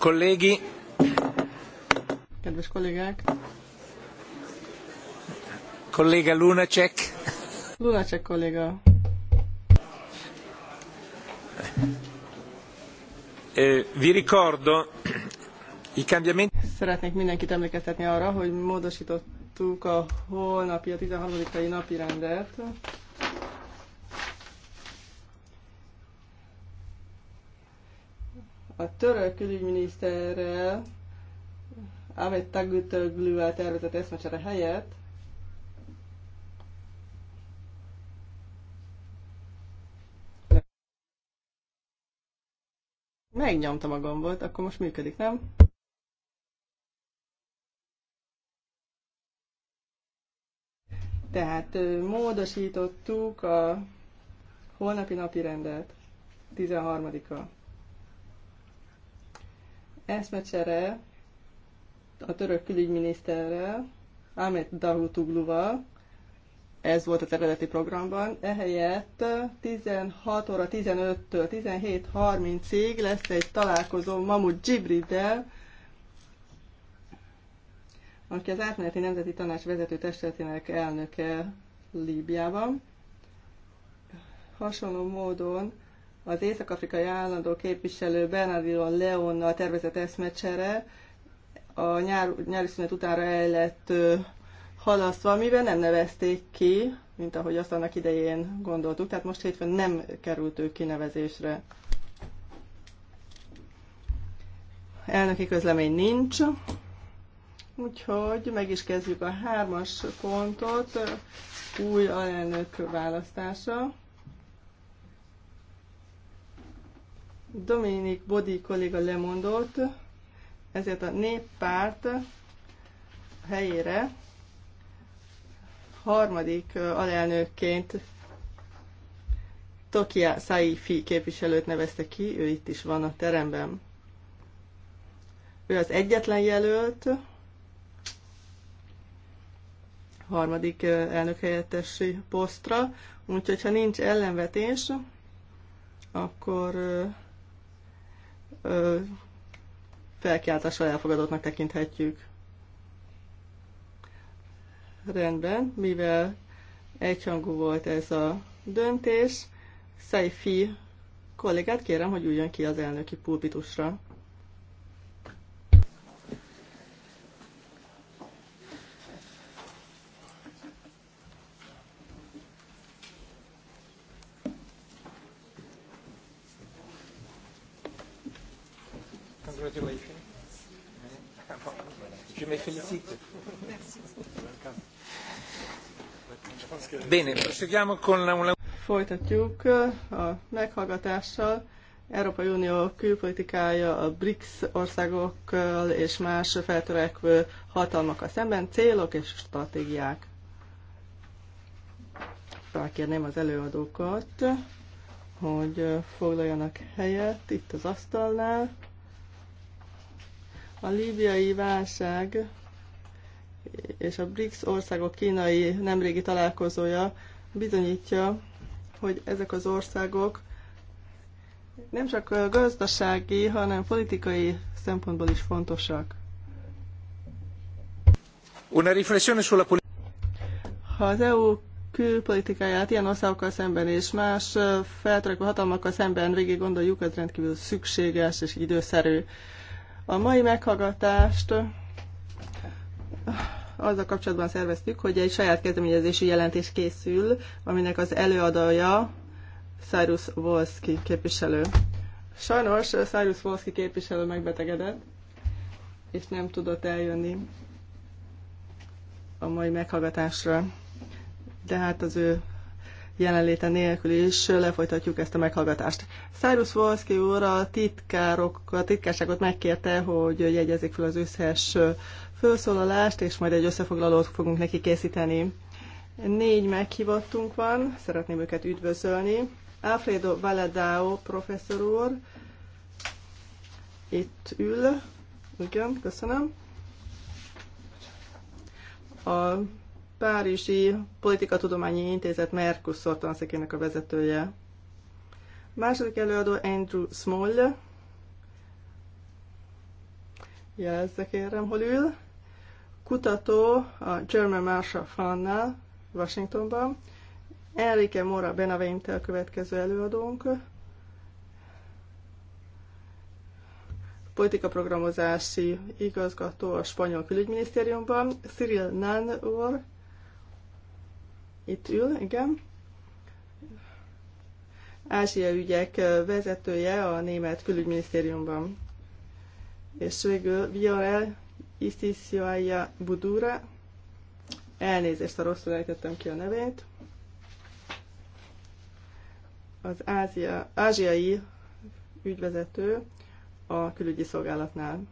Colleghi. Kedves kollégák. Kolléga Lunacek. Lunacek kolléga. Vi ricordo i cambiamenti. Szeretnék mindenkit emlékeztetni arra, hogy módosítottuk a holnapi, a 13. napi rendet. a török külügyminiszterrel, Ahmed Tagütöglüvel tervezett eszmecsere helyett, Megnyomtam a gombot, akkor most működik, nem? Tehát módosítottuk a holnapi napi rendet, 13-a eszmecsere a török külügyminiszterrel, Ahmed Davutogluval, ez volt az eredeti programban, ehelyett 16 óra 15-től 17.30-ig lesz egy találkozó Mamut Gibriddel, aki az átmeneti nemzeti tanács vezető testületének elnöke Líbiában. Hasonló módon az észak-afrikai állandó képviselő Bernardino Leonnal tervezett eszmecsere a nyár, nyári szünet utánra el lett halasztva, mivel nem nevezték ki, mint ahogy azt annak idején gondoltuk, tehát most hétfőn nem került ő kinevezésre. Elnöki közlemény nincs, úgyhogy meg is kezdjük a hármas pontot, új alelnök választása. Dominik Bodi kolléga lemondott, ezért a néppárt helyére harmadik alelnökként Tokia Saifi képviselőt nevezte ki, ő itt is van a teremben. Ő az egyetlen jelölt, harmadik elnökhelyettesi posztra, úgyhogy ha nincs ellenvetés, akkor felkiáltással elfogadottnak tekinthetjük. Rendben, mivel egyhangú volt ez a döntés, Szeifi kollégát kérem, hogy üljön ki az elnöki pulpitusra. mes félicite. Bene, proseguiamo con la... Folytatjuk a meghallgatással. Európai Unió külpolitikája a BRICS országokkal és más feltörekvő a szemben célok és stratégiák. Felkérném az előadókat, hogy foglaljanak helyet itt az asztalnál. A líbiai válság és a BRICS országok kínai nemrégi találkozója bizonyítja, hogy ezek az országok nem csak gazdasági, hanem politikai szempontból is fontosak. Una riflessione sulla ha az EU külpolitikáját ilyen országokkal szemben és más feltörekvő hatalmakkal szemben végig gondoljuk, ez rendkívül szükséges és időszerű. A mai meghallgatást azzal kapcsolatban szerveztük, hogy egy saját kezdeményezésű jelentés készül, aminek az előadója Cyrus Wolski képviselő. Sajnos Cyrus Wolski képviselő megbetegedett, és nem tudott eljönni a mai meghallgatásra. De hát az ő jelenléte nélkül is lefolytatjuk ezt a meghallgatást. Cyrus Wolski úr a, titkárok, a titkárságot megkérte, hogy jegyezzék fel az összes felszólalást, és majd egy összefoglalót fogunk neki készíteni. Négy meghívottunk van, szeretném őket üdvözölni. Alfredo Valadao professzor úr itt ül, igen, köszönöm. A Párizsi Politikatudományi Intézet Mercosur tanszékének a vezetője. Második előadó Andrew Small. Jelezze kérem, hol ül. Kutató a German Marshall Fund-nál Washingtonban. Enrique Mora Benavente a következő előadónk. Politikaprogramozási igazgató a Spanyol Külügyminisztériumban. Cyril Nanor, itt ül, igen. Ázsia ügyek vezetője a német külügyminisztériumban. És végül Viorel Isisioaia Budura, elnézést, a rosszul ejtettem ki a nevét, az Ázia, ázsiai ügyvezető a külügyi szolgálatnál.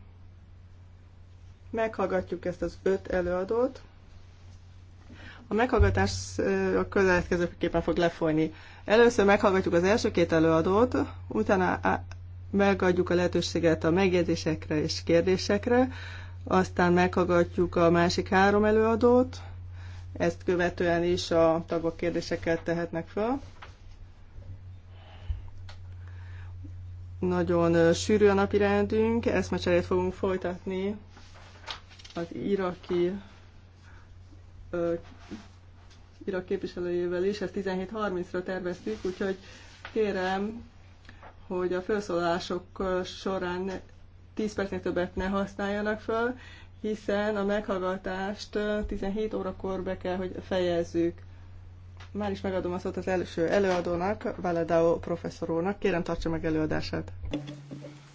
Meghallgatjuk ezt az öt előadót, a meghallgatás a következőképpen fog lefolyni. Először meghallgatjuk az első két előadót, utána megadjuk a lehetőséget a megjegyzésekre és kérdésekre, aztán meghallgatjuk a másik három előadót, ezt követően is a tagok kérdéseket tehetnek fel. Nagyon sűrű a napi rendünk, eszmecserét fogunk folytatni az iraki Irak képviselőjével is, ezt 17.30-ra terveztük, úgyhogy kérem, hogy a felszólások során 10 percnél többet ne használjanak föl, hiszen a meghallgatást 17 órakor be kell, hogy fejezzük. Már is megadom a szót az első előadónak, Valadao professzorónak. Kérem, tartsa meg előadását.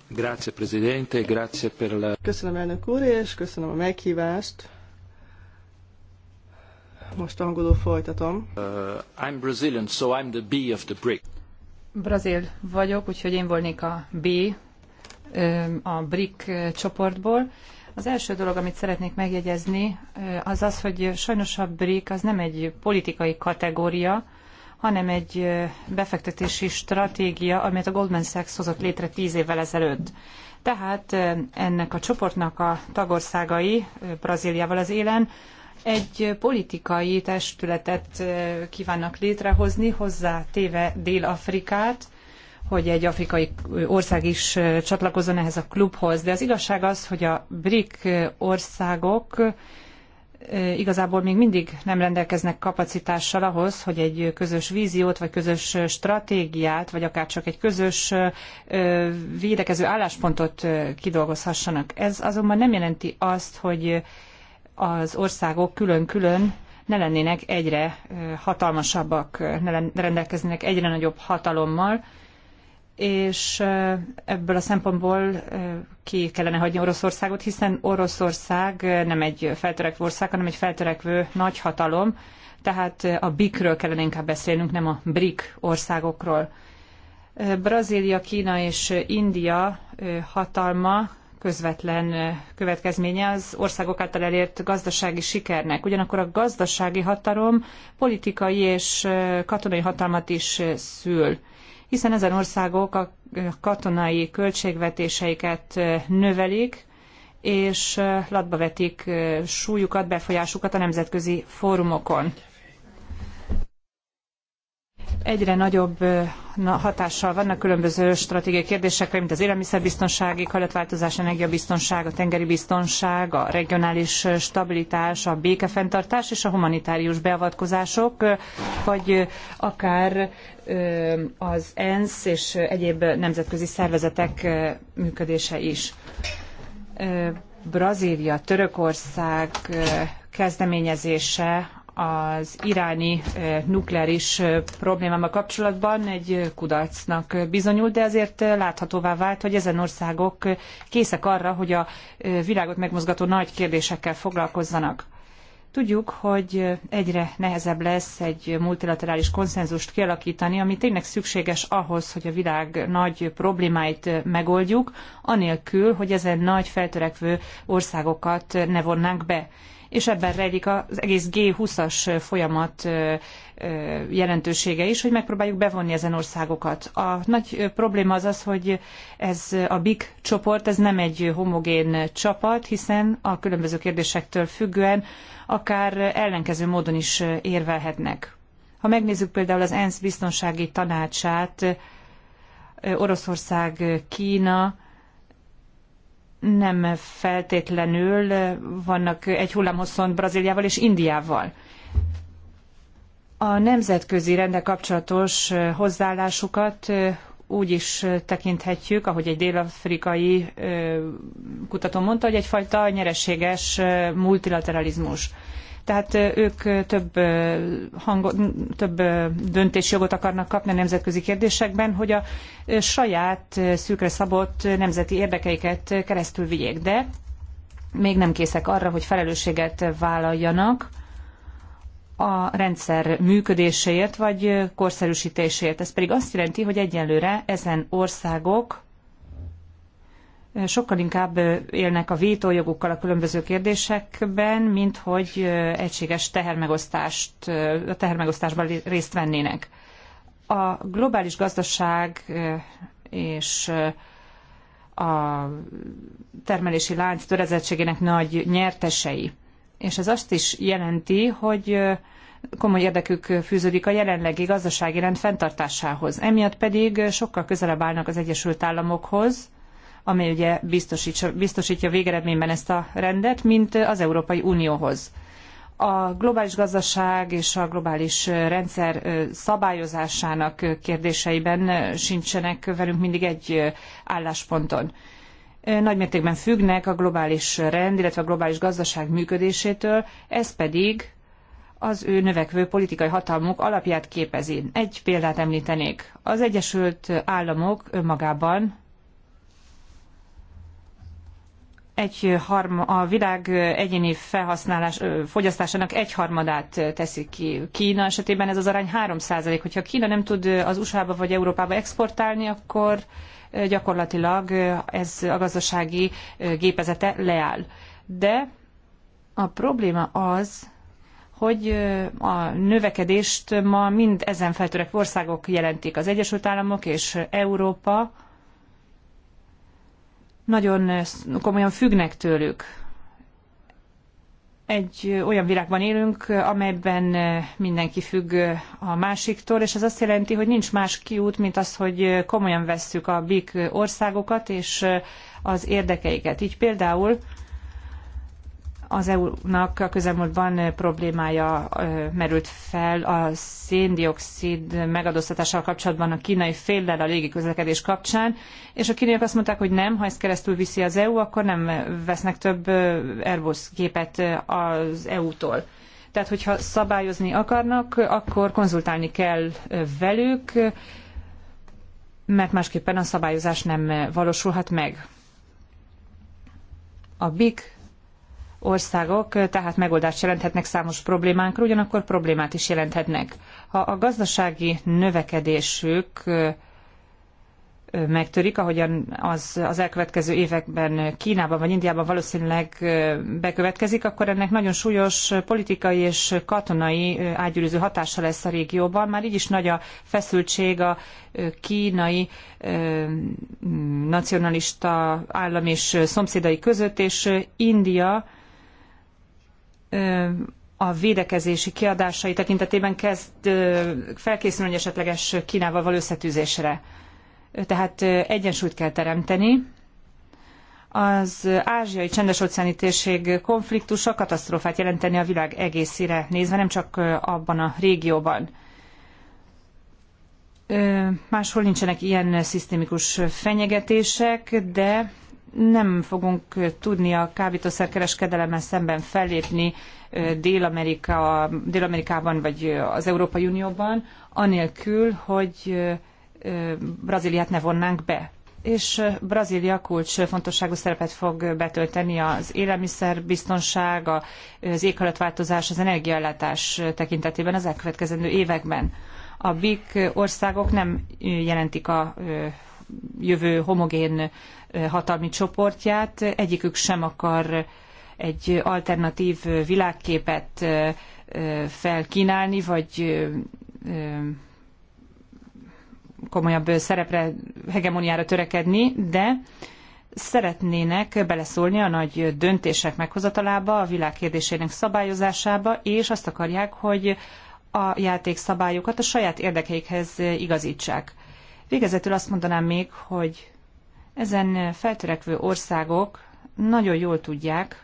Grazie, Presidente, grazie per la... Köszönöm, elnök úr, és köszönöm a meghívást. Most angolul folytatom. Uh, I'm Brazilian, so I'm the B of the BRIC. Brazil vagyok, úgyhogy én volnék a B a BRIC csoportból. Az első dolog, amit szeretnék megjegyezni, az az, hogy sajnos a BRIC az nem egy politikai kategória, hanem egy befektetési stratégia, amit a Goldman Sachs hozott létre tíz évvel ezelőtt. Tehát ennek a csoportnak a tagországai Brazíliával az élen egy politikai testületet kívánnak létrehozni, hozzá téve Dél-Afrikát, hogy egy afrikai ország is csatlakozzon ehhez a klubhoz. De az igazság az, hogy a BRIC országok igazából még mindig nem rendelkeznek kapacitással ahhoz, hogy egy közös víziót, vagy közös stratégiát, vagy akár csak egy közös védekező álláspontot kidolgozhassanak. Ez azonban nem jelenti azt, hogy az országok külön-külön ne lennének egyre hatalmasabbak, ne rendelkeznének egyre nagyobb hatalommal, és ebből a szempontból ki kellene hagyni Oroszországot, hiszen Oroszország nem egy feltörekvő ország, hanem egy feltörekvő nagyhatalom, tehát a BIC-ről kellene inkább beszélnünk, nem a BRIC országokról. Brazília, Kína és India hatalma közvetlen következménye az országok által elért gazdasági sikernek. Ugyanakkor a gazdasági hatalom politikai és katonai hatalmat is szül, hiszen ezen országok a katonai költségvetéseiket növelik, és latba vetik súlyukat, befolyásukat a nemzetközi fórumokon egyre nagyobb hatással vannak különböző stratégiai kérdésekre, mint az élelmiszerbiztonság, éghajlatváltozás, energiabiztonság, a tengeri biztonság, a regionális stabilitás, a békefenntartás és a humanitárius beavatkozások, vagy akár az ENSZ és egyéb nemzetközi szervezetek működése is. Brazília, Törökország kezdeményezése az iráni nukleáris problémával kapcsolatban egy kudarcnak bizonyult, de azért láthatóvá vált, hogy ezen országok készek arra, hogy a világot megmozgató nagy kérdésekkel foglalkozzanak. Tudjuk, hogy egyre nehezebb lesz egy multilaterális konszenzust kialakítani, ami tényleg szükséges ahhoz, hogy a világ nagy problémáit megoldjuk, anélkül, hogy ezen nagy feltörekvő országokat ne vonnánk be és ebben rejlik az egész G20-as folyamat jelentősége is, hogy megpróbáljuk bevonni ezen országokat. A nagy probléma az az, hogy ez a BIG csoport, ez nem egy homogén csapat, hiszen a különböző kérdésektől függően akár ellenkező módon is érvelhetnek. Ha megnézzük például az ENSZ biztonsági tanácsát, Oroszország, Kína, nem feltétlenül vannak egy hullámhosszon Brazíliával és Indiával. A nemzetközi rende kapcsolatos hozzáállásukat úgy is tekinthetjük, ahogy egy dél-afrikai kutató mondta, hogy egyfajta nyereséges multilateralizmus tehát ők több, hangot, több döntésjogot akarnak kapni a nemzetközi kérdésekben, hogy a saját szűkre szabott nemzeti érdekeiket keresztül vigyék, de még nem készek arra, hogy felelősséget vállaljanak a rendszer működéséért vagy korszerűsítéséért. Ez pedig azt jelenti, hogy egyenlőre ezen országok sokkal inkább élnek a vétójogukkal a különböző kérdésekben, mint hogy egységes tehermegosztást, a tehermegosztásban részt vennének. A globális gazdaság és a termelési lánc törezettségének nagy nyertesei. És ez azt is jelenti, hogy komoly érdekük fűződik a jelenlegi gazdasági rend fenntartásához. Emiatt pedig sokkal közelebb állnak az Egyesült Államokhoz, amely ugye biztosítja végeredményben ezt a rendet, mint az Európai Unióhoz. A globális gazdaság és a globális rendszer szabályozásának kérdéseiben sincsenek velünk mindig egy állásponton. mértékben függnek a globális rend, illetve a globális gazdaság működésétől, ez pedig az ő növekvő politikai hatalmuk alapját képezi. Egy példát említenék. Az Egyesült Államok önmagában egy harma, a világ egyéni felhasználás, fogyasztásának egyharmadát teszik ki. Kína esetében ez az arány 3 százalék. Hogyha Kína nem tud az USA-ba vagy Európába exportálni, akkor gyakorlatilag ez a gazdasági gépezete leáll. De a probléma az, hogy a növekedést ma mind ezen feltörekvő országok jelentik. Az Egyesült Államok és Európa nagyon eh, komolyan függnek tőlük. Egy eh, olyan világban élünk, eh, amelyben mindenki függ a másiktól, és ez azt jelenti, hogy nincs más kiút, mint az, hogy komolyan vesszük a BIK országokat és az érdekeiket. Így például az EU-nak a közelmúltban problémája merült fel a széndiokszid megadóztatással kapcsolatban a kínai féllel a légiközlekedés kapcsán, és a kínaiak azt mondták, hogy nem, ha ezt keresztül viszi az EU, akkor nem vesznek több Airbus gépet az EU-tól. Tehát, hogyha szabályozni akarnak, akkor konzultálni kell velük, mert másképpen a szabályozás nem valósulhat meg. A BIC országok tehát megoldást jelenthetnek számos problémánkra, ugyanakkor problémát is jelenthetnek. Ha a gazdasági növekedésük megtörik, ahogyan az, az elkövetkező években Kínában vagy Indiában valószínűleg bekövetkezik, akkor ennek nagyon súlyos politikai és katonai ágyűrűző hatása lesz a régióban. Már így is nagy a feszültség a kínai nacionalista állam és szomszédai között, és India a védekezési kiadásai tekintetében kezd felkészülni egy esetleges Kínával való összetűzésre. Tehát egyensúlyt kell teremteni. Az ázsiai csendes-óceáni térség konfliktusa katasztrófát jelenteni a világ egészére nézve, nem csak abban a régióban. Máshol nincsenek ilyen szisztémikus fenyegetések, de nem fogunk tudni a kábítószerkereskedelemmel szemben fellépni Dél-Amerika, Dél-Amerikában vagy az Európai Unióban, anélkül, hogy Brazíliát ne vonnánk be. És Brazília kulcsfontosságú szerepet fog betölteni az élelmiszerbiztonság, az éghajlatváltozás, az energiaellátás tekintetében az elkövetkezendő években. A BIC országok nem jelentik a jövő homogén hatalmi csoportját. Egyikük sem akar egy alternatív világképet felkínálni, vagy komolyabb szerepre, hegemoniára törekedni, de szeretnének beleszólni a nagy döntések meghozatalába, a világ kérdésének szabályozásába, és azt akarják, hogy a játékszabályokat a saját érdekeikhez igazítsák. Végezetül azt mondanám még, hogy ezen feltörekvő országok nagyon jól tudják,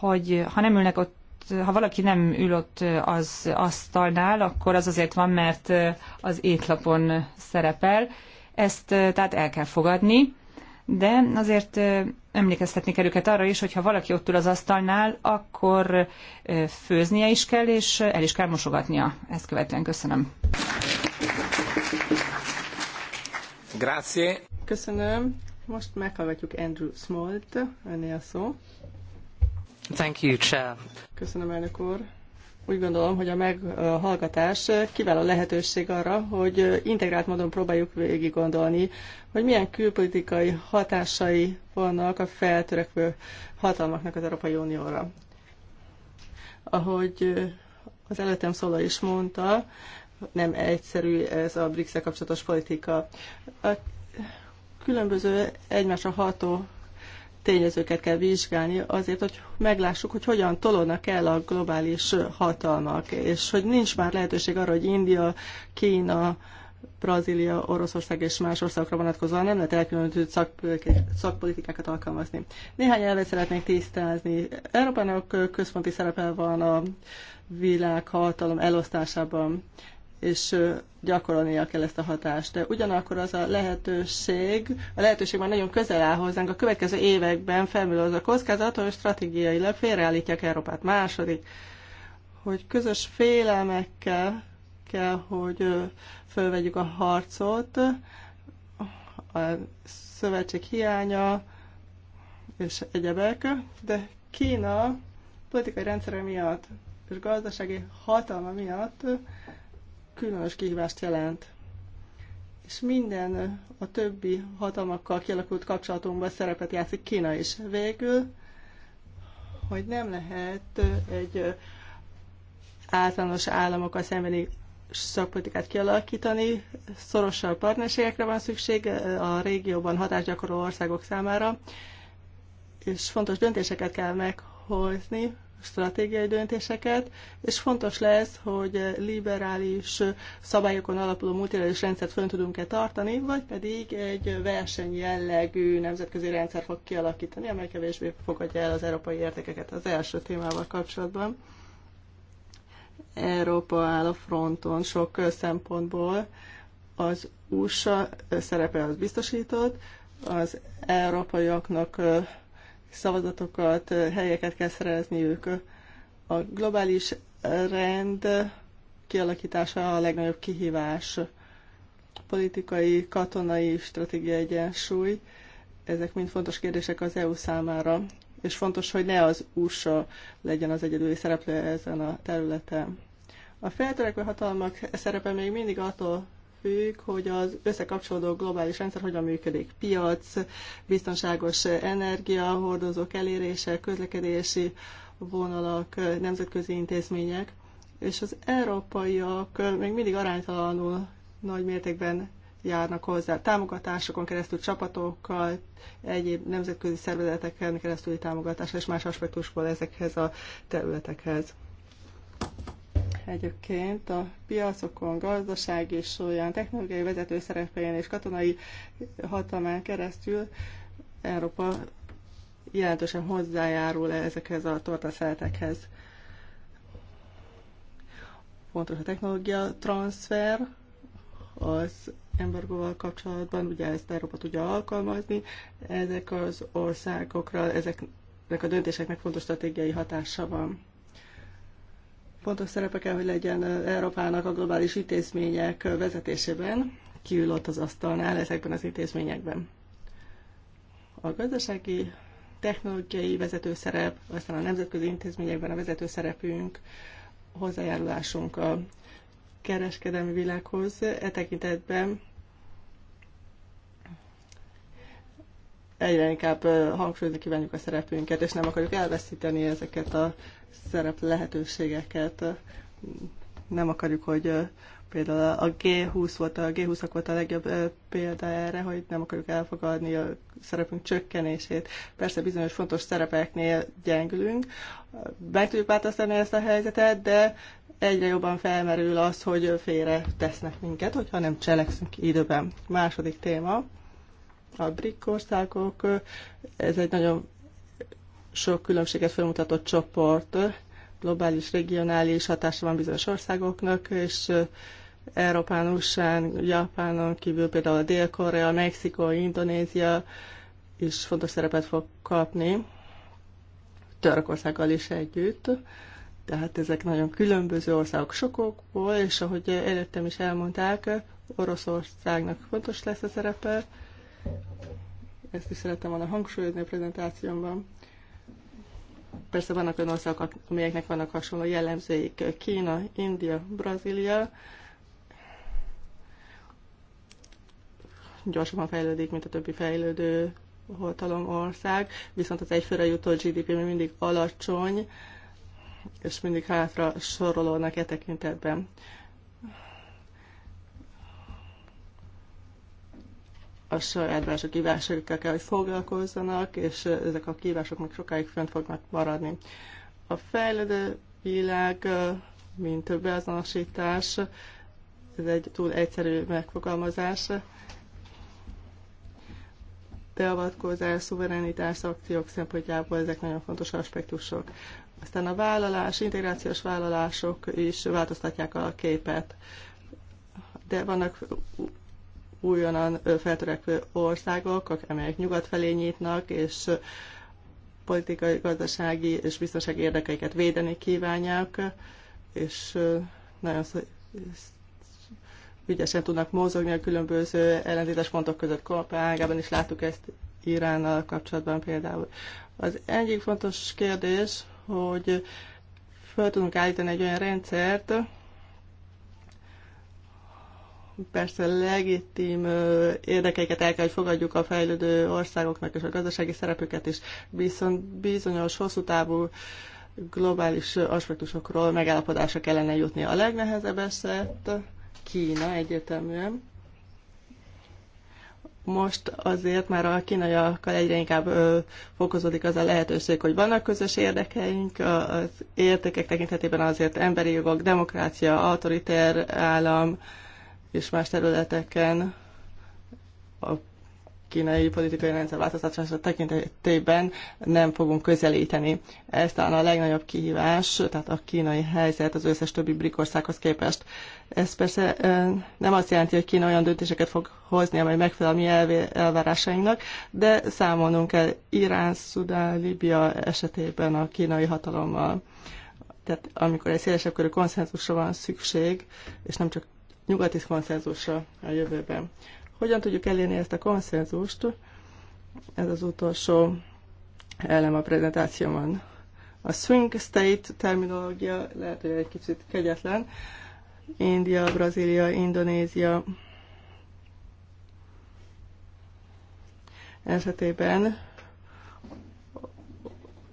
hogy ha nem ülnek ott ha valaki nem ül ott az asztalnál, akkor az azért van, mert az étlapon szerepel. Ezt tehát el kell fogadni, de azért emlékeztetni kell őket arra is, hogy ha valaki ott ül az asztalnál, akkor főznie is kell, és el is kell mosogatnia. Ezt követően köszönöm. Grazie. Köszönöm. Most meghallgatjuk Andrew Smolt, a szó. Thank you, Chair. Köszönöm, elnök úr. Úgy gondolom, hogy a meghallgatás kiváló lehetőség arra, hogy integrált módon próbáljuk végig gondolni, hogy milyen külpolitikai hatásai vannak a feltörekvő hatalmaknak az Európai Unióra. Ahogy az előttem szóló is mondta, nem egyszerű ez a brics kapcsolatos politika. A különböző egymásra ható tényezőket kell vizsgálni azért, hogy meglássuk, hogy hogyan tolódnak el a globális hatalmak, és hogy nincs már lehetőség arra, hogy India, Kína, Brazília, Oroszország és más országokra vonatkozóan nem lehet elkülönítő szakpolitikákat alkalmazni. Néhány elvet szeretnék tisztázni. Európának központi szerepe van a világhatalom elosztásában és gyakorolnia kell ezt a hatást. De ugyanakkor az a lehetőség, a lehetőség már nagyon közel áll hozzánk, a következő években felmül az a kockázat, hogy stratégiailag félreállítják Európát. Második, hogy közös félelmekkel kell, hogy fölvegyük a harcot, a szövetség hiánya és egyebek, de Kína politikai rendszere miatt és gazdasági hatalma miatt különös kihívást jelent. És minden a többi hatalmakkal kialakult kapcsolatunkban szerepet játszik Kína is. Végül, hogy nem lehet egy általános államokkal szembeni szakpolitikát kialakítani, szorosabb partnerségekre van szükség eh, a régióban hatásgyakorló országok számára, és fontos döntéseket kell meghozni, stratégiai döntéseket, és fontos lesz, hogy liberális szabályokon alapuló multilaterális rendszert fönn tudunk-e tartani, vagy pedig egy versenyjellegű nemzetközi rendszer fog kialakítani, amely kevésbé fogadja el az európai értékeket az első témával kapcsolatban. Európa áll a fronton sok szempontból. Az USA szerepe az biztosított, az európaiaknak szavazatokat, helyeket kell ők. A globális rend kialakítása a legnagyobb kihívás. Politikai, katonai, stratégiai egyensúly, ezek mind fontos kérdések az EU számára, és fontos, hogy ne az USA legyen az egyedüli szereplő ezen a területen. A feltörekvő hatalmak szerepe még mindig attól függ, hogy az összekapcsolódó globális rendszer hogyan működik. Piac, biztonságos energiahordozók elérése, közlekedési vonalak, nemzetközi intézmények, és az európaiak még mindig aránytalanul nagy mértékben járnak hozzá. Támogatásokon keresztül, csapatokkal, egyéb nemzetközi szervezeteken keresztüli támogatás és más aspektusból ezekhez a területekhez egyébként a piacokon, gazdaság és olyan technológiai vezető szerepén és katonai hatalmán keresztül Európa jelentősen hozzájárul ezekhez a tortaszeletekhez. Fontos a technológia transfer, az embargóval kapcsolatban, ugye ezt Európa tudja alkalmazni, ezek az országokra, ezeknek a döntéseknek fontos stratégiai hatása van fontos szerepe kell, hogy legyen Európának a globális intézmények vezetésében, kiül ott az asztalnál ezekben az intézményekben. A gazdasági, technológiai vezető szerep, aztán a nemzetközi intézményekben a vezető szerepünk hozzájárulásunk a kereskedelmi világhoz e tekintetben egyre inkább hangsúlyozni kívánjuk a szerepünket, és nem akarjuk elveszíteni ezeket a szerep lehetőségeket. Nem akarjuk, hogy például a G20 volt, a G20-ak volt a legjobb példa erre, hogy nem akarjuk elfogadni a szerepünk csökkenését. Persze bizonyos fontos szerepeknél gyengülünk. Meg tudjuk változtatni ezt a helyzetet, de egyre jobban felmerül az, hogy félre tesznek minket, hogyha nem cselekszünk időben. Második téma, a BRIC országok, ez egy nagyon sok különbséget felmutatott csoport, globális, regionális hatása van bizonyos országoknak, és Európán, USA, Japánon kívül például a Dél-Korea, Mexikó, Indonézia is fontos szerepet fog kapni, Törökországgal is együtt. Tehát ezek nagyon különböző országok sokokból, és ahogy előttem is elmondták, Oroszországnak fontos lesz a szerepe. Ezt is szerettem volna hangsúlyozni a prezentációmban. Persze vannak olyan országok, amelyeknek vannak hasonló jellemzőik. Kína, India, Brazília. Gyorsabban fejlődik, mint a többi fejlődő hatalom ország, viszont az egyfőre jutó GDP még mindig alacsony, és mindig hátra sorolódnak e tekintetben. a saját belső kívásaikkal kell, hogy foglalkozzanak, és ezek a kívások még sokáig fönt fognak maradni. A fejlődő világ, mint beazonosítás, ez egy túl egyszerű megfogalmazás, beavatkozás, szuverenitás, akciók szempontjából ezek nagyon fontos aspektusok. Aztán a vállalás, integrációs vállalások is változtatják a képet, de vannak újonnan feltörekvő országok, amelyek nyugat felé nyitnak, és politikai, gazdasági és biztonsági érdekeiket védeni kívánják, és nagyon ügyesen tudnak mozogni a különböző ellentétes pontok között. Kopenhágában is láttuk ezt Iránnal kapcsolatban például. Az egyik fontos kérdés, hogy fel tudunk állítani egy olyan rendszert, persze legitim érdekeiket el kell, hogy fogadjuk a fejlődő országoknak és a gazdasági szerepüket is, viszont bizonyos hosszú távú globális aspektusokról megállapodásra kellene jutni. A legnehezebb eset Kína egyértelműen. Most azért már a kínaiakkal egyre inkább ö, fokozódik az a lehetőség, hogy vannak közös érdekeink, az értékek tekintetében azért emberi jogok, demokrácia, autoriter állam, ö, és más területeken a kínai politikai rendszer változtatása tekintetében nem fogunk közelíteni. Ez talán a legnagyobb kihívás, tehát a kínai helyzet az összes többi brik országhoz képest. Ez persze nem azt jelenti, hogy Kína olyan döntéseket fog hozni, amely megfelel a mi elvárásainknak, de számolnunk kell Irán, Szudán, Libia esetében a kínai hatalommal. Tehát amikor egy szélesebb körű konszenzusra van szükség, és nem csak nyugati konszenzusra a jövőben. Hogyan tudjuk elérni ezt a konszenzust? Ez az utolsó elem a prezentációban. A swing state terminológia lehet, hogy egy kicsit kegyetlen. India, Brazília, Indonézia esetében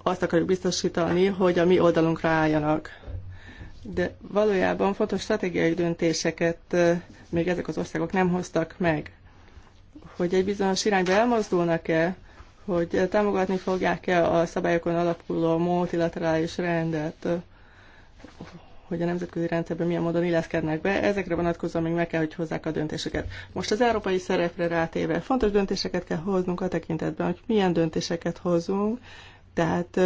azt akarjuk biztosítani, hogy a mi oldalunkra álljanak de valójában fontos stratégiai döntéseket még ezek az országok nem hoztak meg. Hogy egy bizonyos irányba elmozdulnak-e, hogy támogatni fogják-e a szabályokon alapuló multilaterális rendet, hogy a nemzetközi rendszerben milyen módon illeszkednek be, ezekre vonatkozóan még meg kell, hogy hozzák a döntéseket. Most az európai szerepre rátéve fontos döntéseket kell hoznunk a tekintetben, hogy milyen döntéseket hozunk, tehát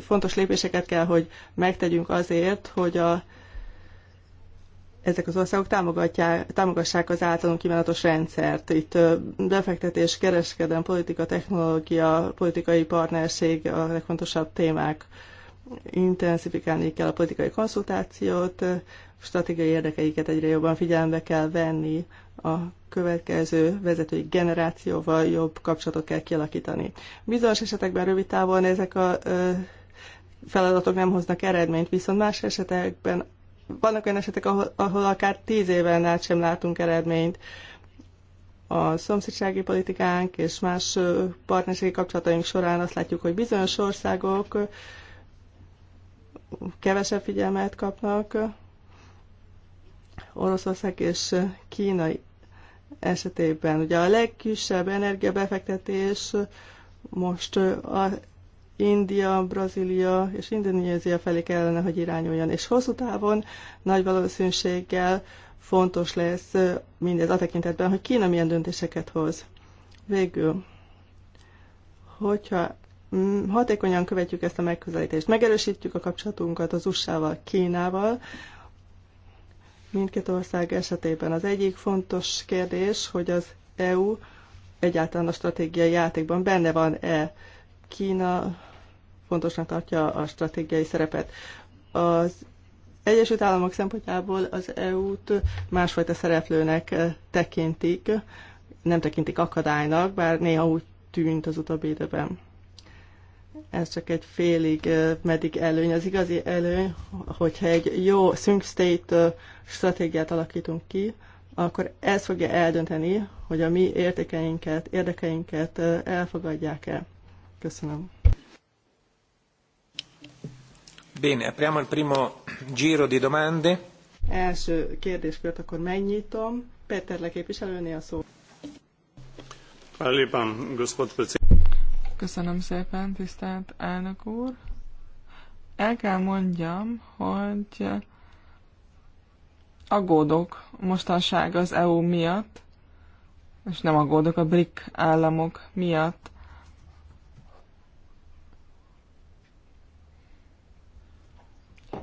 fontos lépéseket kell, hogy megtegyünk azért, hogy a, ezek az országok támogassák az általunk kívánatos rendszert. Itt befektetés, kereskedem politika, technológia, politikai partnerség a legfontosabb témák. Intenzifikálni kell a politikai konszultációt, stratégiai érdekeiket egyre jobban figyelembe kell venni a következő vezetői generációval jobb kapcsolatot kell kialakítani. Bizonyos esetekben rövid távon ezek a feladatok nem hoznak eredményt, viszont más esetekben vannak olyan esetek, ahol, ahol akár tíz éven át sem látunk eredményt. A szomszédsági politikánk és más partnerségi kapcsolataink során azt látjuk, hogy bizonyos országok kevesebb figyelmet kapnak, Oroszország és Kína esetében. Ugye a legkisebb energiabefektetés most a India, Brazília és Indonézia felé kellene, hogy irányuljon, és hosszú távon nagy valószínűséggel fontos lesz mindez a tekintetben, hogy Kína milyen döntéseket hoz. Végül, hogyha mm, hatékonyan követjük ezt a megközelítést, megerősítjük a kapcsolatunkat az USA-val, Kínával, mindkét ország esetében. Az egyik fontos kérdés, hogy az EU egyáltalán a stratégiai játékban benne van-e. Kína fontosnak tartja a stratégiai szerepet. Az Egyesült Államok szempontjából az EU-t másfajta szereplőnek tekintik, nem tekintik akadálynak, bár néha úgy tűnt az utóbbi időben ez csak egy félig meddig előny. Az igazi előny, hogyha egy jó sync state stratégiát alakítunk ki, akkor ez fogja eldönteni, hogy a mi értékeinket, érdekeinket elfogadják-e. Köszönöm. Bene, apriamo il primo giro di domande. Első kérdéskört akkor megnyitom. Péter leképviselőné a szó. Hvala gospod Köszönöm szépen, tisztelt elnök úr. El kell mondjam, hogy aggódok mostanság az EU miatt, és nem aggódok a BRIC államok miatt.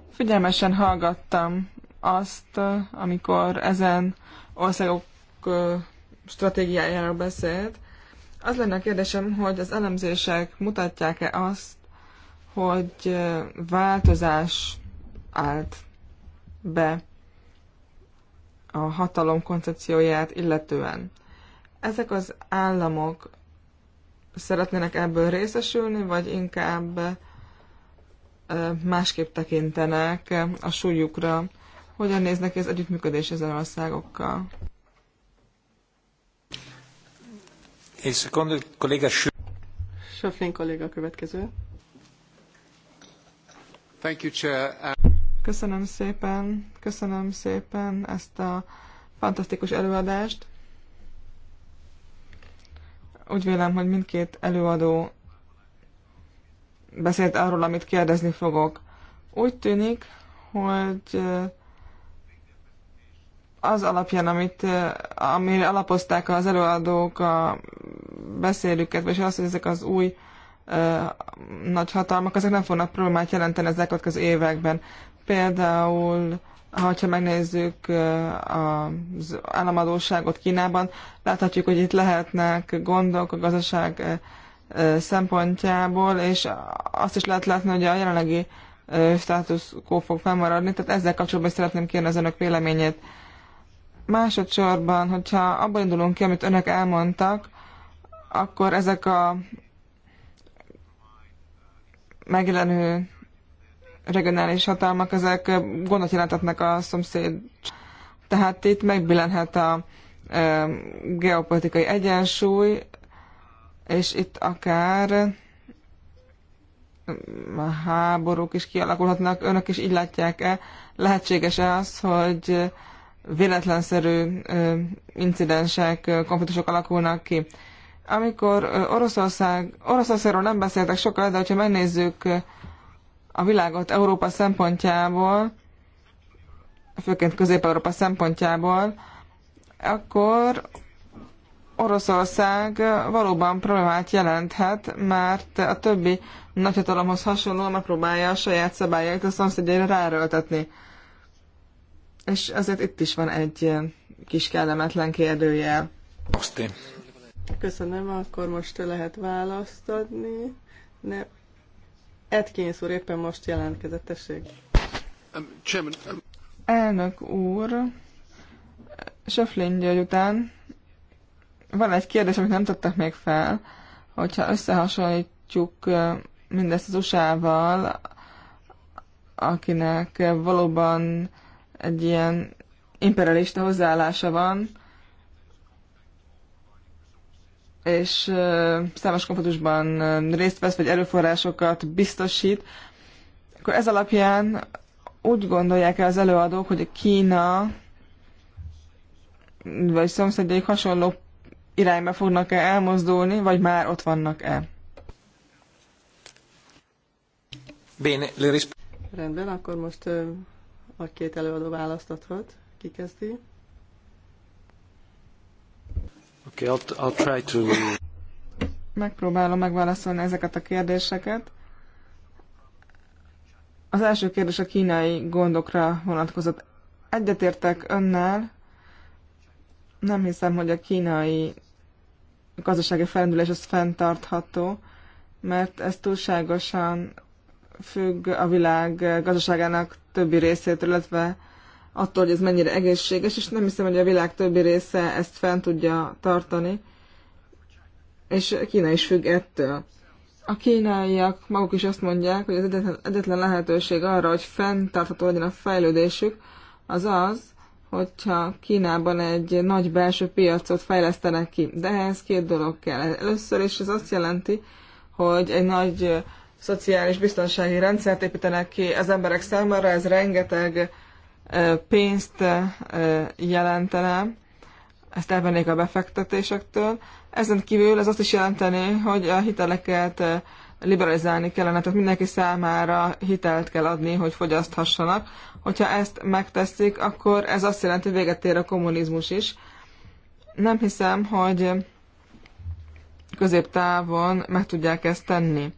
Figyelmesen hallgattam azt, amikor ezen országok stratégiájáról beszélt, az lenne a kérdésem, hogy az elemzések mutatják-e azt, hogy változás állt be a hatalom koncepcióját illetően. Ezek az államok szeretnének ebből részesülni, vagy inkább másképp tekintenek a súlyukra? Hogyan néznek ki az együttműködés ezen országokkal? E Egy kolléga következő. Köszönöm szépen, köszönöm szépen ezt a fantasztikus előadást. Úgy vélem, hogy mindkét előadó beszélt arról, amit kérdezni fogok. Úgy tűnik, hogy az alapján, amit, amire alapozták az előadók a beszélőket, és az hogy ezek az új nagy hatalmak, ezek nem fognak problémát jelenteni az elkövetkező években. Például, ha megnézzük az államadóságot Kínában, láthatjuk, hogy itt lehetnek gondok a gazdaság szempontjából, és azt is lehet látni, hogy a jelenlegi státusz fog fennmaradni, tehát ezzel kapcsolatban szeretném kérni az önök véleményét Másodszorban, hogyha abban indulunk ki, amit önök elmondtak, akkor ezek a megjelenő regionális hatalmak, ezek gondot jelentetnek a szomszéd. Tehát itt megbillenhet a e, geopolitikai egyensúly, és itt akár háborúk is kialakulhatnak. Önök is így látják-e? Lehetséges-e az, hogy véletlenszerű incidensek, konfliktusok alakulnak ki. Amikor Oroszország, Oroszországról nem beszéltek sokkal, de hogyha megnézzük a világot Európa szempontjából, főként Közép-Európa szempontjából, akkor Oroszország valóban problémát jelenthet, mert a többi nagyhatalomhoz hasonlóan megpróbálja a saját szabályait a szomszédjére ráerőltetni. És azért itt is van egy kis kellemetlen kérdőjel. Most Köszönöm, akkor most lehet választ adni. Ne. Atkins úr éppen most jelentkezett, tessék. Um, um, Elnök úr, Söflény György után van egy kérdés, amit nem tettek még fel, hogyha összehasonlítjuk mindezt az USA-val, akinek valóban egy ilyen imperialista hozzáállása van, és számos konfliktusban részt vesz, vagy erőforrásokat biztosít, akkor ez alapján úgy gondolják el az előadók, hogy a Kína vagy szomszédjaik hasonló irányba fognak-e elmozdulni, vagy már ott vannak-e? Bene, le Rendben, akkor most a két előadó választathat. Ki kezdi? Okay, I'll, I'll try to... Megpróbálom megválaszolni ezeket a kérdéseket. Az első kérdés a kínai gondokra vonatkozott. Egyetértek önnel, nem hiszem, hogy a kínai gazdasági felendülés az fenntartható, mert ez túlságosan függ a világ gazdaságának többi részétől, illetve attól, hogy ez mennyire egészséges, és nem hiszem, hogy a világ többi része ezt fent tudja tartani, és Kína is függ ettől. A kínaiak maguk is azt mondják, hogy az egyetlen, egyetlen lehetőség arra, hogy fenntartható legyen a fejlődésük, az az, hogyha Kínában egy nagy belső piacot fejlesztenek ki. De ehhez két dolog kell. Először is ez azt jelenti, hogy egy nagy szociális biztonsági rendszert építenek ki az emberek számára, ez rengeteg pénzt jelentene, ezt elvennék a befektetésektől. Ezen kívül ez azt is jelenteni, hogy a hiteleket liberalizálni kellene, tehát mindenki számára hitelt kell adni, hogy fogyaszthassanak. Hogyha ezt megteszik, akkor ez azt jelenti, hogy véget ér a kommunizmus is. Nem hiszem, hogy középtávon meg tudják ezt tenni.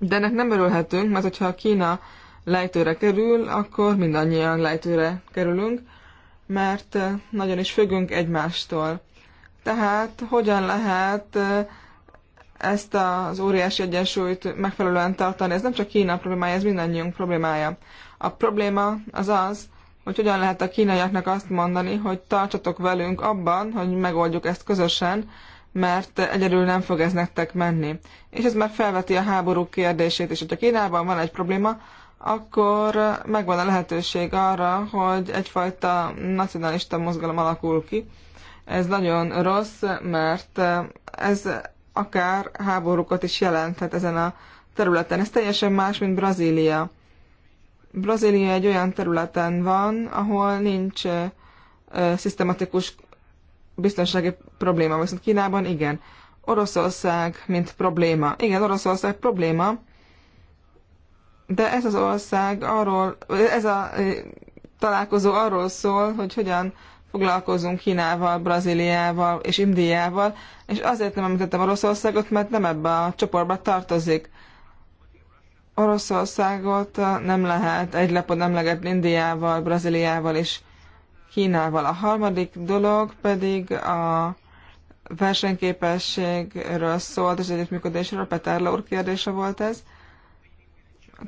De ennek nem örülhetünk, mert hogyha Kína lejtőre kerül, akkor mindannyian lejtőre kerülünk, mert nagyon is függünk egymástól. Tehát hogyan lehet ezt az óriási egyensúlyt megfelelően tartani? Ez nem csak Kína problémája, ez mindannyiunk problémája. A probléma az az, hogy hogyan lehet a kínaiaknak azt mondani, hogy tartsatok velünk abban, hogy megoldjuk ezt közösen, mert egyedül nem fog ez nektek menni. És ez már felveti a háború kérdését és Hogyha Kínában van egy probléma, akkor megvan a lehetőség arra, hogy egyfajta nacionalista mozgalom alakul ki. Ez nagyon rossz, mert ez akár háborúkat is jelenthet ezen a területen. Ez teljesen más, mint Brazília. Brazília egy olyan területen van, ahol nincs szisztematikus biztonsági probléma, viszont Kínában igen. Oroszország, mint probléma. Igen, Oroszország probléma, de ez az ország arról, ez a találkozó arról szól, hogy hogyan foglalkozunk Kínával, Brazíliával és Indiával, és azért nem említettem Oroszországot, mert nem ebbe a csoportba tartozik. Oroszországot nem lehet egy lapon emlegetni Indiával, Brazíliával és Kínával. A harmadik dolog pedig a versenyképességről szólt, és együttműködésről, Petárla úr kérdése volt ez.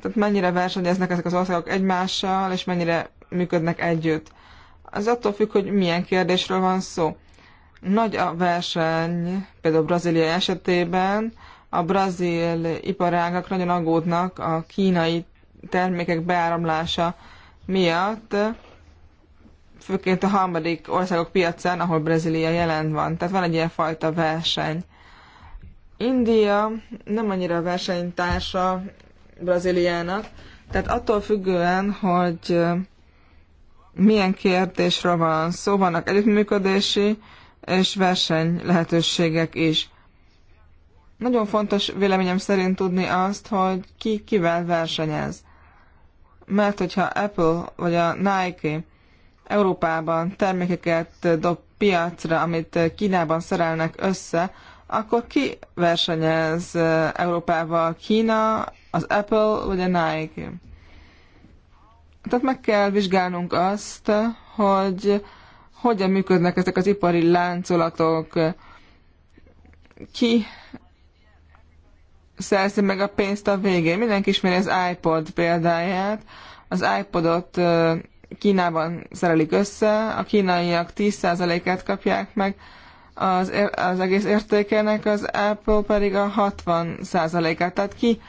Tehát mennyire versenyeznek ezek az országok egymással, és mennyire működnek együtt. Az attól függ, hogy milyen kérdésről van szó. Nagy a verseny, például Brazília esetében, a brazil iparágak nagyon aggódnak a kínai termékek beáramlása miatt, főként a harmadik országok piacán, ahol Brazília jelen van. Tehát van egy ilyen fajta verseny. India nem annyira versenytársa Brazíliának, tehát attól függően, hogy milyen kérdésről van szó, vannak együttműködési és verseny lehetőségek is. Nagyon fontos véleményem szerint tudni azt, hogy ki kivel versenyez. Mert hogyha Apple vagy a Nike Európában termékeket dob piacra, amit Kínában szerelnek össze, akkor ki versenyez eh, Európával? Kína, az Apple vagy a Nike? Tehát meg kell vizsgálnunk azt, hogy hogyan működnek ezek az ipari láncolatok, ki szerzi meg a pénzt a végén. Mindenki ismeri az iPod példáját. Az iPodot eh, Kínában szerelik össze, a kínaiak 10%-át kapják meg az, az egész értékének, az Apple pedig a 60%-át. Tehát ki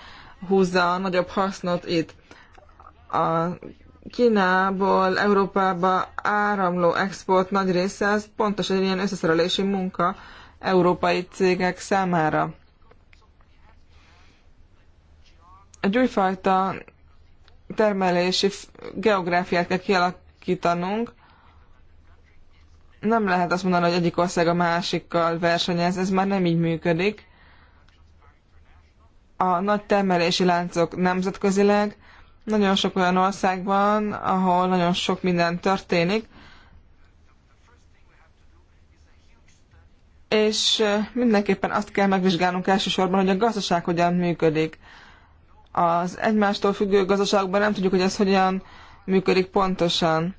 húzza a nagyobb hasznot itt? A Kínából Európába áramló export nagy része az pontos egy ilyen összeszerelési munka európai cégek számára. Egy újfajta termelési geográfiát kell kialakítanunk. Nem lehet azt mondani, hogy egyik ország a másikkal versenyez, ez már nem így működik. A nagy termelési láncok nemzetközileg, nagyon sok olyan ország van, ahol nagyon sok minden történik, és mindenképpen azt kell megvizsgálnunk elsősorban, hogy a gazdaság hogyan működik az egymástól függő gazdaságban nem tudjuk, hogy ez hogyan működik pontosan.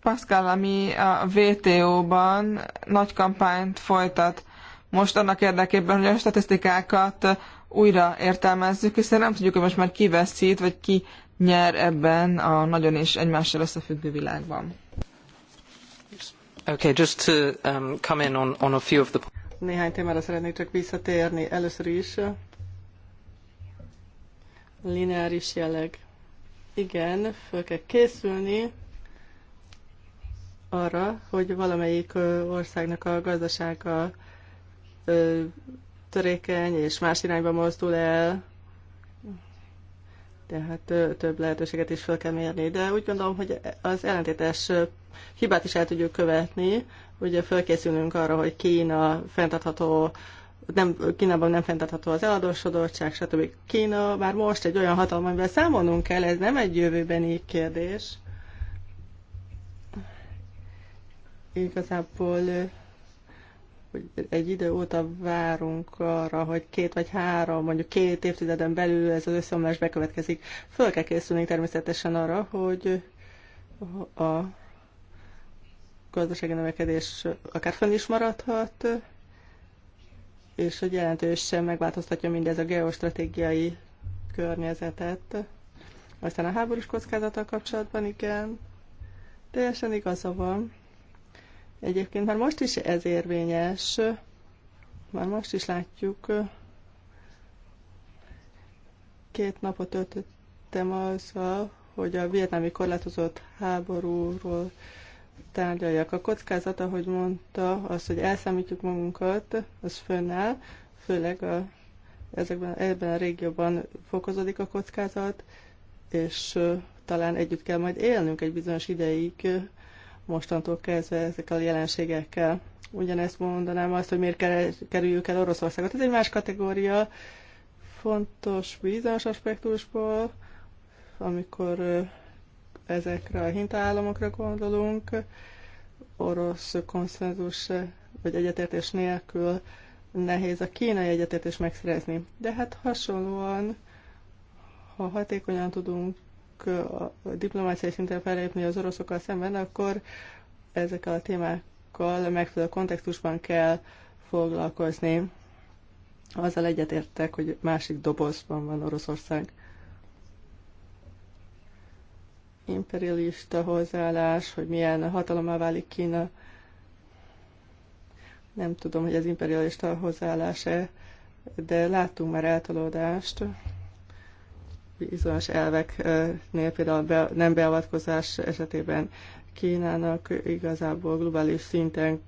Pascal, ami a vto ban nagy kampányt folytat most annak érdekében, hogy a statisztikákat újra értelmezzük, hiszen nem tudjuk, hogy most már ki veszít, vagy ki nyer ebben a nagyon és egymással összefüggő világban. Okay, just to um, come in on, on a few of the... Néhány témára szeretnék csak visszatérni. Először is lineáris jelleg. Igen, föl kell készülni arra, hogy valamelyik országnak a gazdasága törékeny és más irányba mozdul el, tehát több lehetőséget is fel kell mérni. De úgy gondolom, hogy az ellentétes hibát is el tudjuk követni. Ugye fölkészülünk arra, hogy Kína fenntartható nem, Kínában nem fenntartható az eladósodottság, stb. Kína már most egy olyan hatalom, amivel számolnunk kell, ez nem egy jövőbeni kérdés. Igazából hogy egy idő óta várunk arra, hogy két vagy három, mondjuk két évtizeden belül ez az összeomlás bekövetkezik. Föl kell készülni természetesen arra, hogy a gazdasági növekedés akár fönn is maradhat, és hogy jelentősen megváltoztatja mindez a geostratégiai környezetet. Aztán a háborús kockázata kapcsolatban igen, teljesen igaza van. Egyébként már most is ez érvényes, már most is látjuk, két napot töltöttem azzal, hogy a vietnámi korlátozott háborúról tárgyaljak. A kockázat, ahogy mondta, az, hogy elszámítjuk magunkat, az fönnáll, főleg a, ezekben, ebben a régióban fokozódik a kockázat, és talán együtt kell majd élnünk egy bizonyos ideig, mostantól kezdve ezekkel a jelenségekkel. Ugyanezt mondanám azt, hogy miért kerüljük el Oroszországot. Ez egy más kategória, fontos bizonyos aspektusból, amikor ezekre a hintaállamokra gondolunk, orosz konszenzus vagy egyetértés nélkül nehéz a kínai egyetértés megszerezni. De hát hasonlóan, ha hatékonyan tudunk a diplomáciai szinten felépni az oroszokkal szemben, akkor ezekkel a témákkal megfelelő kontextusban kell foglalkozni. Azzal egyetértek, hogy másik dobozban van Oroszország imperialista hozzáállás, hogy milyen hatalommal válik Kína. Nem tudom, hogy ez imperialista hozzáállás-e, de láttunk már eltolódást bizonyos elveknél, például be, nem beavatkozás esetében Kínának igazából globális szinten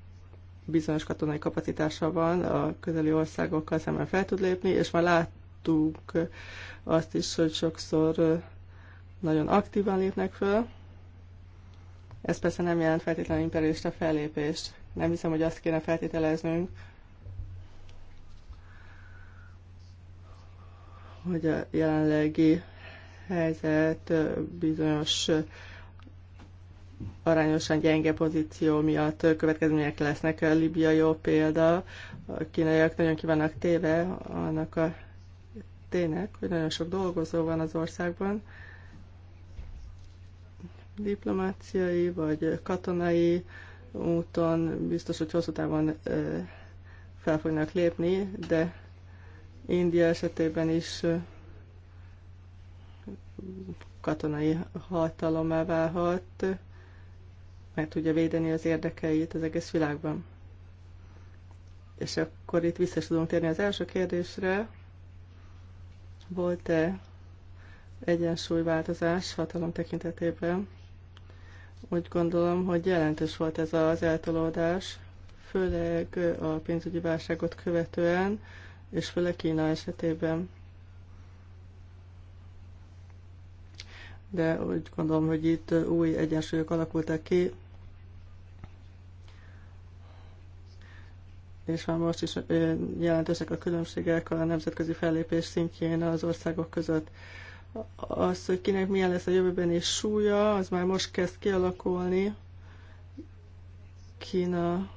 bizonyos katonai kapacitása van, a közeli országokkal szemben fel tud lépni, és már láttuk azt is, hogy sokszor nagyon aktívan lépnek föl. Ez persze nem jelent feltétlenül imperialista fellépést. Nem hiszem, hogy azt kéne feltételeznünk, hogy a jelenlegi helyzet bizonyos arányosan gyenge pozíció miatt következmények lesznek. A Libia jó példa, a kínaiak nagyon kívánnak téve annak a tének, hogy nagyon sok dolgozó van az országban, diplomáciai vagy katonai úton biztos, hogy hosszú távon fel fognak lépni, de India esetében is katonai hatalomá válhat, meg tudja védeni az érdekeit az egész világban. És akkor itt vissza tudunk térni az első kérdésre. Volt-e egyensúlyváltozás hatalom tekintetében? Úgy gondolom, hogy jelentős volt ez az eltolódás, főleg a pénzügyi válságot követően, és főleg Kína esetében. De úgy gondolom, hogy itt új egyensúlyok alakultak ki, és már most is jelentősek a különbségek a nemzetközi fellépés szintjén az országok között. Az, hogy kinek milyen lesz a jövőben és súlya, az már most kezd kialakulni. Kína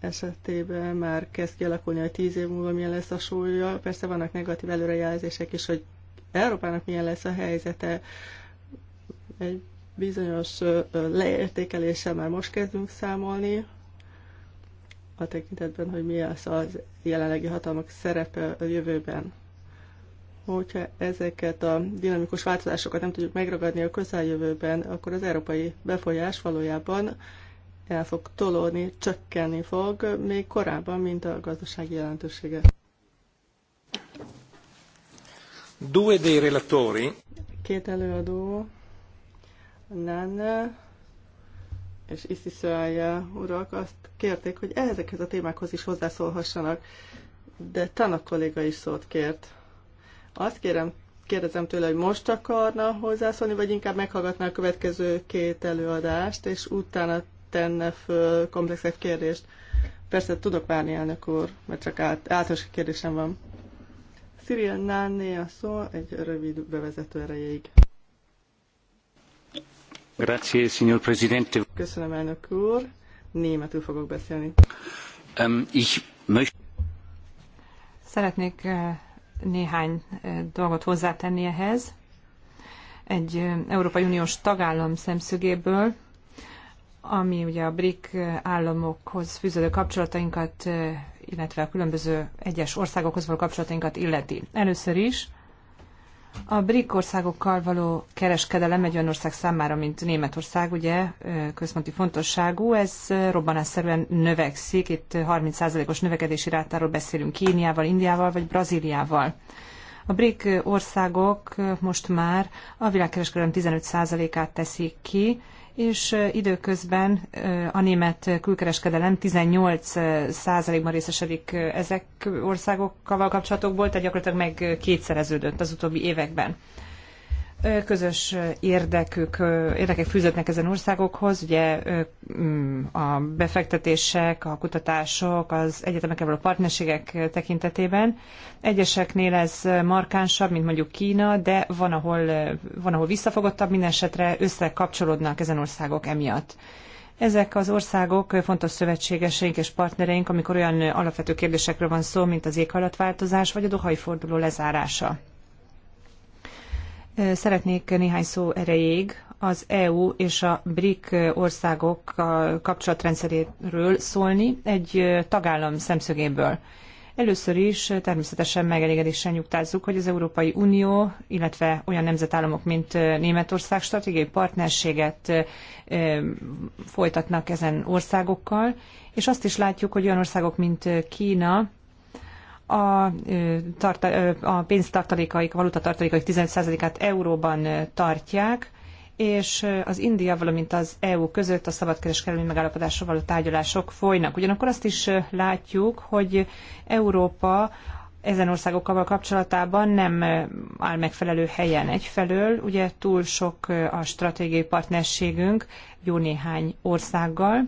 esetében már kezd kialakulni, hogy tíz év múlva milyen lesz a súlya. Persze vannak negatív előrejelzések is, hogy Európának milyen lesz a helyzete. Egy bizonyos leértékeléssel már most kezdünk számolni, a tekintetben, hogy mi az a jelenlegi hatalmak szerepe a jövőben hogyha ezeket a dinamikus változásokat nem tudjuk megragadni a közeljövőben, akkor az európai befolyás valójában el fog tolódni, csökkenni fog, még korábban, mint a gazdasági jelentősége. Due dei relatori. Két előadó, Nanne és Isziszőája urak azt kérték, hogy ezekhez a témákhoz is hozzászólhassanak, de Tana kolléga is szót kért. Azt kérem, kérdezem tőle, hogy most akarna hozzászólni, vagy inkább meghallgatná a következő két előadást, és utána tenne föl komplexebb kérdést. Persze tudok várni, elnök úr, mert csak át, általános kérdésem van. Cyril Nanné a szó egy rövid bevezető erejéig. Grazie, signor Presidente. Köszönöm, elnök úr. Németül fogok beszélni. Um, ich möcht... Szeretnék eh, néhány dolgot hozzátenni ehhez. Egy Európai Uniós tagállam szemszögéből, ami ugye a BRIC államokhoz fűződő kapcsolatainkat, illetve a különböző egyes országokhoz való kapcsolatainkat illeti. Először is a BRIC országokkal való kereskedelem egy olyan ország számára, mint Németország, ugye központi fontosságú, ez robbanásszerűen növekszik. Itt 30%-os növekedési rátáról beszélünk Kíniával, Indiával vagy Brazíliával. A BRIC országok most már a világkereskedelem 15%-át teszik ki, és időközben a német külkereskedelem 18%-ban részesedik ezek országokkal kapcsolatokból, tehát gyakorlatilag meg kétszereződött az utóbbi években közös érdekük, érdekek fűződnek ezen országokhoz, ugye mm, a befektetések, a kutatások, az egyetemekkel való partnerségek tekintetében. Egyeseknél ez markánsabb, mint mondjuk Kína, de van, ahol, van, ahol visszafogottabb, minden esetre összekapcsolódnak ezen országok emiatt. Ezek az országok fontos szövetségeseink és partnereink, amikor olyan alapvető kérdésekről van szó, mint az éghajlatváltozás vagy a dohai forduló lezárása. Szeretnék néhány szó erejéig az EU és a BRIC országok kapcsolatrendszeréről szólni egy tagállam szemszögéből. Először is természetesen megelégedéssel nyugtázzuk, hogy az Európai Unió, illetve olyan nemzetállamok, mint Németország stratégiai partnerséget folytatnak ezen országokkal, és azt is látjuk, hogy olyan országok, mint Kína a, a pénztartalékaik, a valutatartalékaik 15%-át euróban tartják, és az India, valamint az EU között a szabadkereskedelmi megállapodásról való tárgyalások folynak. Ugyanakkor azt is látjuk, hogy Európa ezen országokkal kapcsolatában nem áll megfelelő helyen egyfelől. Ugye túl sok a stratégiai partnerségünk jó néhány országgal.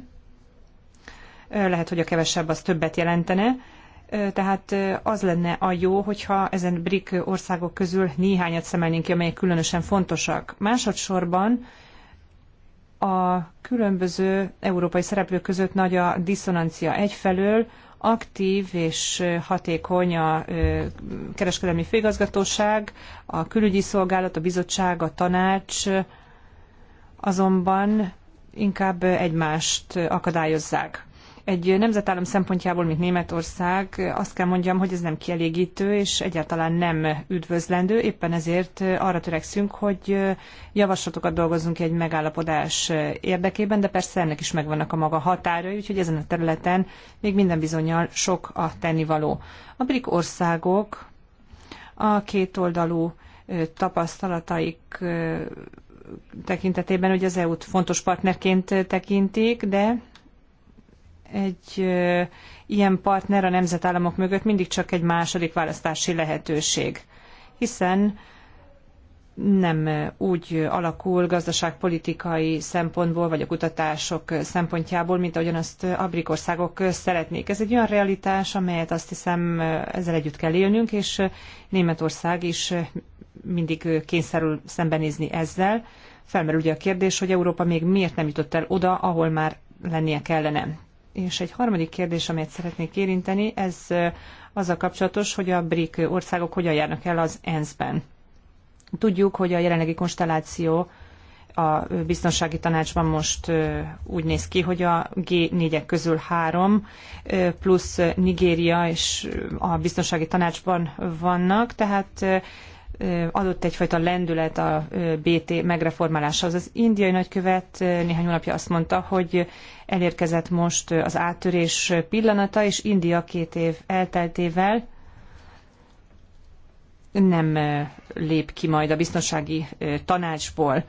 Lehet, hogy a kevesebb az többet jelentene tehát az lenne a jó, hogyha ezen BRIC országok közül néhányat szemelnénk ki, amelyek különösen fontosak. Másodszorban a különböző európai szereplők között nagy a diszonancia egyfelől, aktív és hatékony a kereskedelmi főigazgatóság, a külügyi szolgálat, a bizottság, a tanács, azonban inkább egymást akadályozzák. Egy nemzetállam szempontjából, mint Németország, azt kell mondjam, hogy ez nem kielégítő, és egyáltalán nem üdvözlendő. Éppen ezért arra törekszünk, hogy javaslatokat dolgozzunk egy megállapodás érdekében, de persze ennek is megvannak a maga határai, úgyhogy ezen a területen még minden bizonyal sok a tennivaló. A brik országok a kétoldalú tapasztalataik tekintetében, hogy az EU-t fontos partnerként tekintik, de egy ilyen partner a nemzetállamok mögött mindig csak egy második választási lehetőség, hiszen nem úgy alakul gazdaságpolitikai szempontból, vagy a kutatások szempontjából, mint ahogyan azt abrikországok szeretnék. Ez egy olyan realitás, amelyet azt hiszem ezzel együtt kell élnünk, és Németország is mindig kényszerül szembenézni ezzel. Felmerül ugye a kérdés, hogy Európa még miért nem jutott el oda, ahol már lennie kellene. És egy harmadik kérdés, amelyet szeretnék érinteni, ez az a kapcsolatos, hogy a brik országok hogyan járnak el az ENSZ-ben. Tudjuk, hogy a jelenlegi konstelláció a biztonsági tanácsban most úgy néz ki, hogy a G4-ek közül három plusz Nigéria és a biztonsági tanácsban vannak, tehát adott egyfajta lendület a BT megreformálásához. Az indiai nagykövet néhány hónapja azt mondta, hogy elérkezett most az áttörés pillanata, és India két év elteltével nem lép ki majd a biztonsági tanácsból.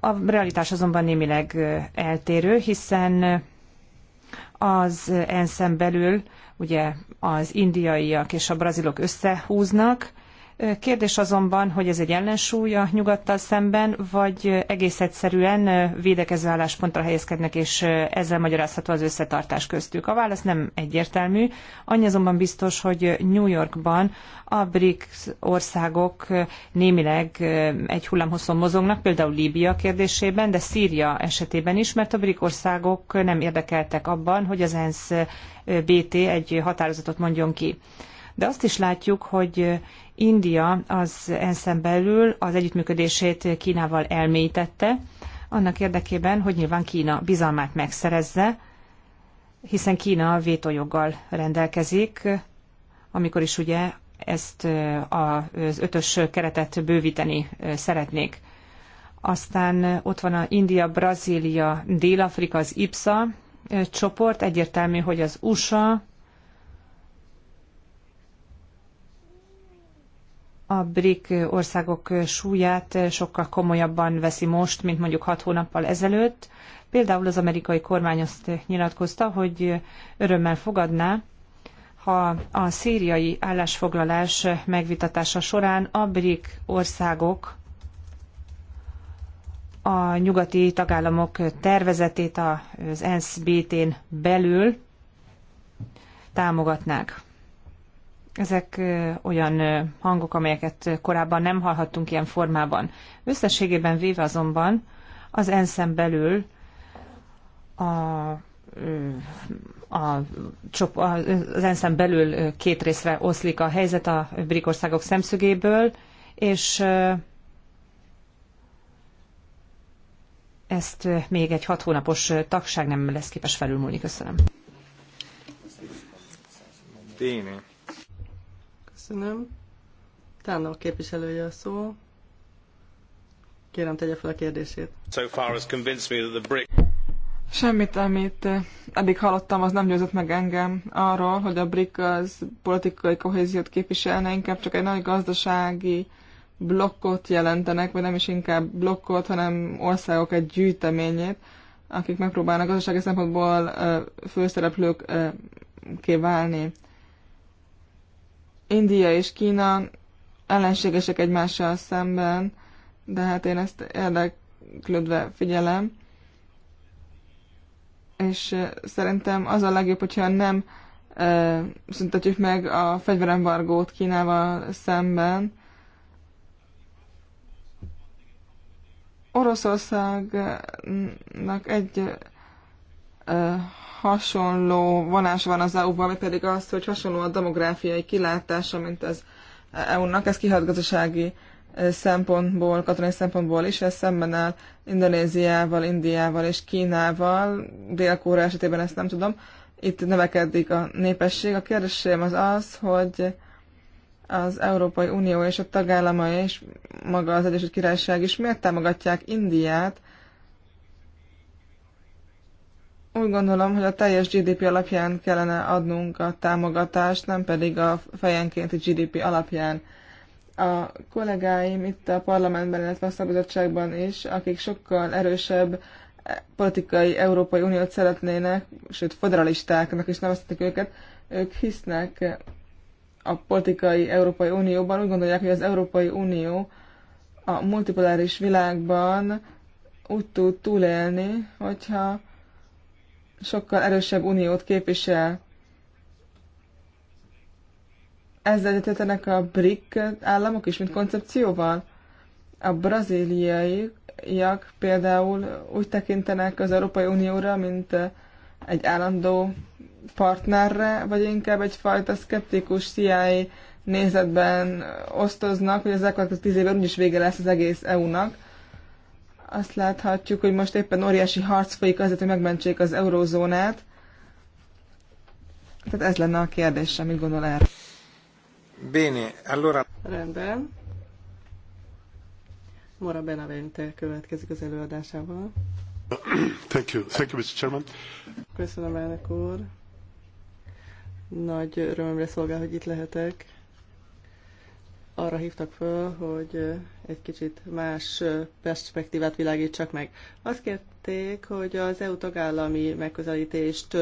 A realitás azonban némileg eltérő, hiszen az ENSZ-en belül ugye az indiaiak és a brazilok összehúznak, Kérdés azonban, hogy ez egy ellensúly a nyugattal szemben, vagy egész egyszerűen védekező álláspontra helyezkednek, és ezzel magyarázható az összetartás köztük. A válasz nem egyértelmű. Annyi azonban biztos, hogy New Yorkban a BRICS országok némileg egy hullámhosszon mozognak, például Líbia kérdésében, de Szíria esetében is, mert a BRICS országok nem érdekeltek abban, hogy az ENSZ BT egy határozatot mondjon ki. De azt is látjuk, hogy India az ENSZ-en belül az együttműködését Kínával elmélyítette, annak érdekében, hogy nyilván Kína bizalmát megszerezze, hiszen Kína vétójoggal rendelkezik, amikor is ugye ezt az ötös keretet bővíteni szeretnék. Aztán ott van a India, Brazília, Dél-Afrika, az IPSA csoport. Egyértelmű, hogy az USA, a BRIC országok súlyát sokkal komolyabban veszi most, mint mondjuk hat hónappal ezelőtt. Például az amerikai kormány azt nyilatkozta, hogy örömmel fogadná, ha a szíriai állásfoglalás megvitatása során a BRIC országok a nyugati tagállamok tervezetét az ENSZ BT-n belül támogatnák. Ezek olyan hangok, amelyeket korábban nem hallhattunk ilyen formában. Összességében véve azonban az enszem belül a, a, az enszem belül két részre oszlik a helyzet a brikországok szemszögéből, és ezt még egy hat hónapos tagság nem lesz képes felülmúlni. Köszönöm. Dini. Köszönöm. Tánok képviselője a szó. Kérem, tegye fel a kérdését. So far has convinced me that the brick... Semmit, amit eh, eddig hallottam, az nem győzött meg engem arról, hogy a BRIC az politikai kohéziót képviselne, inkább csak egy nagy gazdasági blokkot jelentenek, vagy nem is inkább blokkot, hanem országok egy gyűjteményét, akik megpróbálnak gazdasági szempontból eh, főszereplők válni. India és Kína ellenségesek egymással szemben, de hát én ezt érdeklődve figyelem. És szerintem az a legjobb, hogyha nem e, szüntetjük meg a fegyverembargót Kínával szemben. Oroszországnak egy e, hasonló vonás van az EU-ban, ami pedig az, hogy hasonló a demográfiai kilátása, mint az EU-nak. Ez kihat gazdasági szempontból, katonai szempontból is, ez szemben áll Indonéziával, Indiával és Kínával, dél esetében ezt nem tudom. Itt növekedik a népesség. A kérdésem az az, hogy az Európai Unió és a tagállamai és maga az Egyesült Királyság is miért támogatják Indiát Úgy gondolom, hogy a teljes GDP alapján kellene adnunk a támogatást, nem pedig a fejenkénti GDP alapján. A kollégáim itt a parlamentben, illetve a szabadságban is, akik sokkal erősebb politikai Európai Uniót szeretnének, sőt federalistáknak is nevezhetik őket, ők hisznek a politikai Európai Unióban, úgy gondolják, hogy az Európai Unió a multipoláris világban úgy tud túlélni, hogyha sokkal erősebb uniót képvisel. Ezzel egyetetenek a BRIC államok is, mint koncepcióval. A brazíliaiak például úgy tekintenek az Európai Unióra, mint egy állandó partnerre, vagy inkább egyfajta szkeptikus CIA nézetben osztoznak, hogy az elkövetkező tíz évben úgyis vége lesz az egész EU-nak azt láthatjuk, hogy most éppen óriási harc folyik azért, hogy megmentsék az eurózónát. Tehát ez lenne a kérdésem, mit gondol erre? Bene, allora... Rendben. Mora Benavente következik az előadásával. Thank you. Thank you, Mr. Chairman. Köszönöm, elnök úr. Nagy örömre szolgál, hogy itt lehetek arra hívtak föl, hogy egy kicsit más perspektívát világítsak meg. Azt kérték, hogy az EU tagállami megközelítést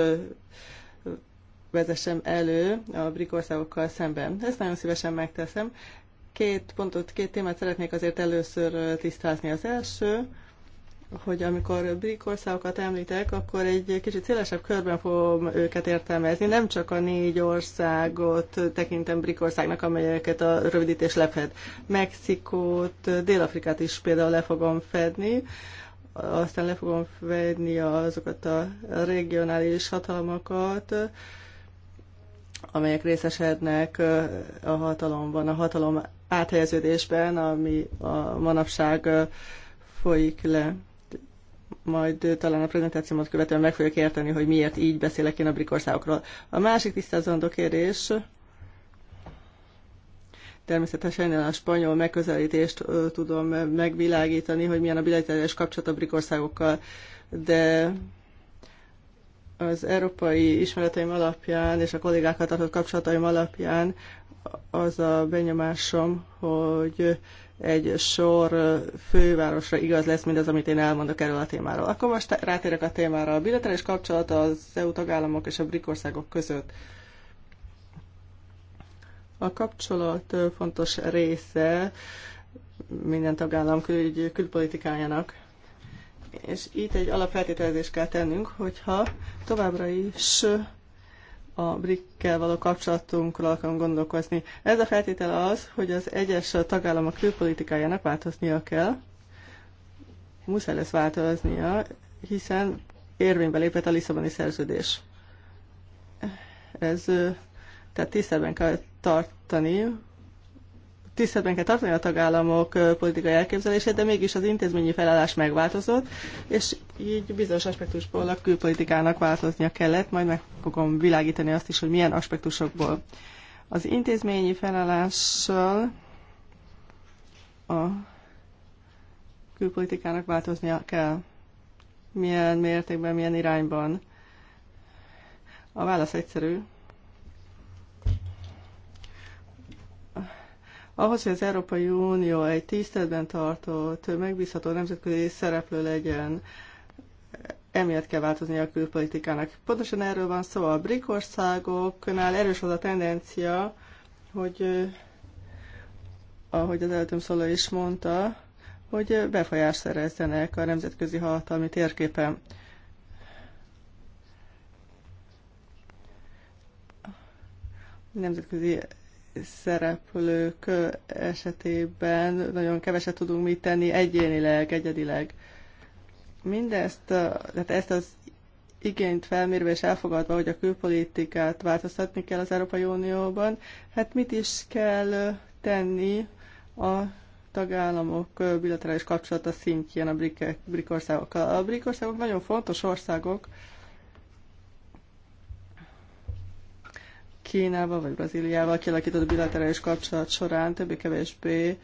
vezessem elő a brik országokkal szemben. Ezt nagyon szívesen megteszem. Két pontot, két témát szeretnék azért először tisztázni. Az első, hogy amikor brik országokat említek, akkor egy kicsit szélesebb körben fogom őket értelmezni. Nem csak a négy országot tekintem brik országnak, amelyeket a rövidítés lefed. Mexikót, Dél-Afrikát is például le fogom fedni, aztán le fogom fedni azokat a regionális hatalmakat, amelyek részesednek a hatalomban, a hatalom áthelyeződésben, ami a manapság folyik le majd talán a prezentációmat követően meg fogjuk érteni, hogy miért így beszélek én a brik országokról. A másik tisztázandó kérdés természetesen a spanyol megközelítést tudom megvilágítani, hogy milyen a bilaterális kapcsolat a brik országokkal, de az európai ismereteim alapján és a kollégákkal tartott kapcsolataim alapján az a benyomásom, hogy egy sor fővárosra igaz lesz mindaz, amit én elmondok erről a témáról. Akkor most rátérek a témára. A bilaterális kapcsolat az EU tagállamok és a brik országok között. A kapcsolat fontos része minden tagállam kül- külpolitikájának. És itt egy alapfeltételezést kell tennünk, hogyha továbbra is a BRIC-kel való kapcsolatunkról akarom gondolkozni. Ez a feltétel az, hogy az egyes tagállamok külpolitikájának változnia kell, muszáj lesz változnia, hiszen érvénybe lépett a Lisszaboni szerződés. Ez tehát tisztelben kell tartani, tiszteletben kell tartani a tagállamok politikai elképzelését, de mégis az intézményi felállás megváltozott, és így bizonyos aspektusból a külpolitikának változnia kellett, majd meg fogom világítani azt is, hogy milyen aspektusokból. Az intézményi felállással a külpolitikának változnia kell. Milyen mértékben, milyen irányban. A válasz egyszerű. Ahhoz, hogy az Európai Unió egy tiszteletben tartott, megbízható nemzetközi szereplő legyen, emiatt kell változni a külpolitikának. Pontosan erről van szó. A BRIC országoknál erős az a tendencia, hogy ahogy az előttem szóló is mondta, hogy befolyást szerezzenek a nemzetközi hatalmi térképen. nemzetközi szereplők esetében nagyon keveset tudunk mit tenni egyénileg, egyedileg. Mindezt, tehát ezt az igényt felmérve és elfogadva, hogy a külpolitikát változtatni kell az Európai Unióban, hát mit is kell tenni a tagállamok bilaterális kapcsolata szintjén a brik, országokkal. A brik országok nagyon fontos országok, Kínával vagy Brazíliával kialakított bilaterális kapcsolat során többé-kevésbé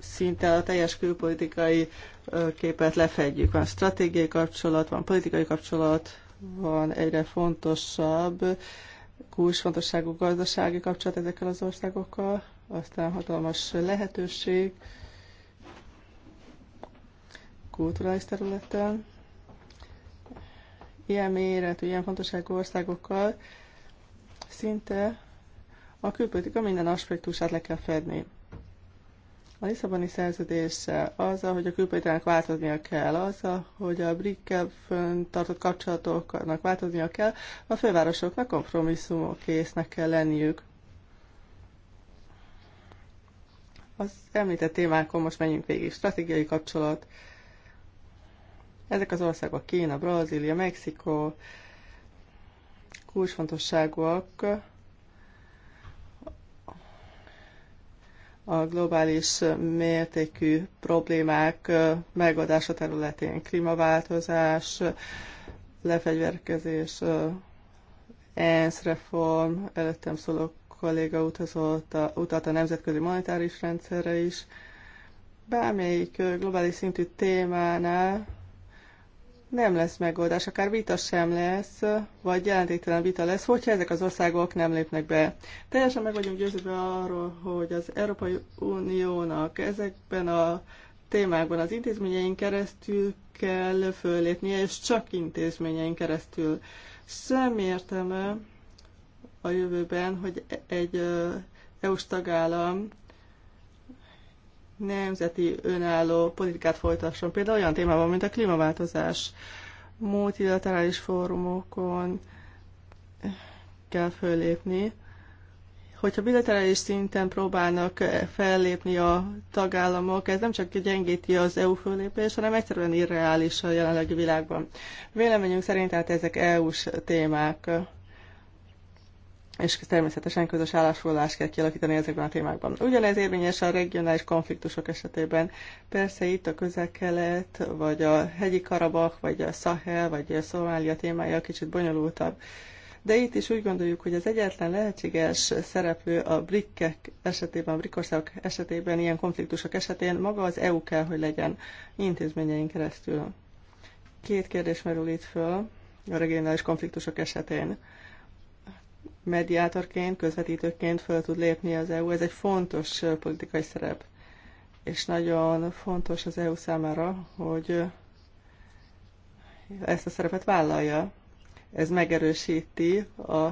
szinte a teljes külpolitikai képet lefedjük. Van stratégiai kapcsolat, van politikai kapcsolat, van egyre fontosabb kulcsfontosságú gazdasági kapcsolat ezekkel az országokkal, aztán hatalmas lehetőség kulturális területen ilyen méretű, ilyen fontosságú országokkal szinte a külpolitika minden aspektusát le kell fedni. A Lisszaboni szerződése, az, hogy a külpolitikának változnia kell, az, hogy a brikkel kel tartott kapcsolatoknak változnia kell, a fővárosoknak kompromisszumok késznek kell lenniük. Az említett témákon most menjünk végig. Stratégiai kapcsolat, ezek az országok Kína, Brazília, Mexikó kulcsfontosságúak a globális mértékű problémák megoldása területén. Klímaváltozás, lefegyverkezés, ENSZ reform, előttem szóló kolléga utazott, a, utalt a nemzetközi monetáris rendszerre is. Bármelyik globális szintű témánál nem lesz megoldás, akár vita sem lesz, vagy jelentéktelen vita lesz, hogyha ezek az országok nem lépnek be. Teljesen meg vagyunk győződve arról, hogy az Európai Uniónak ezekben a témákban az intézményein keresztül kell föllépnie, és csak intézményein keresztül. Sem értelme a jövőben, hogy egy EU-s tagállam nemzeti önálló politikát folytasson, például olyan témában, mint a klímaváltozás, multilaterális fórumokon kell fölépni. Hogyha bilaterális szinten próbálnak fellépni a tagállamok, ez nem csak gyengíti az EU fölépés, hanem egyszerűen irreális a jelenlegi világban. Véleményünk szerint tehát ezek EU-s témák és természetesen közös állásfoglalást kell kialakítani ezekben a témákban. Ugyanez érvényes a regionális konfliktusok esetében. Persze itt a közel-kelet, vagy a hegyi Karabach, vagy a Sahel, vagy a Szomália témája kicsit bonyolultabb. De itt is úgy gondoljuk, hogy az egyetlen lehetséges szereplő a brikkek esetében, a brikkországok esetében, ilyen konfliktusok esetén maga az EU kell, hogy legyen intézményeink keresztül. Két kérdés merül itt föl a regionális konfliktusok esetén mediátorként, közvetítőként föl tud lépni az EU. Ez egy fontos politikai szerep. És nagyon fontos az EU számára, hogy ezt a szerepet vállalja. Ez megerősíti a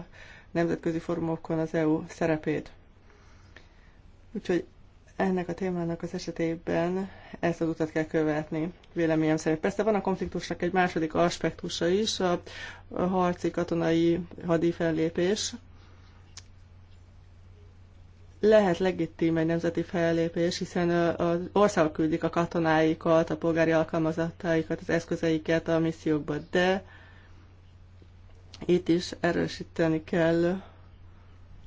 nemzetközi fórumokon az EU szerepét. Úgyhogy ennek a témának az esetében ezt az utat kell követni, véleményem szerint. Persze van a konfliktusnak egy második aspektusa is, a harci katonai fellépés. Lehet legitim egy nemzeti fellépés, hiszen az ország küldik a katonáikat, a polgári alkalmazatáikat, az eszközeiket a missziókba, de itt is erősíteni kell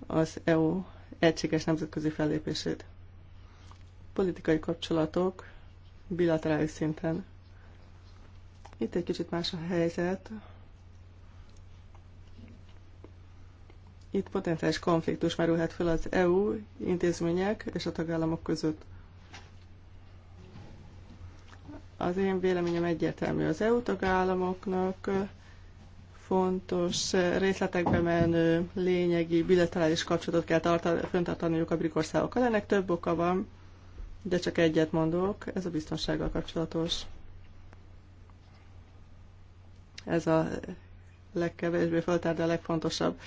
az EU egységes nemzetközi fellépését politikai kapcsolatok bilaterális szinten. Itt egy kicsit más a helyzet. Itt potenciális konfliktus merülhet fel az EU intézmények és a tagállamok között. Az én véleményem egyértelmű az EU tagállamoknak fontos részletekbe menő lényegi bilaterális kapcsolatot kell tartani, föntartaniuk a brikországokkal. Ennek több oka van de csak egyet mondok, ez a biztonsággal kapcsolatos. Ez a legkevésbé feltárt, de a legfontosabb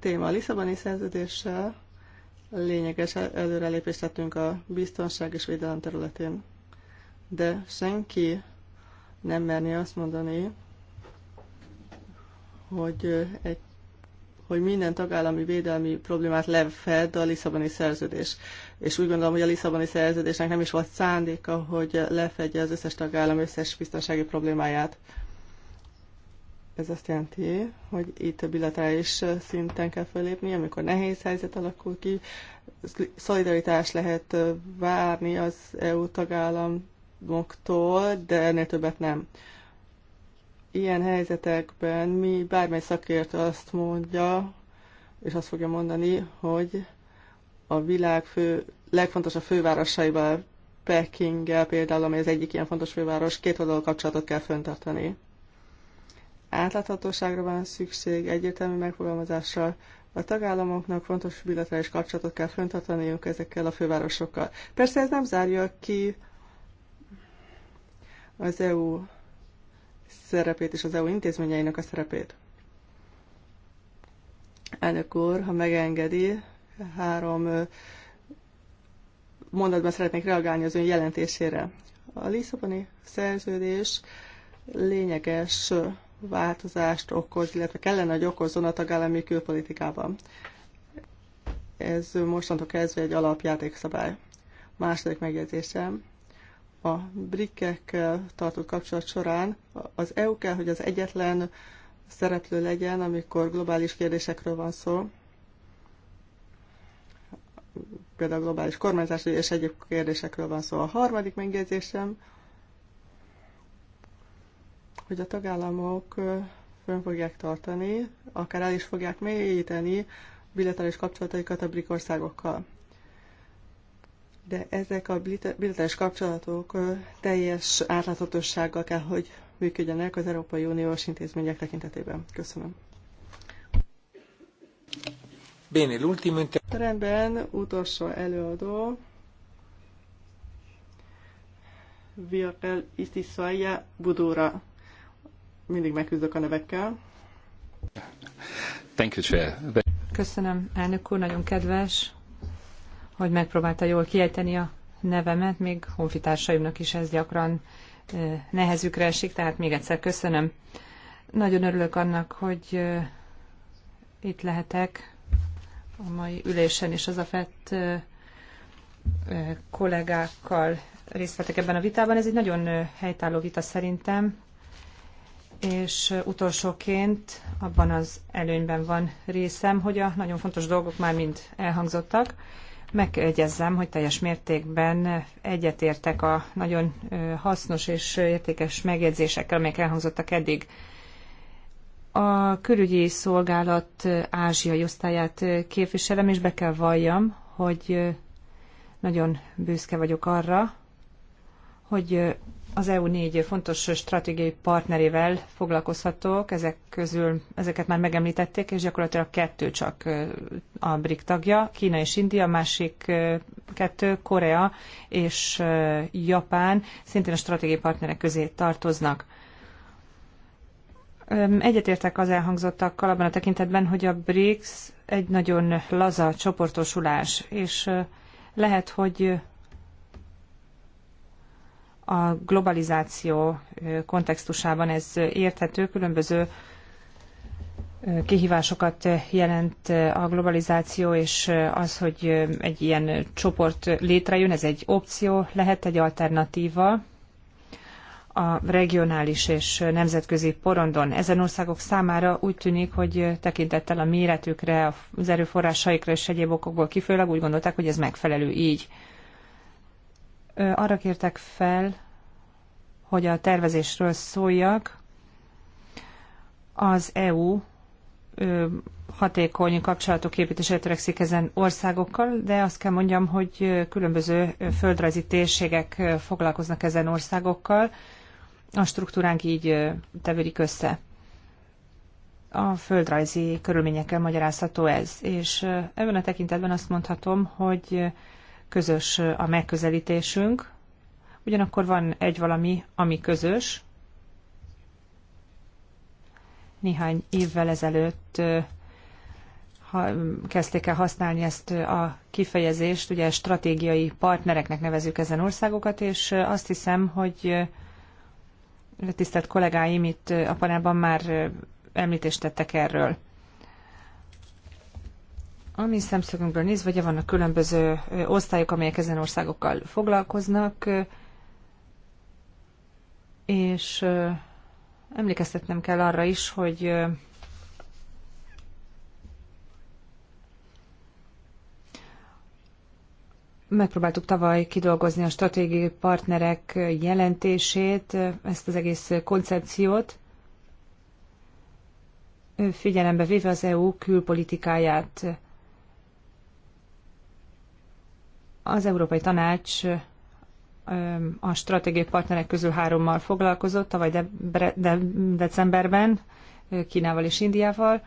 téma. A Lisszaboni szerződéssel lényeges előrelépést tettünk a biztonság és védelem területén. De senki nem merni azt mondani, hogy, egy, hogy minden tagállami védelmi problémát lefed a Lisszaboni szerződés és úgy gondolom, hogy a Lisszaboni szerződésnek nem is volt szándéka, hogy lefedje az összes tagállam összes biztonsági problémáját. Ez azt jelenti, hogy itt a bilaterális szinten kell fölépni, amikor nehéz helyzet alakul ki, szolidaritás lehet várni az EU tagállamoktól, de ennél többet nem. Ilyen helyzetekben mi bármely szakértő azt mondja, és azt fogja mondani, hogy a világ fő, legfontosabb fővárosaival, Pekinggel például, ami az egyik ilyen fontos főváros, két oldalú kapcsolatot kell föntartani. Átláthatóságra van szükség, egyértelmű megfogalmazásra. a tagállamoknak fontos bilaterális kapcsolatot kell föntartaniuk ezekkel a fővárosokkal. Persze ez nem zárja ki az EU szerepét és az EU intézményeinek a szerepét. Elnök úr, ha megengedi, három mondatban szeretnék reagálni az ön jelentésére. A Lisszaboni szerződés lényeges változást okoz, illetve kellene, hogy okozzon a tagállami külpolitikában. Ez mostantól kezdve egy alapjátékszabály. Második megjegyzésem. A brikkekkel tartott kapcsolat során az EU kell, hogy az egyetlen szereplő legyen, amikor globális kérdésekről van szó, például globális kormányzás és egyéb kérdésekről van szó. A harmadik megjegyzésem, hogy a tagállamok fönn fogják tartani, akár el is fogják mélyíteni bilaterális kapcsolataikat a brik országokkal. De ezek a bilaterális kapcsolatok teljes átláthatósággal kell, hogy működjenek az Európai Uniós intézmények tekintetében. Köszönöm. Bene, l'ultimo inter... Rendben, utolsó előadó. Virkel Istiswaja Budura. Mindig megküzdök a nevekkel. Thank you, Chair. Köszönöm, elnök úr, nagyon kedves, hogy megpróbálta jól kiejteni a nevemet, még honfitársaimnak is ez gyakran nehezükre esik, tehát még egyszer köszönöm. Nagyon örülök annak, hogy itt lehetek, a mai ülésen, is az a FET kollégákkal részt vettek ebben a vitában. Ez egy nagyon helytálló vita szerintem, és utolsóként abban az előnyben van részem, hogy a nagyon fontos dolgok már mind elhangzottak. Megegyezzem, hogy teljes mértékben egyetértek a nagyon hasznos és értékes megjegyzésekkel, amelyek elhangzottak eddig a külügyi szolgálat ázsiai osztályát képviselem, és be kell valljam, hogy nagyon büszke vagyok arra, hogy az EU négy fontos stratégiai partnerével foglalkozhatok, ezek közül ezeket már megemlítették, és gyakorlatilag kettő csak a BRIC tagja, Kína és India, másik kettő Korea és Japán, szintén a stratégiai partnerek közé tartoznak. Egyetértek az elhangzottakkal abban a tekintetben, hogy a BRICS egy nagyon laza csoportosulás, és lehet, hogy a globalizáció kontextusában ez érthető, különböző kihívásokat jelent a globalizáció, és az, hogy egy ilyen csoport létrejön, ez egy opció, lehet egy alternatíva, a regionális és nemzetközi porondon. Ezen országok számára úgy tűnik, hogy tekintettel a méretükre, az erőforrásaikra és egyéb okokból kifőleg úgy gondolták, hogy ez megfelelő így. Arra kértek fel, hogy a tervezésről szóljak. Az EU hatékony kapcsolatok építésére törekszik ezen országokkal, de azt kell mondjam, hogy különböző földrajzi térségek foglalkoznak ezen országokkal, a struktúránk így tevődik össze. A földrajzi körülményekkel magyarázható ez, és ebben a tekintetben azt mondhatom, hogy közös a megközelítésünk, ugyanakkor van egy valami, ami közös. Néhány évvel ezelőtt ha, kezdték el használni ezt a kifejezést, ugye stratégiai partnereknek nevezük ezen országokat, és azt hiszem, hogy Tisztelt kollégáim itt a panelban már említést tettek erről. A mi szemszögünkből nézve, vagy vannak különböző osztályok, amelyek ezen országokkal foglalkoznak, és emlékeztetnem kell arra is, hogy Megpróbáltuk tavaly kidolgozni a stratégiai partnerek jelentését, ezt az egész koncepciót, figyelembe véve az EU külpolitikáját. Az Európai Tanács a stratégiai partnerek közül hárommal foglalkozott, tavaly de, de, decemberben, Kínával és Indiával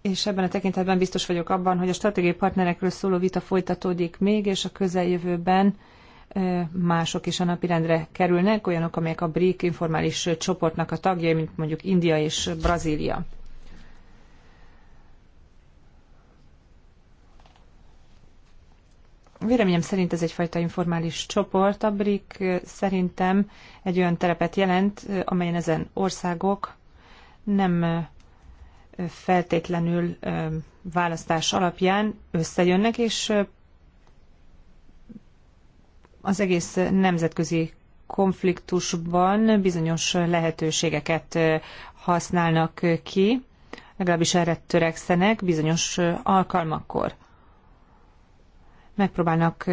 és ebben a tekintetben biztos vagyok abban, hogy a stratégiai partnerekről szóló vita folytatódik még, és a közeljövőben mások is a napirendre kerülnek, olyanok, amelyek a BRIC informális csoportnak a tagjai, mint mondjuk India és Brazília. Véleményem szerint ez egyfajta informális csoport. A BRIC szerintem egy olyan terepet jelent, amelyen ezen országok nem feltétlenül választás alapján összejönnek, és az egész nemzetközi konfliktusban bizonyos lehetőségeket használnak ki, legalábbis erre törekszenek bizonyos alkalmakkor. Megpróbálnak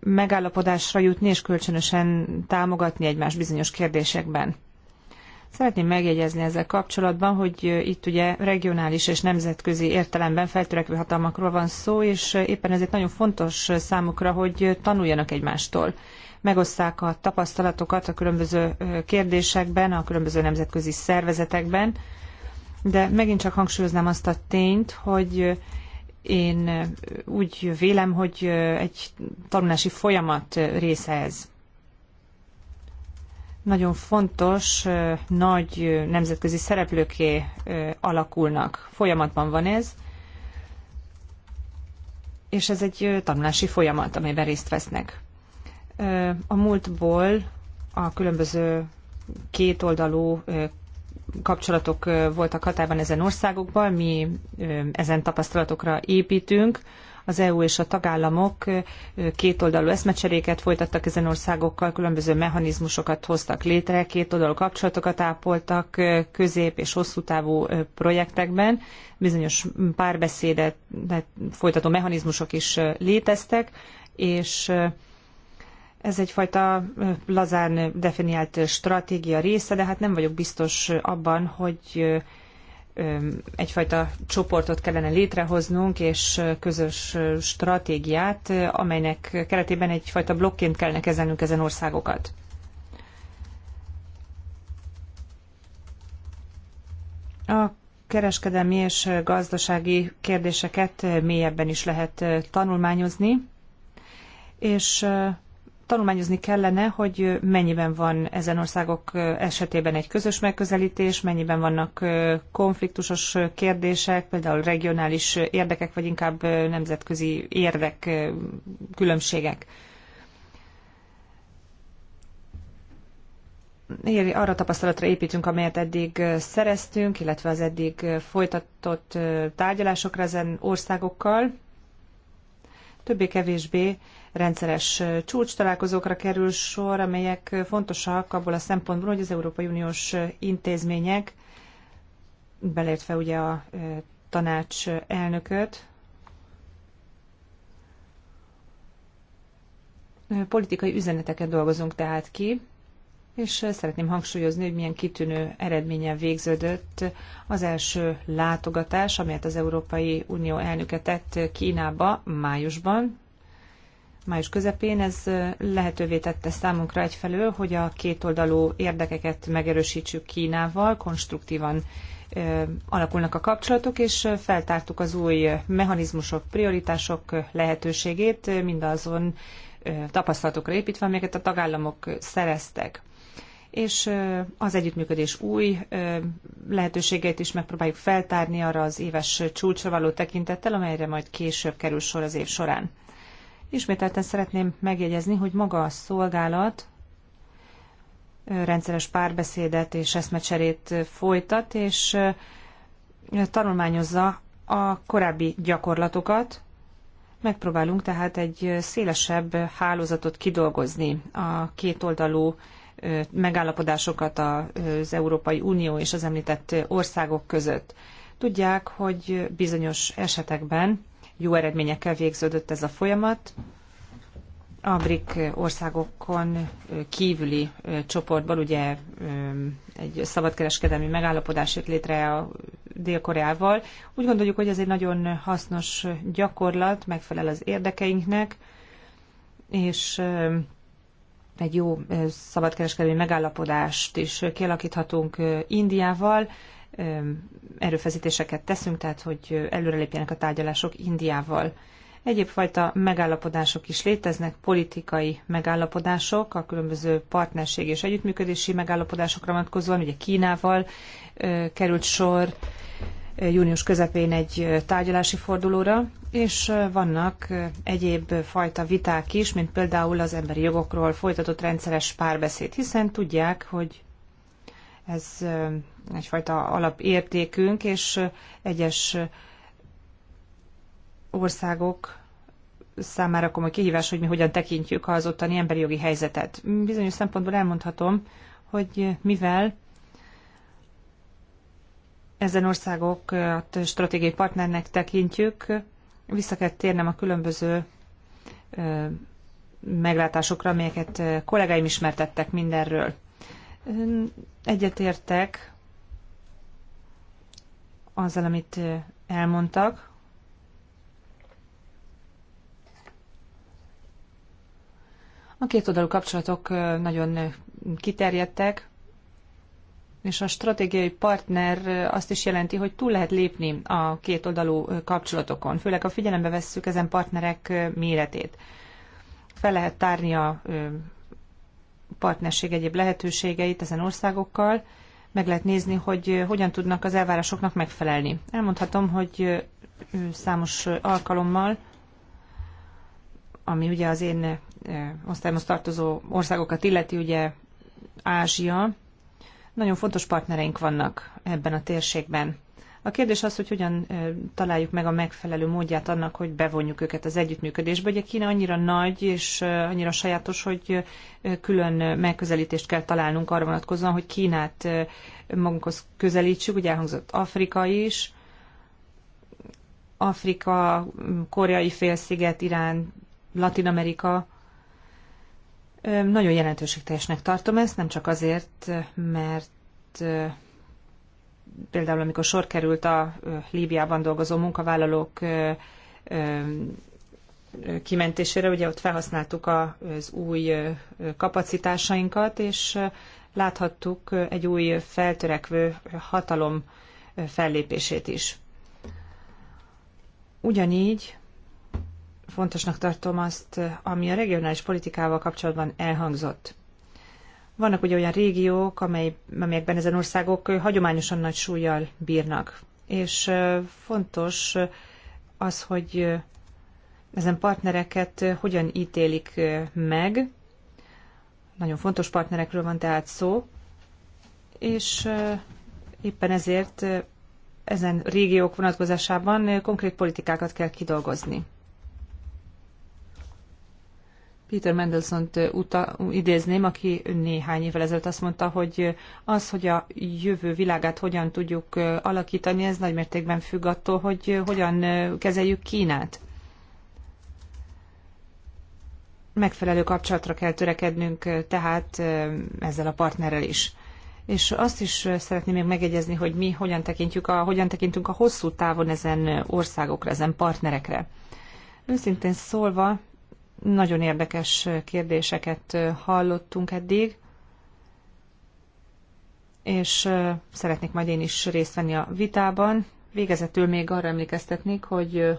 megállapodásra jutni és kölcsönösen támogatni egymás bizonyos kérdésekben. Szeretném megjegyezni ezzel kapcsolatban, hogy itt ugye regionális és nemzetközi értelemben feltörekvő hatalmakról van szó, és éppen ezért nagyon fontos számukra, hogy tanuljanak egymástól. Megosszák a tapasztalatokat a különböző kérdésekben, a különböző nemzetközi szervezetekben, de megint csak hangsúlyoznám azt a tényt, hogy én úgy vélem, hogy egy tanulási folyamat része ez nagyon fontos, nagy nemzetközi szereplőké alakulnak. Folyamatban van ez, és ez egy tanulási folyamat, amelyben részt vesznek. A múltból a különböző kétoldalú kapcsolatok voltak hatában ezen országokban, mi ezen tapasztalatokra építünk, az EU és a tagállamok kétoldalú eszmecseréket folytattak ezen országokkal, különböző mechanizmusokat hoztak létre, kétoldalú kapcsolatokat ápoltak közép- és hosszú távú projektekben, bizonyos párbeszédet folytató mechanizmusok is léteztek, és ez egyfajta lazán definiált stratégia része, de hát nem vagyok biztos abban, hogy egyfajta csoportot kellene létrehoznunk, és közös stratégiát, amelynek keretében egyfajta blokként kellene kezelnünk ezen országokat. A kereskedelmi és gazdasági kérdéseket mélyebben is lehet tanulmányozni, és tanulmányozni kellene, hogy mennyiben van ezen országok esetében egy közös megközelítés, mennyiben vannak konfliktusos kérdések, például regionális érdekek, vagy inkább nemzetközi érdek különbségek. arra tapasztalatra építünk, amelyet eddig szereztünk, illetve az eddig folytatott tárgyalásokra ezen országokkal. Többé-kevésbé rendszeres csúcs találkozókra kerül sor, amelyek fontosak abból a szempontból, hogy az Európai Uniós intézmények, beleértve ugye a tanács elnököt, politikai üzeneteket dolgozunk tehát ki, és szeretném hangsúlyozni, hogy milyen kitűnő eredménnyel végződött az első látogatás, amelyet az Európai Unió elnöke tett Kínába májusban május közepén. Ez lehetővé tette számunkra egyfelől, hogy a kétoldalú érdekeket megerősítsük Kínával, konstruktívan alakulnak a kapcsolatok, és feltártuk az új mechanizmusok, prioritások lehetőségét, mindazon tapasztalatokra építve, amelyeket a tagállamok szereztek és az együttműködés új lehetőségeit is megpróbáljuk feltárni arra az éves csúcsra való tekintettel, amelyre majd később kerül sor az év során. Ismételten szeretném megjegyezni, hogy maga a szolgálat rendszeres párbeszédet és eszmecserét folytat, és tanulmányozza a korábbi gyakorlatokat. Megpróbálunk tehát egy szélesebb hálózatot kidolgozni a kétoldalú megállapodásokat az Európai Unió és az említett országok között. Tudják, hogy bizonyos esetekben jó eredményekkel végződött ez a folyamat. A BRIC országokon kívüli csoportban ugye egy szabadkereskedelmi megállapodás jött létre a Dél-Koreával. Úgy gondoljuk, hogy ez egy nagyon hasznos gyakorlat, megfelel az érdekeinknek, és egy jó szabadkereskedelmi megállapodást is kialakíthatunk Indiával, erőfeszítéseket teszünk, tehát hogy előrelépjenek a tárgyalások Indiával. Egyéb fajta megállapodások is léteznek, politikai megállapodások, a különböző partnerség és együttműködési megállapodásokra vonatkozóan, ugye Kínával került sor június közepén egy tárgyalási fordulóra, és vannak egyéb fajta viták is, mint például az emberi jogokról folytatott rendszeres párbeszéd, hiszen tudják, hogy ez egyfajta alapértékünk, és egyes országok számára komoly kihívás, hogy mi hogyan tekintjük az ottani emberi jogi helyzetet. Bizonyos szempontból elmondhatom, hogy mivel ezen a stratégiai partnernek tekintjük, vissza kell térnem a különböző meglátásokra, amelyeket kollégáim ismertettek mindenről. Egyetértek azzal, amit elmondtak. A két oldalú kapcsolatok nagyon kiterjedtek, és a stratégiai partner azt is jelenti, hogy túl lehet lépni a két oldalú kapcsolatokon, főleg ha figyelembe vesszük ezen partnerek méretét. Fel lehet tárni a partnerség egyéb lehetőségeit ezen országokkal, meg lehet nézni, hogy hogyan tudnak az elvárásoknak megfelelni. Elmondhatom, hogy számos alkalommal, ami ugye az én osztályomhoz tartozó országokat illeti, ugye Ázsia, nagyon fontos partnereink vannak ebben a térségben. A kérdés az, hogy hogyan találjuk meg a megfelelő módját annak, hogy bevonjuk őket az együttműködésbe. Ugye Kína annyira nagy és annyira sajátos, hogy külön megközelítést kell találnunk arra vonatkozóan, hogy Kínát magunkhoz közelítsük. Ugye elhangzott Afrika is, Afrika, koreai félsziget, Irán, Latin Amerika. Nagyon jelentőségteljesnek tartom ezt, nem csak azért, mert például amikor sor került a Líbiában dolgozó munkavállalók kimentésére, ugye ott felhasználtuk az új kapacitásainkat, és láthattuk egy új feltörekvő hatalom fellépését is. Ugyanígy fontosnak tartom azt, ami a regionális politikával kapcsolatban elhangzott. Vannak ugye olyan régiók, amely, amelyekben ezen országok hagyományosan nagy súlyjal bírnak. És fontos az, hogy ezen partnereket hogyan ítélik meg. Nagyon fontos partnerekről van tehát szó, és éppen ezért ezen régiók vonatkozásában konkrét politikákat kell kidolgozni. Peter Mendelssohn-t idézném, aki néhány évvel ezelőtt azt mondta, hogy az, hogy a jövő világát hogyan tudjuk alakítani, ez nagymértékben függ attól, hogy hogyan kezeljük Kínát. Megfelelő kapcsolatra kell törekednünk tehát ezzel a partnerrel is. És azt is szeretném még megegyezni, hogy mi hogyan, tekintjük a, hogyan tekintünk a hosszú távon ezen országokra, ezen partnerekre. Őszintén szólva, nagyon érdekes kérdéseket hallottunk eddig, és szeretnék majd én is részt venni a vitában. Végezetül még arra emlékeztetnék, hogy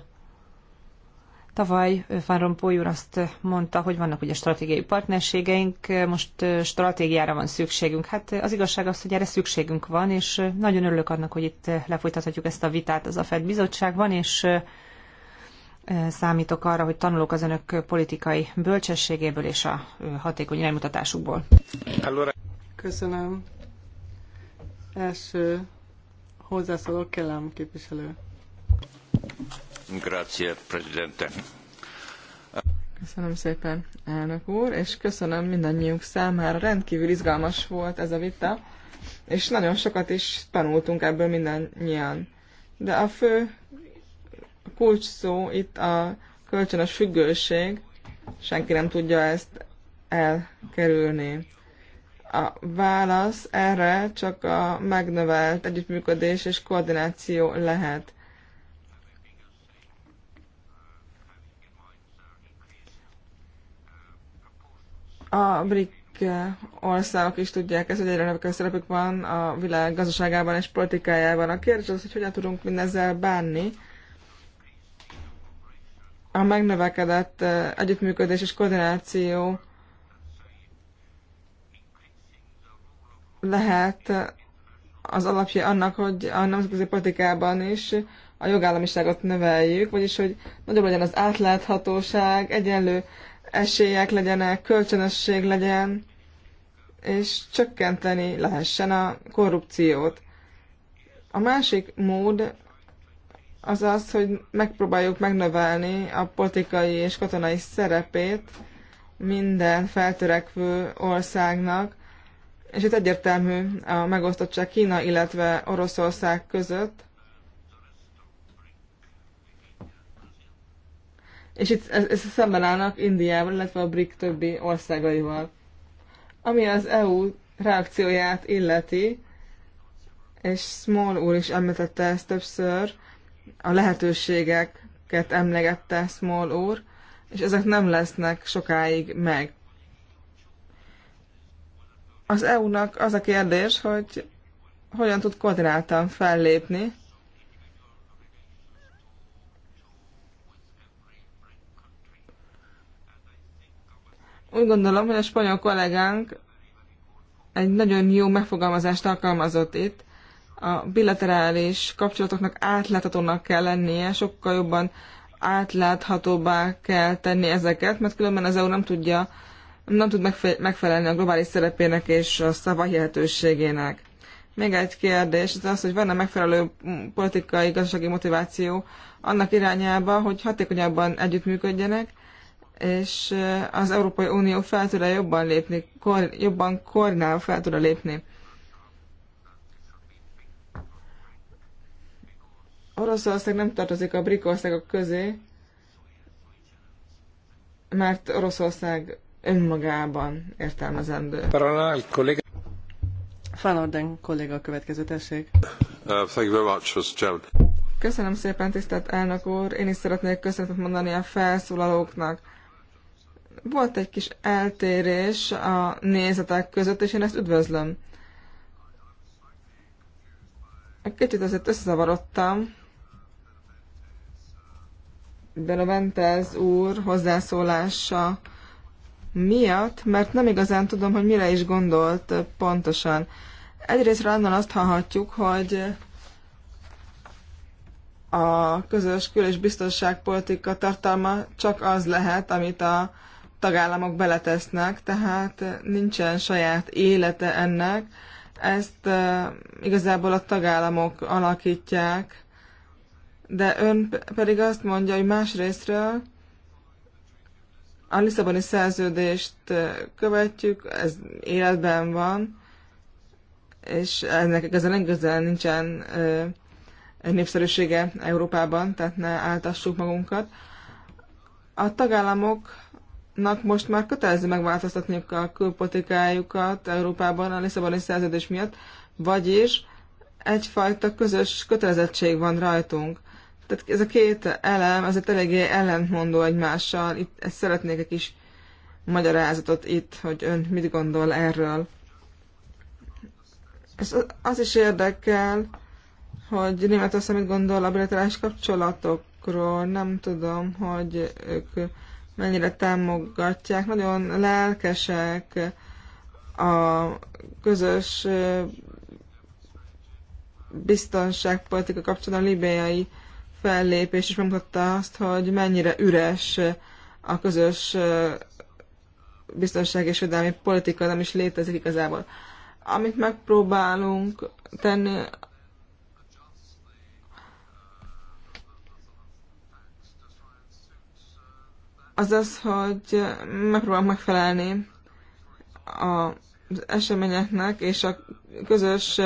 Tavaly Van Rompuy úr azt mondta, hogy vannak ugye stratégiai partnerségeink, most stratégiára van szükségünk. Hát az igazság az, hogy erre szükségünk van, és nagyon örülök annak, hogy itt lefolytathatjuk ezt a vitát az AFED bizottságban, és számítok arra, hogy tanulok az önök politikai bölcsességéből és a hatékony iránymutatásukból. Köszönöm. Első hozzászóló Kellem képviselő. Grazie, Presidente. Köszönöm szépen, elnök úr, és köszönöm mindannyiunk számára. Rendkívül izgalmas volt ez a vita, és nagyon sokat is tanultunk ebből mindannyian. De a fő kulcs szó itt a kölcsönös függőség, senki nem tudja ezt elkerülni. A válasz erre csak a megnövelt együttműködés és koordináció lehet. A BRIC országok is tudják ezt, hogy egyre növekvő szerepük van a világ gazdaságában és politikájában. A kérdés az, hogy hogyan tudunk mindezzel bánni, a megnövekedett együttműködés és koordináció lehet az alapja annak, hogy a nemzetközi politikában is a jogállamiságot növeljük, vagyis hogy nagyobb legyen az átláthatóság, egyenlő esélyek legyenek, kölcsönösség legyen, és csökkenteni lehessen a korrupciót. A másik mód az az, hogy megpróbáljuk megnövelni a politikai és katonai szerepét minden feltörekvő országnak, és itt egyértelmű a megosztottság Kína, illetve Oroszország között. És itt ez, ez szemben állnak Indiával, illetve a BRIC többi országaival. Ami az EU reakcióját illeti, és Small úr is említette ezt többször, a lehetőségeket emlegette Small úr, és ezek nem lesznek sokáig meg. Az EU-nak az a kérdés, hogy hogyan tud koordináltan fellépni, Úgy gondolom, hogy a spanyol kollégánk egy nagyon jó megfogalmazást alkalmazott itt, a bilaterális kapcsolatoknak átláthatónak kell lennie, sokkal jobban átláthatóbbá kell tenni ezeket, mert különben az EU nem tudja, nem tud megfelelni a globális szerepének és a szavahihetőségének. Még egy kérdés, ez az, hogy van-e megfelelő politikai, gazdasági motiváció annak irányába, hogy hatékonyabban együttműködjenek, és az Európai Unió fel tud -e jobban lépni, kor, jobban koordinálva fel tud -e lépni. Oroszország nem tartozik a brik országok közé, mert Oroszország önmagában értelmezendő. Van Orden kolléga a következő, tessék. Uh, Köszönöm szépen, tisztelt elnök úr. Én is szeretnék köszönetet mondani a felszólalóknak. Volt egy kis eltérés a nézetek között, és én ezt üdvözlöm. Egy kicsit azért összezavarodtam, de Loventez úr hozzászólása miatt, mert nem igazán tudom, hogy mire is gondolt pontosan. Egyrészt rannan azt hallhatjuk, hogy a közös kül- és biztonságpolitika tartalma csak az lehet, amit a tagállamok beletesznek, tehát nincsen saját élete ennek, ezt eh, igazából a tagállamok alakítják de ön pedig azt mondja, hogy más részről a Lisszaboni szerződést követjük, ez életben van, és ennek igazán igazán nincsen ö, népszerűsége Európában, tehát ne áltassuk magunkat. A tagállamoknak most már kötelező megváltoztatniuk a külpolitikájukat Európában a Lisszaboni szerződés miatt, vagyis egyfajta közös kötelezettség van rajtunk tehát ez a két elem azért eléggé ellentmondó egymással. Itt ezt szeretnék egy kis magyarázatot itt, hogy ön mit gondol erről. Ez az is érdekel, hogy Németország mit gondol a bilaterális kapcsolatokról. Nem tudom, hogy ők mennyire támogatják. Nagyon lelkesek a közös biztonságpolitika kapcsolatban a libéjai fellépés is megmutatta azt, hogy mennyire üres a közös biztonság és védelmi politika nem is létezik igazából. Amit megpróbálunk tenni, az az, hogy megpróbálunk megfelelni az eseményeknek, és a közös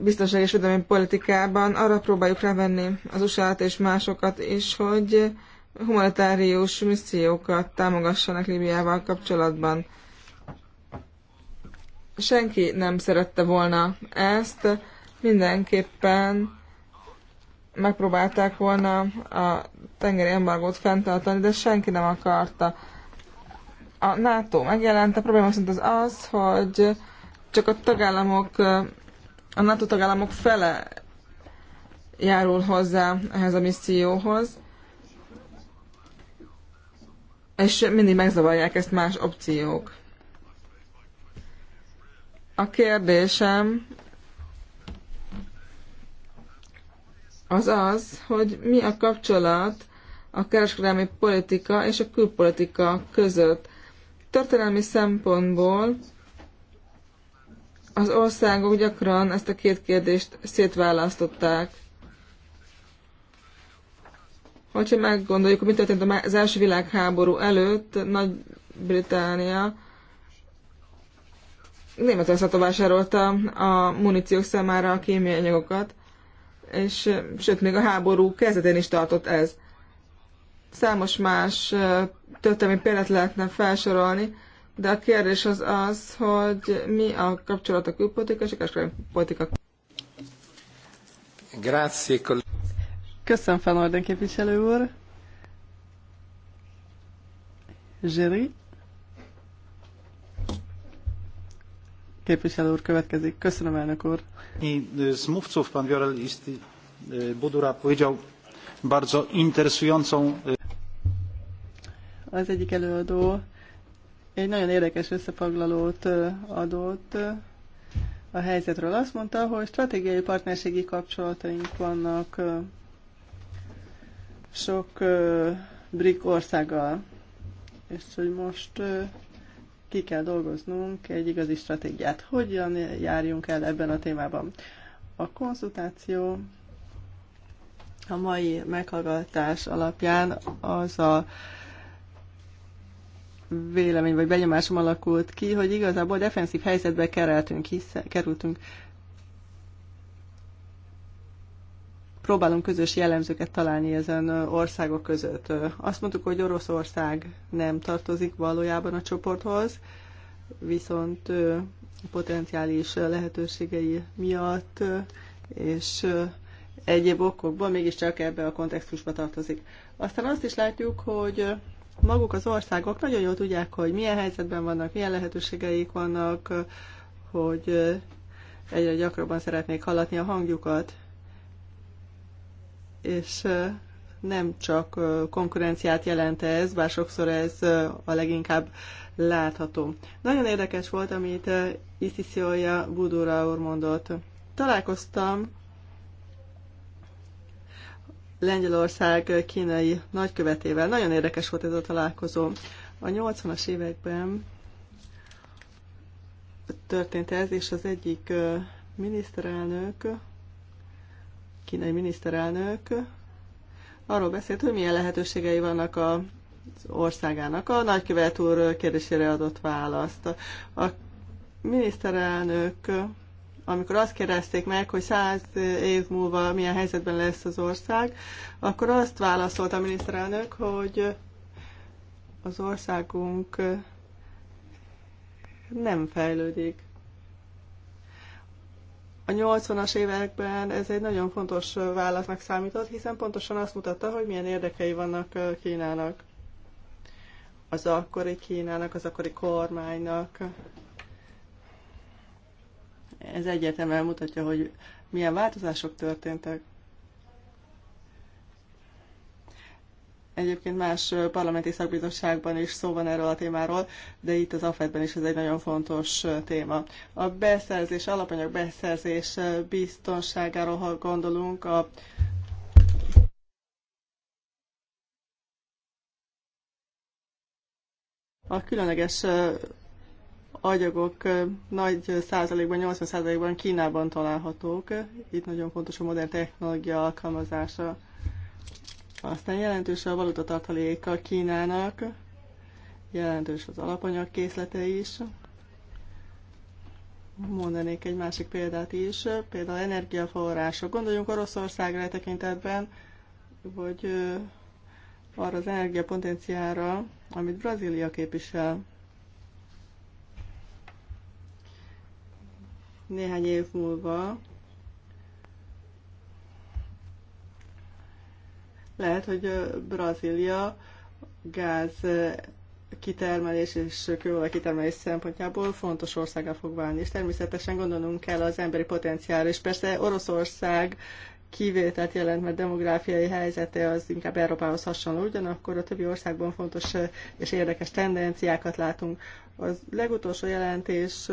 biztonság és védelmi politikában arra próbáljuk rávenni az usa és másokat is, hogy humanitárius missziókat támogassanak Líbiával kapcsolatban. Senki nem szerette volna ezt, mindenképpen megpróbálták volna a tengeri embargót fenntartani, de senki nem akarta. A NATO megjelent, a probléma szerint az az, hogy csak a tagállamok a NATO tagállamok fele járul hozzá ehhez a misszióhoz, és mindig megzavarják ezt más opciók. A kérdésem az az, hogy mi a kapcsolat a kereskedelmi politika és a külpolitika között. Történelmi szempontból az országok gyakran ezt a két kérdést szétválasztották. Hogyha meggondoljuk, mi történt az első világháború előtt, Nagy-Británia Németországtól vásárolta a muníciók számára a kémiai anyagokat, és sőt, még a háború kezdetén is tartott ez. Számos más történelmi példát lehetne felsorolni, de a kérdés az az, hogy mi a kapcsolat a külpolitika és a politika. Grazie. Köszönöm, Fanorden képviselő úr. Zseri. Képviselő úr következik. Köszönöm, elnök úr. E, z mówców pan Wiorel e, Budura powiedział bardzo interesującą... E, az egyik előadó egy nagyon érdekes összefoglalót adott a helyzetről. Azt mondta, hogy stratégiai partnerségi kapcsolataink vannak sok BRIC országgal, és hogy most ki kell dolgoznunk egy igazi stratégiát. Hogyan járjunk el ebben a témában? A konzultáció a mai meghallgatás alapján az a vélemény vagy benyomásom alakult ki, hogy igazából defenszív helyzetbe kereltünk, hiszen, kerültünk. Próbálunk közös jellemzőket találni ezen országok között. Azt mondtuk, hogy Oroszország nem tartozik valójában a csoporthoz, viszont potenciális lehetőségei miatt és egyéb okokból mégiscsak ebbe a kontextusba tartozik. Aztán azt is látjuk, hogy maguk az országok nagyon jól tudják, hogy milyen helyzetben vannak, milyen lehetőségeik vannak, hogy egyre gyakrabban szeretnék hallatni a hangjukat, és nem csak konkurenciát jelent ez, bár sokszor ez a leginkább látható. Nagyon érdekes volt, amit Iszisziója Budóra úr mondott. Találkoztam Lengyelország kínai nagykövetével. Nagyon érdekes volt ez a találkozó. A 80-as években történt ez, és az egyik miniszterelnök, kínai miniszterelnök arról beszélt, hogy milyen lehetőségei vannak a országának. A nagykövet úr kérdésére adott választ. A miniszterelnök amikor azt kérdezték meg, hogy száz év múlva milyen helyzetben lesz az ország, akkor azt válaszolta a miniszterelnök, hogy az országunk nem fejlődik. A 80-as években ez egy nagyon fontos válasznak számított, hiszen pontosan azt mutatta, hogy milyen érdekei vannak Kínának. Az akkori Kínának, az akkori kormánynak, ez egyértelműen mutatja, hogy milyen változások történtek. Egyébként más parlamenti szakbizottságban is szó van erről a témáról, de itt az AFED-ben is ez egy nagyon fontos téma. A beszerzés, alapanyag beszerzés biztonságáról, ha gondolunk, a a különleges anyagok nagy százalékban, 80 százalékban Kínában találhatók. Itt nagyon fontos a modern technológia alkalmazása. Aztán jelentős a valuta tartaléka Kínának, jelentős az alapanyag készlete is. Mondanék egy másik példát is, például energiaforrások. Gondoljunk Oroszországra e tekintetben, hogy arra az energiapotenciára, amit Brazília képvisel néhány év múlva lehet, hogy Brazília gáz kitermelés és kőolaj kitermelés szempontjából fontos országá fog válni. És természetesen gondolnunk kell az emberi potenciálra, és persze Oroszország kivételt jelent, mert demográfiai helyzete az inkább Európához hasonló, ugyanakkor a többi országban fontos és érdekes tendenciákat látunk. Az legutolsó jelentés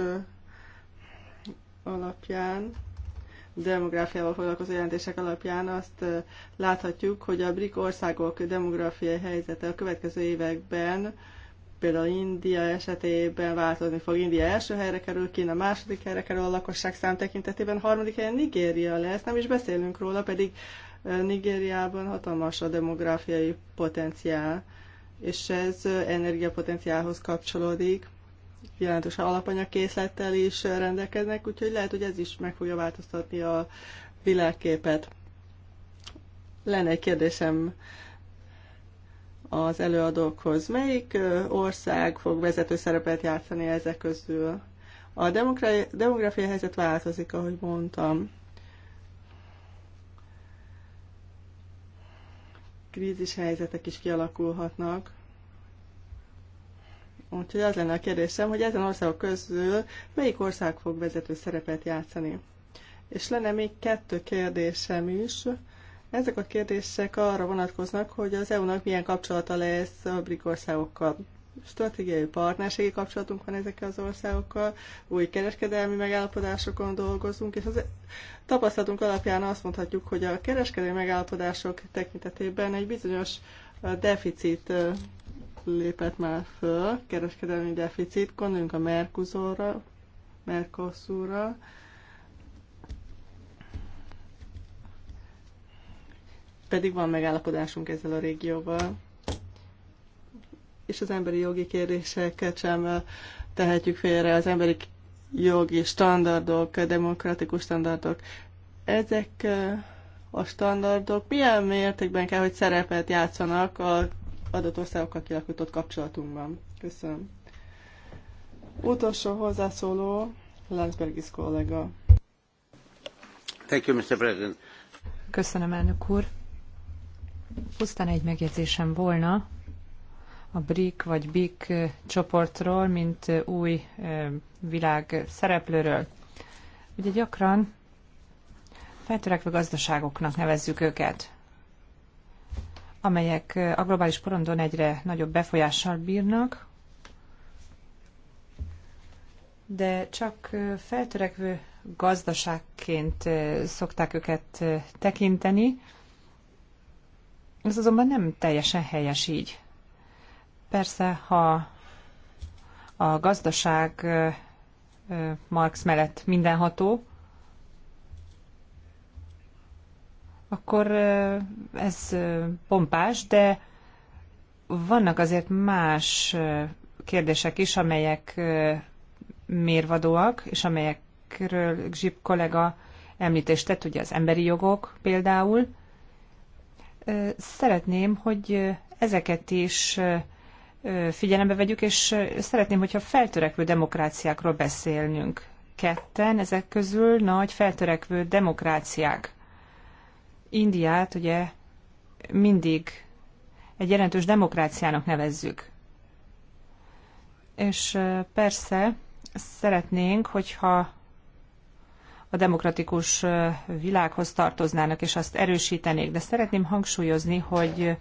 alapján, demográfiával foglalkozó jelentések alapján azt láthatjuk, hogy a BRIC országok demográfiai helyzete a következő években például India esetében változni fog. India első helyre kerül, Kína második helyre kerül a lakosság szám tekintetében, harmadik helyen Nigéria lesz, nem is beszélünk róla, pedig Nigériában hatalmas a demográfiai potenciál, és ez energiapotenciálhoz kapcsolódik jelentős alapanyagkészlettel is rendelkeznek, úgyhogy lehet, hogy ez is meg fogja változtatni a világképet. Lenne egy kérdésem az előadókhoz. Melyik ország fog vezető szerepet játszani ezek közül? A demográfiai helyzet változik, ahogy mondtam. Krízis helyzetek is kialakulhatnak. Úgyhogy az lenne a kérdésem, hogy ezen országok közül melyik ország fog vezető szerepet játszani? És lenne még kettő kérdésem is. Ezek a kérdések arra vonatkoznak, hogy az EU-nak milyen kapcsolata lesz a brik országokkal. Stratégiai partnerségi kapcsolatunk van ezekkel az országokkal, új kereskedelmi megállapodásokon dolgozunk, és az tapasztalatunk alapján azt mondhatjuk, hogy a kereskedelmi megállapodások tekintetében egy bizonyos deficit lépett már föl, kereskedelmi deficit, gondoljunk a Mercosurra, Mercosurra, pedig van megállapodásunk ezzel a régióval. És az emberi jogi kérdéseket sem tehetjük félre, az emberi jogi standardok, demokratikus standardok. Ezek a standardok milyen mértékben kell, hogy szerepet játszanak a adott országokkal kialakított kapcsolatunkban. Köszönöm. Utolsó hozzászóló, Landsbergis kollega. Thank you, Mr. President. Köszönöm, elnök úr. Pusztán egy megjegyzésem volna a BRIC vagy BIC csoportról, mint új világ szereplőről. Ugye gyakran feltörekvő gazdaságoknak nevezzük őket amelyek a globális porondon egyre nagyobb befolyással bírnak, de csak feltörekvő gazdaságként szokták őket tekinteni. Ez azonban nem teljesen helyes így. Persze, ha a gazdaság Marx mellett mindenható, akkor ez pompás, de vannak azért más kérdések is, amelyek mérvadóak, és amelyekről Zsip kollega említést tett, ugye az emberi jogok például. Szeretném, hogy ezeket is figyelembe vegyük, és szeretném, hogyha feltörekvő demokráciákról beszélnünk. Ketten ezek közül nagy feltörekvő demokráciák. Indiát ugye mindig egy jelentős demokráciának nevezzük. És persze szeretnénk, hogyha a demokratikus világhoz tartoznának, és azt erősítenék. De szeretném hangsúlyozni, hogy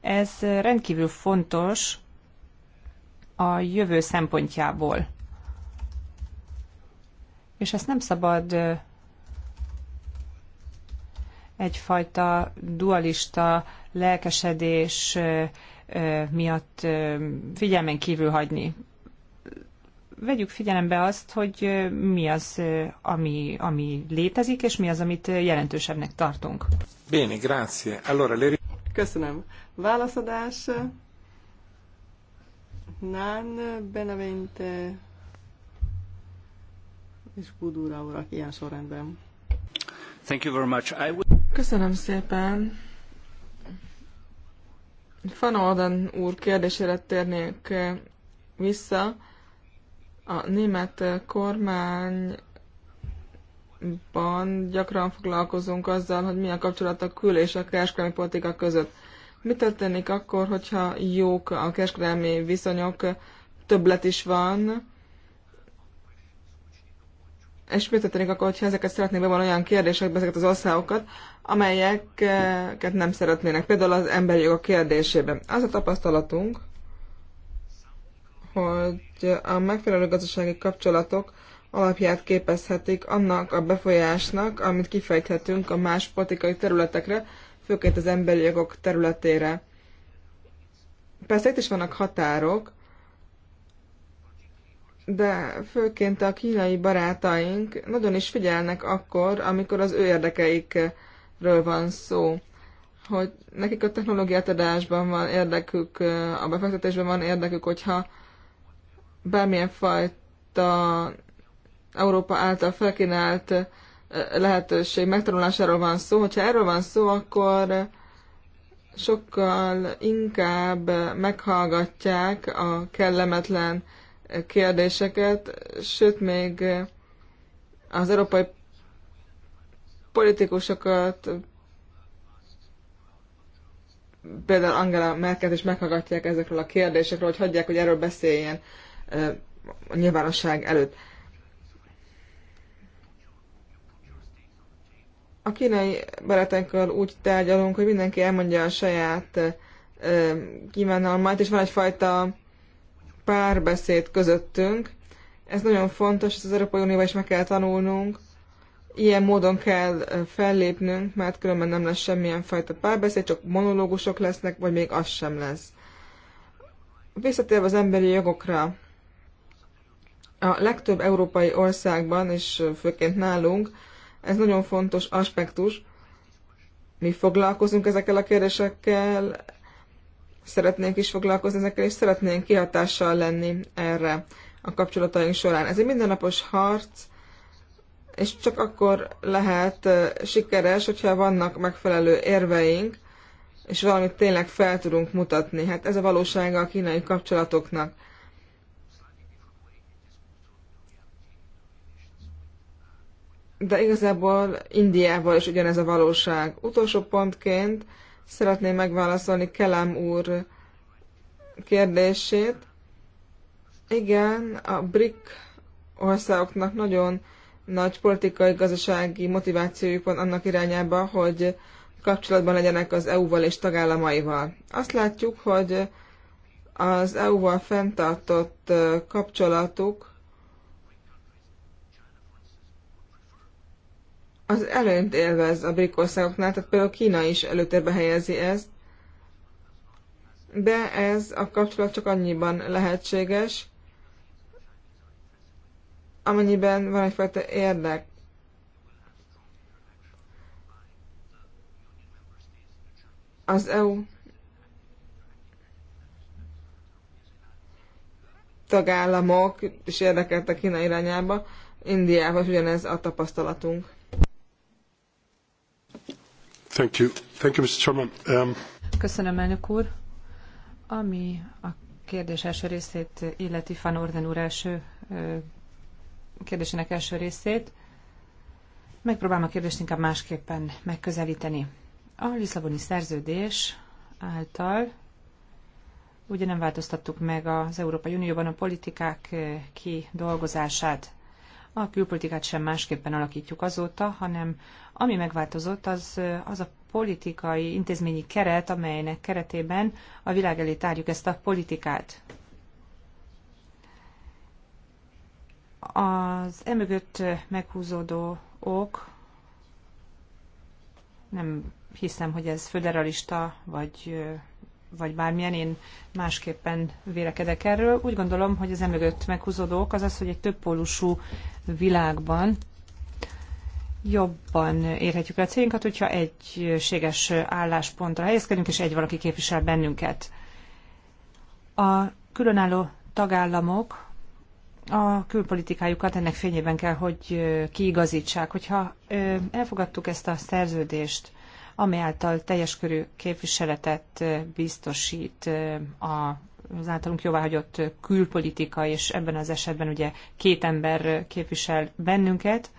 ez rendkívül fontos a jövő szempontjából. És ezt nem szabad egyfajta dualista lelkesedés miatt figyelmen kívül hagyni. Vegyük figyelembe azt, hogy mi az, ami, ami létezik, és mi az, amit jelentősebbnek tartunk. Bene, grazie. Allora, le... Köszönöm. Válaszadás. Nán Benavente és Budúra urak ilyen sorrendben. Thank you very much. I would... Köszönöm szépen. Van úr kérdésére térnék eh, vissza. A német eh, kormányban gyakran foglalkozunk azzal, hogy milyen kapcsolat a kül- és a kereskedelmi politika között. Mi történik akkor, hogyha jók a kereskedelmi viszonyok, többlet is van, és mi történik akkor, hogyha ezeket szeretnék bevonni olyan kérdésekbe, ezeket az országokat, amelyeket nem szeretnének. Például az emberi jogok kérdésében. Az a tapasztalatunk, hogy a megfelelő gazdasági kapcsolatok alapját képezhetik annak a befolyásnak, amit kifejthetünk a más politikai területekre, főként az emberi jogok területére. Persze itt is vannak határok, de főként a kínai barátaink nagyon is figyelnek akkor, amikor az ő érdekeikről van szó, hogy nekik a adásban van érdekük, a befektetésben van érdekük, hogyha bármilyen fajta Európa által felkínált eh, lehetőség megtanulásáról van szó. Hogyha erről van szó, akkor sokkal inkább meghallgatják a kellemetlen kérdéseket, sőt még az európai politikusokat, például Angela Merkel is meghallgatják ezekről a kérdésekről, hogy hagyják, hogy erről beszéljen a nyilvánosság előtt. A kínai barátainkkal úgy tárgyalunk, hogy mindenki elmondja a saját kívánalmát, és van egyfajta párbeszéd közöttünk. Ez nagyon fontos, ezt az Európai Unióban is meg kell tanulnunk. Ilyen módon kell fellépnünk, mert különben nem lesz semmilyen fajta párbeszéd, csak monológusok lesznek, vagy még az sem lesz. Visszatérve az emberi jogokra, a legtöbb európai országban, és főként nálunk, ez nagyon fontos aspektus. Mi foglalkozunk ezekkel a kérdésekkel, szeretnénk is foglalkozni ezekkel, és szeretnénk kihatással lenni erre a kapcsolataink során. Ez egy mindennapos harc, és csak akkor lehet sikeres, hogyha vannak megfelelő érveink, és valamit tényleg fel tudunk mutatni. Hát ez a valósága a kínai kapcsolatoknak. De igazából Indiával is ugyanez a valóság. Utolsó pontként Szeretném megválaszolni Kelem úr kérdését. Igen, a BRIC országoknak nagyon nagy politikai, gazdasági motivációjuk van annak irányába, hogy kapcsolatban legyenek az EU-val és tagállamaival. Azt látjuk, hogy az EU-val fenntartott kapcsolatuk az előnyt élvez a brik országoknál, tehát például Kína is előtérbe helyezi ezt, de ez a kapcsolat csak annyiban lehetséges, amennyiben van egyfajta érdek. Az EU tagállamok is érdekeltek Kína irányába, Indiával ugyanez a tapasztalatunk. Thank you. Thank you, Mr. Chairman. Um... Köszönöm, elnök úr. Ami a kérdés első részét illeti Van Orden úr első kérdésének első részét, megpróbálom a kérdést inkább másképpen megközelíteni. A Lisszaboni szerződés által ugye nem változtattuk meg az Európai Unióban a politikák kidolgozását. A külpolitikát sem másképpen alakítjuk azóta, hanem ami megváltozott, az, az a politikai intézményi keret, amelynek keretében a világ elé tárjuk ezt a politikát. Az emögött meghúzódó ok, nem hiszem, hogy ez föderalista vagy vagy bármilyen, én másképpen vélekedek erről. Úgy gondolom, hogy az emögött meghúzódó ok az az, hogy egy többpólusú világban jobban érhetjük el a célinkat, hogyha egységes álláspontra helyezkedünk, és egy valaki képvisel bennünket. A különálló tagállamok a külpolitikájukat ennek fényében kell, hogy kiigazítsák. Hogyha elfogadtuk ezt a szerződést, amely által teljes körű képviseletet biztosít a az általunk jóváhagyott külpolitika, és ebben az esetben ugye két ember képvisel bennünket,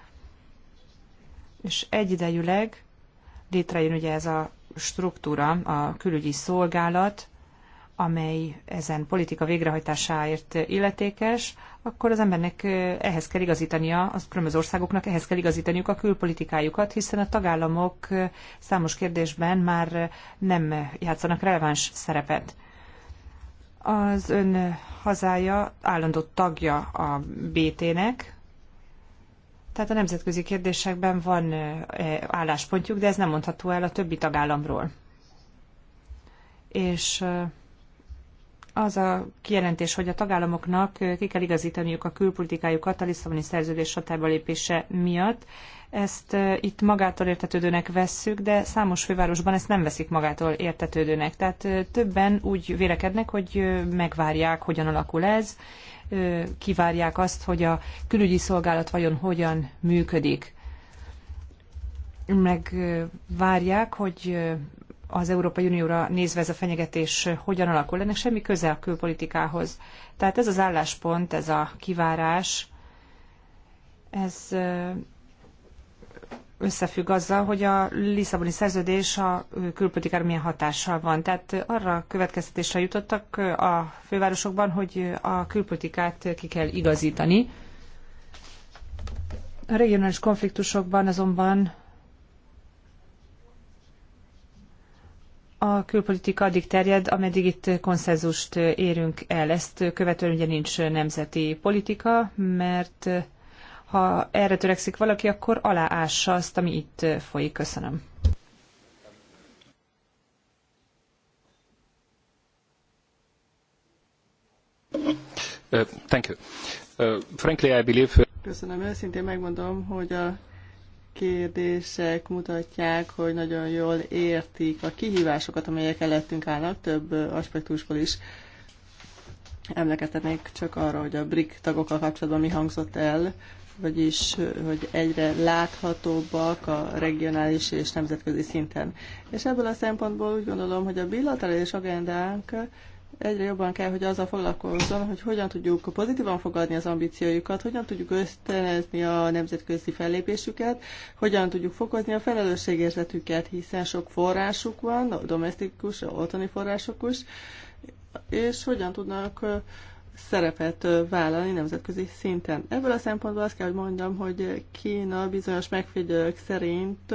és egyidejűleg létrejön ugye ez a struktúra, a külügyi szolgálat, amely ezen politika végrehajtásáért illetékes, akkor az embernek ehhez kell igazítania, az különböző országoknak ehhez kell igazítaniuk a külpolitikájukat, hiszen a tagállamok számos kérdésben már nem játszanak releváns szerepet. Az ön hazája állandó tagja a BT-nek, tehát a nemzetközi kérdésekben van e, álláspontjuk, de ez nem mondható el a többi tagállamról. És az a kijelentés, hogy a tagállamoknak ki kell igazítaniuk a külpolitikájukat a Lisszaboni szerződés hatályba lépése miatt. Ezt itt magától értetődőnek vesszük, de számos fővárosban ezt nem veszik magától értetődőnek. Tehát többen úgy vélekednek, hogy megvárják, hogyan alakul ez, kivárják azt, hogy a külügyi szolgálat vajon hogyan működik megvárják, hogy az Európai Unióra nézve ez a fenyegetés hogyan alakul. Ennek semmi köze a külpolitikához. Tehát ez az álláspont, ez a kivárás, ez összefügg azzal, hogy a Lisszaboni szerződés a külpolitikára milyen hatással van. Tehát arra következtetésre jutottak a fővárosokban, hogy a külpolitikát ki kell igazítani. A regionális konfliktusokban azonban a külpolitika addig terjed, ameddig itt konszenzust érünk el. Ezt követően ugye nincs nemzeti politika, mert ha erre törekszik valaki, akkor aláássa azt, ami itt folyik. Köszönöm. thank you. Uh, frankly, I believe... Köszönöm, őszintén megmondom, hogy a kérdések mutatják, hogy nagyon jól értik a kihívásokat, amelyek előttünk állnak több aspektusból is. Emlékeztetnék csak arra, hogy a BRIC tagokkal kapcsolatban mi hangzott el, vagyis hogy egyre láthatóbbak a regionális és nemzetközi szinten. És ebből a szempontból úgy gondolom, hogy a bilaterális agendánk egyre jobban kell, hogy azzal foglalkozzon, hogy hogyan tudjuk pozitívan fogadni az ambíciójukat, hogyan tudjuk ösztönözni a nemzetközi fellépésüket, hogyan tudjuk fokozni a felelősségérzetüket, hiszen sok forrásuk van, a domestikus, a otthoni források is, és hogyan tudnak szerepet vállalni nemzetközi szinten. Ebből a szempontból azt kell, hogy mondjam, hogy Kína bizonyos megfigyelők szerint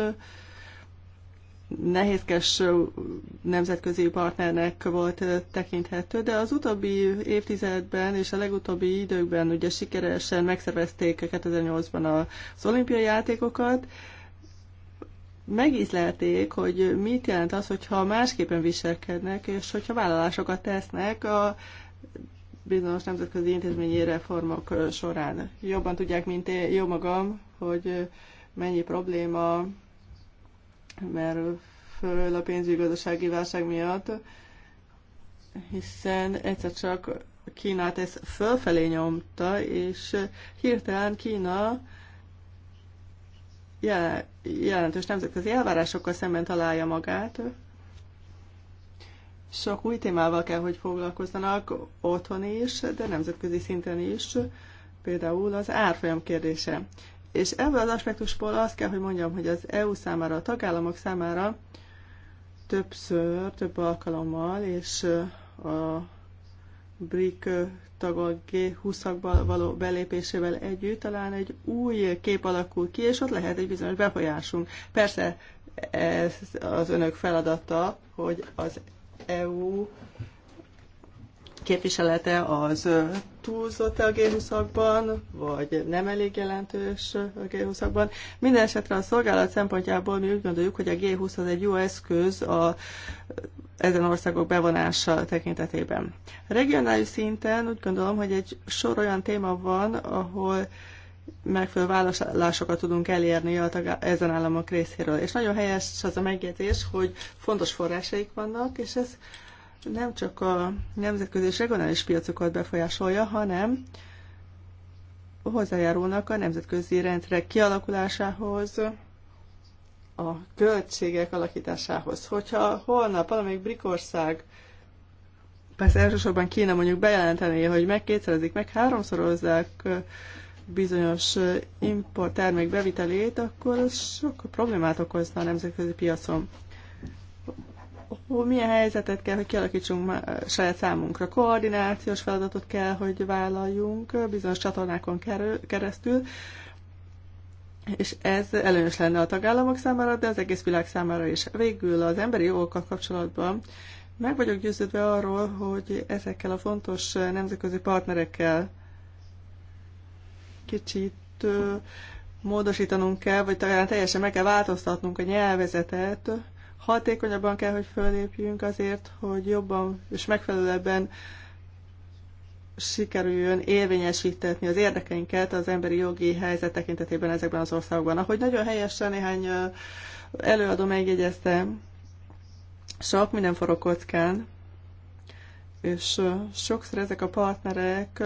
nehézkes nemzetközi partnernek volt tekinthető, de az utóbbi évtizedben és a legutóbbi időkben ugye sikeresen megszervezték 2008-ban az olimpiai játékokat, megízlelték, hogy mit jelent az, hogyha másképpen viselkednek, és hogyha vállalásokat tesznek a bizonyos nemzetközi intézményi reformok során. Jobban tudják, mint én, jó magam, hogy mennyi probléma mert föl a pénzügyi-gazdasági válság miatt, hiszen egyszer csak Kínát ez fölfelé nyomta, és hirtelen Kína jel jelentős nemzetközi elvárásokkal szemben találja magát. Sok új témával kell, hogy foglalkozzanak otthon is, de nemzetközi szinten is, például az árfolyam kérdése. És ebből az aspektusból azt kell, hogy mondjam, hogy az EU számára, a tagállamok számára többször, több alkalommal, és a BRIC tagok g 20 való belépésével együtt talán egy új kép alakul ki, és ott lehet egy bizonyos befolyásunk. Persze ez az önök feladata, hogy az EU képviselete az túlzott a g vagy nem elég jelentős a g 20 Minden esetre a szolgálat szempontjából mi úgy gondoljuk, hogy a G20 az egy jó eszköz a ezen országok bevonása tekintetében. Regionális szinten úgy gondolom, hogy egy sor olyan téma van, ahol megfelelő válaszolásokat tudunk elérni a tagá- ezen államok részéről. És nagyon helyes az a megjegyzés, hogy fontos forrásaik vannak, és ez nem csak a nemzetközi és regionális piacokat befolyásolja, hanem hozzájárulnak a nemzetközi rendszerek kialakulásához, a költségek alakításához. Hogyha holnap valamelyik brikország, persze elsősorban Kína mondjuk bejelenteni, hogy meg kétszerezik, meg háromszorozzák bizonyos import termék bevitelét, akkor sok problémát okozna a nemzetközi piacon milyen helyzetet kell, hogy kialakítsunk saját számunkra. Koordinációs feladatot kell, hogy vállaljunk bizonyos csatornákon keresztül, és ez előnyös lenne a tagállamok számára, de az egész világ számára is. Végül az emberi jogokkal kapcsolatban meg vagyok győződve arról, hogy ezekkel a fontos nemzetközi partnerekkel kicsit módosítanunk kell, vagy talán teljesen meg kell változtatnunk a nyelvezetet, Hatékonyabban kell, hogy fölépjünk azért, hogy jobban és megfelelőbben sikerüljön érvényesítetni az érdekeinket az emberi jogi helyzet tekintetében ezekben az országokban. Ahogy nagyon helyesen néhány előadó megjegyezte, sok minden forog kockán, és sokszor ezek a partnerek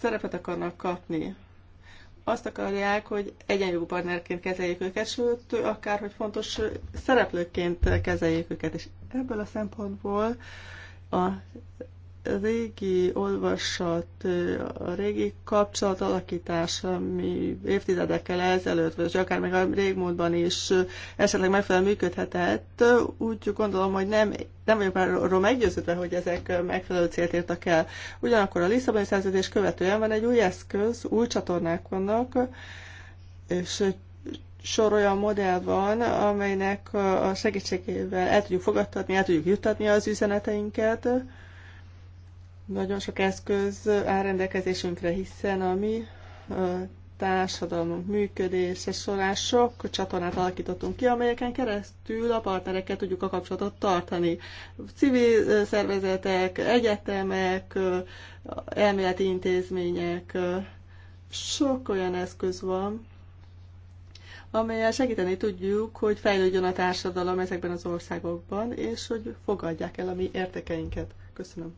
szerepet akarnak kapni azt akarják, hogy egyenjogú partnerként kezeljék őket, sőt, akár, hogy fontos szereplőként kezeljék őket. És ebből a szempontból a régi olvasat, a régi kapcsolat alakítás, ami évtizedekkel ezelőtt, vagy akár még a régmódban is esetleg megfelelően működhetett, úgy gondolom, hogy nem, nem vagyok már arról meggyőződve, hogy ezek megfelelő célt értek el. Ugyanakkor a Lisszaboni szerződés követően van egy új eszköz, új csatornák vannak, és sor olyan modell van, amelynek a segítségével el tudjuk fogadtatni, el tudjuk juttatni az üzeneteinket, nagyon sok eszköz áll rendelkezésünkre, hiszen a mi társadalmunk működése során sok csatornát alakítottunk ki, amelyeken keresztül a partnerekkel tudjuk a kapcsolatot tartani. Civil szervezetek, egyetemek, elméleti intézmények, sok olyan eszköz van, amelyel segíteni tudjuk, hogy fejlődjön a társadalom ezekben az országokban, és hogy fogadják el a mi értekeinket. Köszönöm.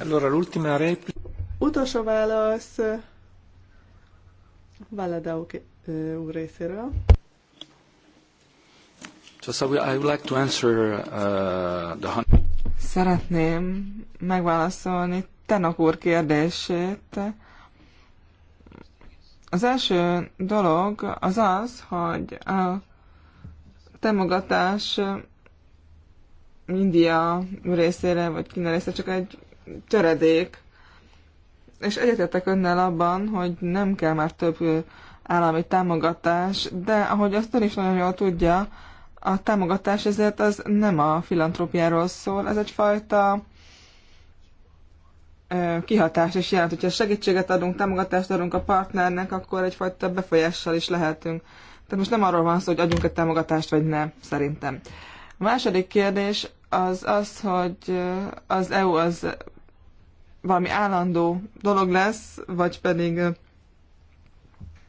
Allora, l'ultima replica. Utolsó válasz Valadao úr eh, részéről. Szeretném megválaszolni Tenok úr kérdését. Az első dolog az az, hogy a támogatás India részére, vagy Kína részére csak egy töredék. És egyetettek önnel abban, hogy nem kell már több állami támogatás, de ahogy azt ön is nagyon jól tudja, a támogatás ezért az nem a filantrópiáról szól, ez egyfajta kihatás is jelent. Hogyha segítséget adunk, támogatást adunk a partnernek, akkor egyfajta befolyással is lehetünk. Tehát most nem arról van szó, hogy adjunk-e támogatást, vagy ne, szerintem. A második kérdés az az, hogy az EU az valami állandó dolog lesz, vagy pedig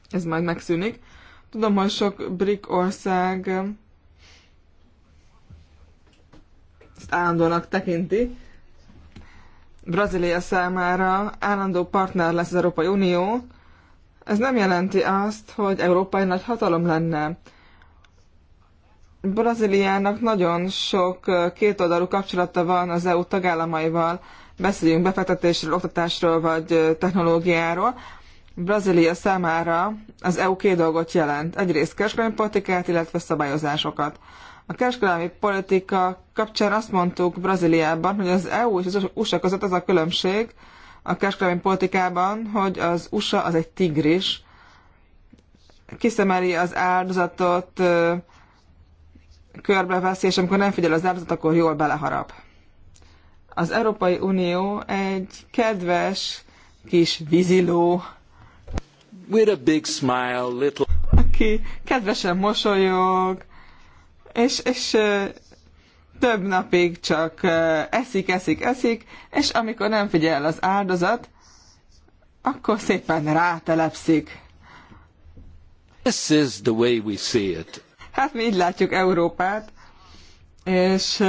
ez majd megszűnik. Tudom, hogy sok BRIC ország ezt állandónak tekinti. Brazília számára állandó partner lesz az Európai Unió. Ez nem jelenti azt, hogy európai nagy hatalom lenne. Brazíliának nagyon sok kétoldalú kapcsolata van az EU tagállamaival, beszéljünk befektetésről, oktatásról vagy technológiáról. Brazília számára az EU két dolgot jelent. Egyrészt kereskedelmi politikát, illetve szabályozásokat. A kereskedelmi politika kapcsán azt mondtuk Brazíliában, hogy az EU és az USA között az a különbség a kereskedelmi politikában, hogy az USA az egy tigris, kiszemeli az áldozatot, körbeveszi, és amikor nem figyel az áldozat, akkor jól beleharap. Az Európai Unió egy kedves kis víziló, With a big smile, little... aki kedvesen mosolyog, és, és több napig csak eszik, eszik, eszik, és amikor nem figyel az áldozat, akkor szépen rátelepszik. This is the way we see it. Hát mi így látjuk Európát, és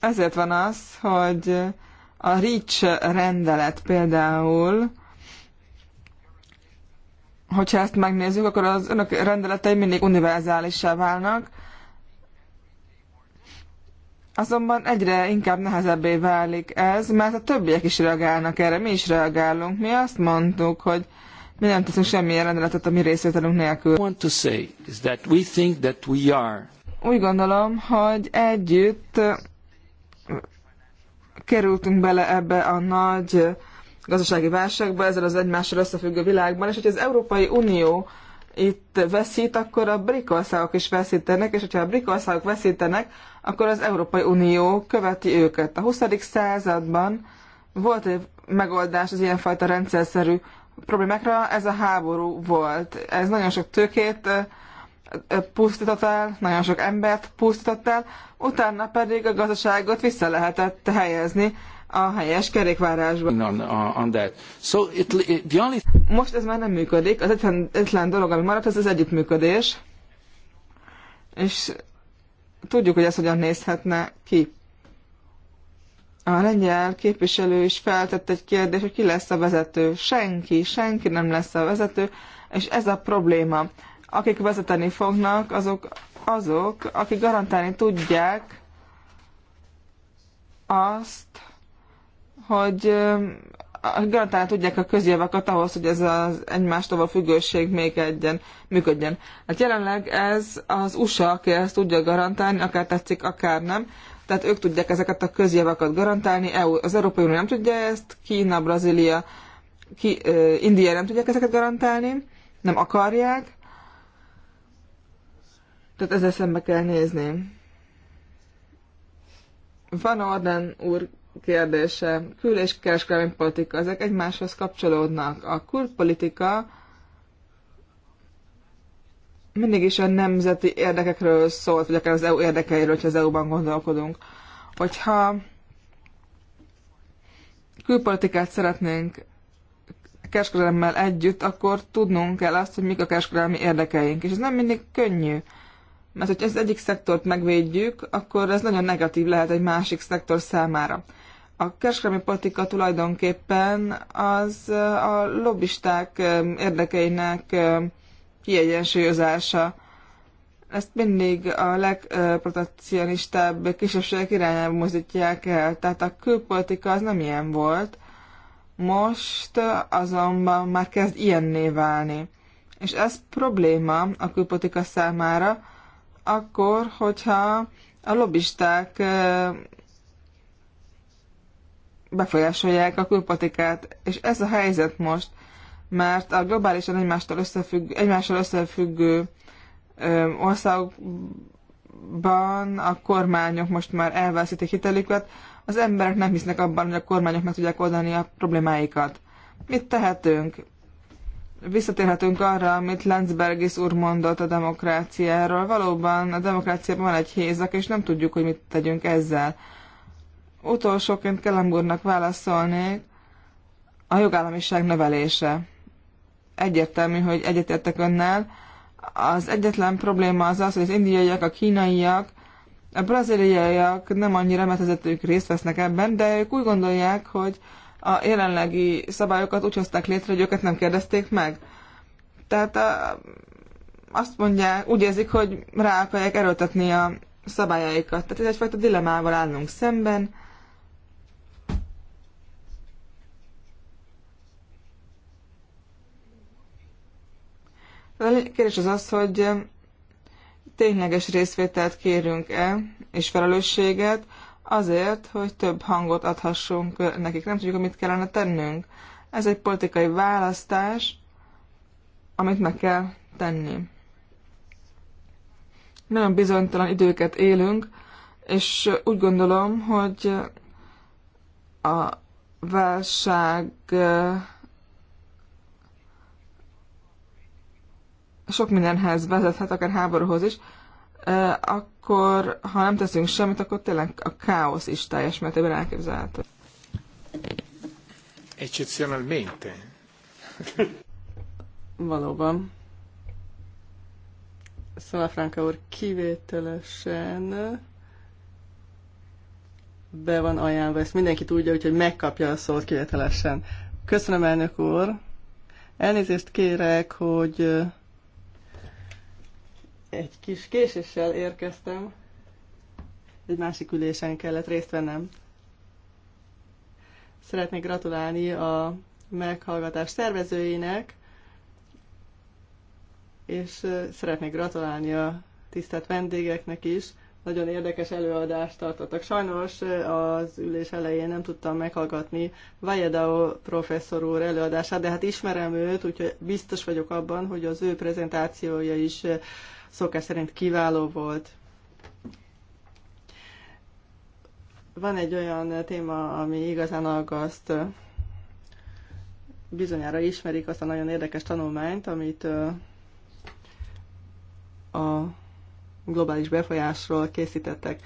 ezért van az, hogy a REACH rendelet például, hogyha ezt megnézzük, akkor az önök rendeletei mindig univerzálissá válnak, Azonban egyre inkább nehezebbé válik ez, mert a többiek is reagálnak erre, mi is reagálunk. Mi azt mondtuk, hogy mi nem teszünk semmilyen rendeletet a mi részvételünk nélkül. Úgy gondolom, hogy együtt kerültünk bele ebbe a nagy gazdasági válságba, ezzel az egymással összefüggő világban, és hogyha az Európai Unió itt veszít, akkor a brik országok is veszítenek, és hogyha a brik országok veszítenek, akkor az Európai Unió követi őket. A 20. században volt egy megoldás az ilyenfajta rendszerszerű problémákra ez a háború volt. Ez nagyon sok tőkét pusztított el, nagyon sok embert pusztított el, utána pedig a gazdaságot vissza lehetett helyezni a helyes kerékvárásba. On, on that. So it, it, the only... Most ez már nem működik, az egyetlen, egyetlen dolog, ami maradt, az az együttműködés, és tudjuk, hogy ez hogyan nézhetne ki a lengyel képviselő is feltett egy kérdést, hogy ki lesz a vezető. Senki, senki nem lesz a vezető, és ez a probléma. Akik vezetni fognak, azok azok, akik garantálni tudják azt, hogy garantálni tudják a közjavakat ahhoz, hogy ez az egymástól a függőség még egyen működjön. Hát jelenleg ez az USA, aki ezt tudja garantálni, akár tetszik, akár nem, tehát ők tudják ezeket a közjavakat garantálni, az Európai Unió nem tudja ezt, Kína, Brazília, ki, India nem tudják ezeket garantálni, nem akarják, tehát ezzel szembe kell nézni. Van Orden úr kérdése, kül- és kereskedelmi politika, ezek egymáshoz kapcsolódnak. A külpolitika mindig is a nemzeti érdekekről szólt, vagy akár az EU érdekeiről, hogyha az EU-ban gondolkodunk. Hogyha külpolitikát szeretnénk kereskedelemmel együtt, akkor tudnunk kell azt, hogy mik a kereskedelmi érdekeink. És ez nem mindig könnyű. Mert hogyha az egyik szektort megvédjük, akkor ez nagyon negatív lehet egy másik szektor számára. A kereskedelmi politika tulajdonképpen az a lobbisták érdekeinek kiegyensúlyozása. Ezt mindig a legprotekcionistább kisebbségek irányába mozdítják el, tehát a külpolitika az nem ilyen volt. Most azonban már kezd ilyenné válni. És ez probléma a külpolitika számára, akkor, hogyha a lobbisták befolyásolják a külpolitikát, és ez a helyzet most mert a globálisan egymástól összefügg, egymással összefüggő ö, országban a kormányok most már elveszítik hitelüket, az emberek nem hisznek abban, hogy a kormányok meg tudják oldani a problémáikat. Mit tehetünk? Visszatérhetünk arra, amit Lenzbergis úr mondott a demokráciáról. Valóban a demokráciában van egy hézak, és nem tudjuk, hogy mit tegyünk ezzel. Utolsóként Kellem úrnak válaszolnék, a jogállamiság növelése egyértelmű, hogy egyetértek önnel. Az egyetlen probléma az az, hogy az indiaiak, a kínaiak, a braziliaiak nem annyira, mert vezetők részt vesznek ebben, de ők úgy gondolják, hogy a jelenlegi szabályokat úgy hozták létre, hogy őket nem kérdezték meg. Tehát a, azt mondják, úgy érzik, hogy rá akarják erőltetni a szabályaikat. Tehát ez egyfajta dilemával állunk szemben. A kérdés az az, hogy tényleges részvételt kérünk-e, és felelősséget azért, hogy több hangot adhassunk nekik. Nem tudjuk, amit kellene tennünk. Ez egy politikai választás, amit meg kell tenni. Nagyon bizonytalan időket élünk, és úgy gondolom, hogy a válság sok mindenhez vezethet, akár háborúhoz is, akkor ha nem teszünk semmit, akkor tényleg a káosz is teljes mértékben elképzelhető. Eccezionalmente. Valóban. Szalafranka úr kivételesen be van ajánlva, ezt mindenki tudja, úgyhogy megkapja a szót kivételesen. Köszönöm, elnök úr! Elnézést kérek, hogy egy kis késéssel érkeztem. Egy másik ülésen kellett részt vennem. Szeretnék gratulálni a meghallgatás szervezőinek, és szeretnék gratulálni a tisztelt vendégeknek is, nagyon érdekes előadást tartottak. Sajnos az ülés elején nem tudtam meghallgatni Vajedao professzor úr előadását, de hát ismerem őt, úgyhogy biztos vagyok abban, hogy az ő prezentációja is szokás szerint kiváló volt. Van egy olyan téma, ami igazán aggaszt bizonyára ismerik azt a nagyon érdekes tanulmányt, amit a globális befolyásról készítettek.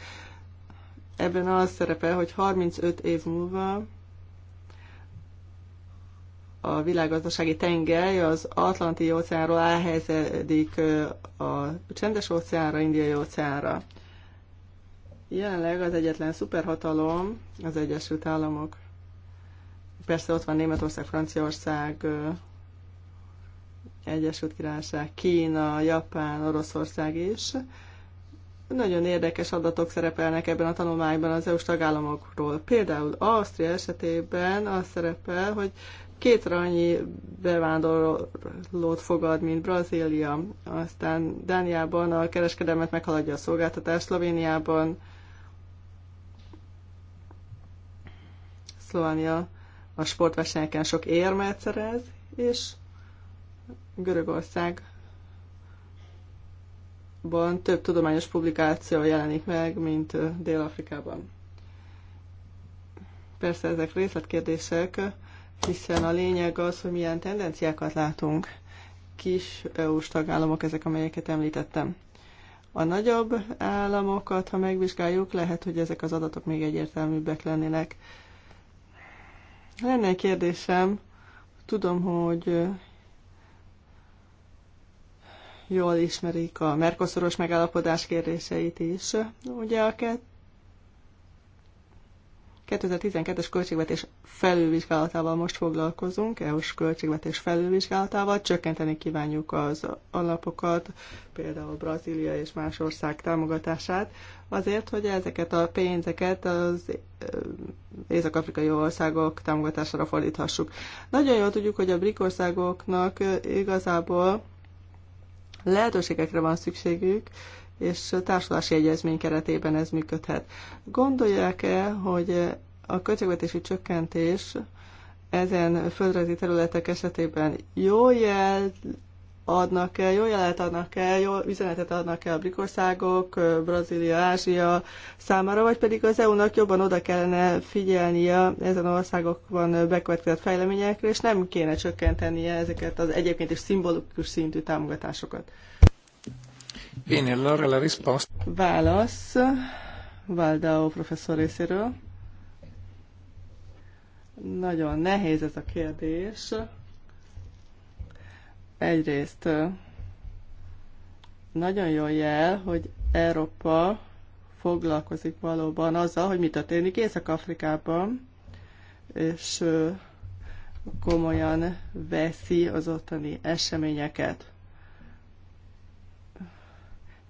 Ebben az szerepel, hogy 35 év múlva a világgazdasági tengely az Atlanti óceánról elhelyezedik a Csendes óceánra, Indiai óceánra. Jelenleg az egyetlen szuperhatalom az Egyesült Államok. Persze ott van Németország, Franciaország, Egyesült Királyság, Kína, Japán, Oroszország is, nagyon érdekes adatok szerepelnek ebben a tanulmányban az EU-s tagállamokról. Például Ausztria esetében az szerepel, hogy kétszer annyi bevándorlót fogad, mint Brazília. Aztán Dániában a kereskedelmet meghaladja a szolgáltatás, Szlovéniában Szlovánia a sportversenyeken sok érmet szerez, és Görögország Afrikában több tudományos publikáció jelenik meg, mint Dél-Afrikában. Persze ezek részletkérdések, hiszen a lényeg az, hogy milyen tendenciákat látunk. Kis EU-s tagállamok ezek, amelyeket említettem. A nagyobb államokat, ha megvizsgáljuk, lehet, hogy ezek az adatok még egyértelműbbek lennének. Lenne egy kérdésem, tudom, hogy jól ismerik a Mercosuros megállapodás kérdéseit is. Ugye a 2012-es költségvetés felülvizsgálatával most foglalkozunk, EU-s költségvetés felülvizsgálatával, csökkenteni kívánjuk az alapokat, például Brazília és más ország támogatását, azért, hogy ezeket a pénzeket az észak-afrikai országok támogatására fordíthassuk. Nagyon jól tudjuk, hogy a brik országoknak igazából lehetőségekre van szükségük, és társulási egyezmény keretében ez működhet. Gondolják-e, hogy a költségvetési csökkentés ezen földrajzi területek esetében jó jel adnak el, jó jelet adnak el, jó üzenetet adnak el a brikországok, Brazília, Ázsia számára, vagy pedig az EU-nak jobban oda kellene figyelnie ezen országokban bekövetkezett fejleményekre, és nem kéne csökkentenie ezeket az egyébként is szimbolikus szintű támogatásokat. Én allora la risposta. Válasz Valdao professzor részéről. Nagyon nehéz ez a kérdés. Egyrészt nagyon jó jel, hogy Európa foglalkozik valóban azzal, hogy mi történik Észak-Afrikában, és komolyan veszi az ottani eseményeket.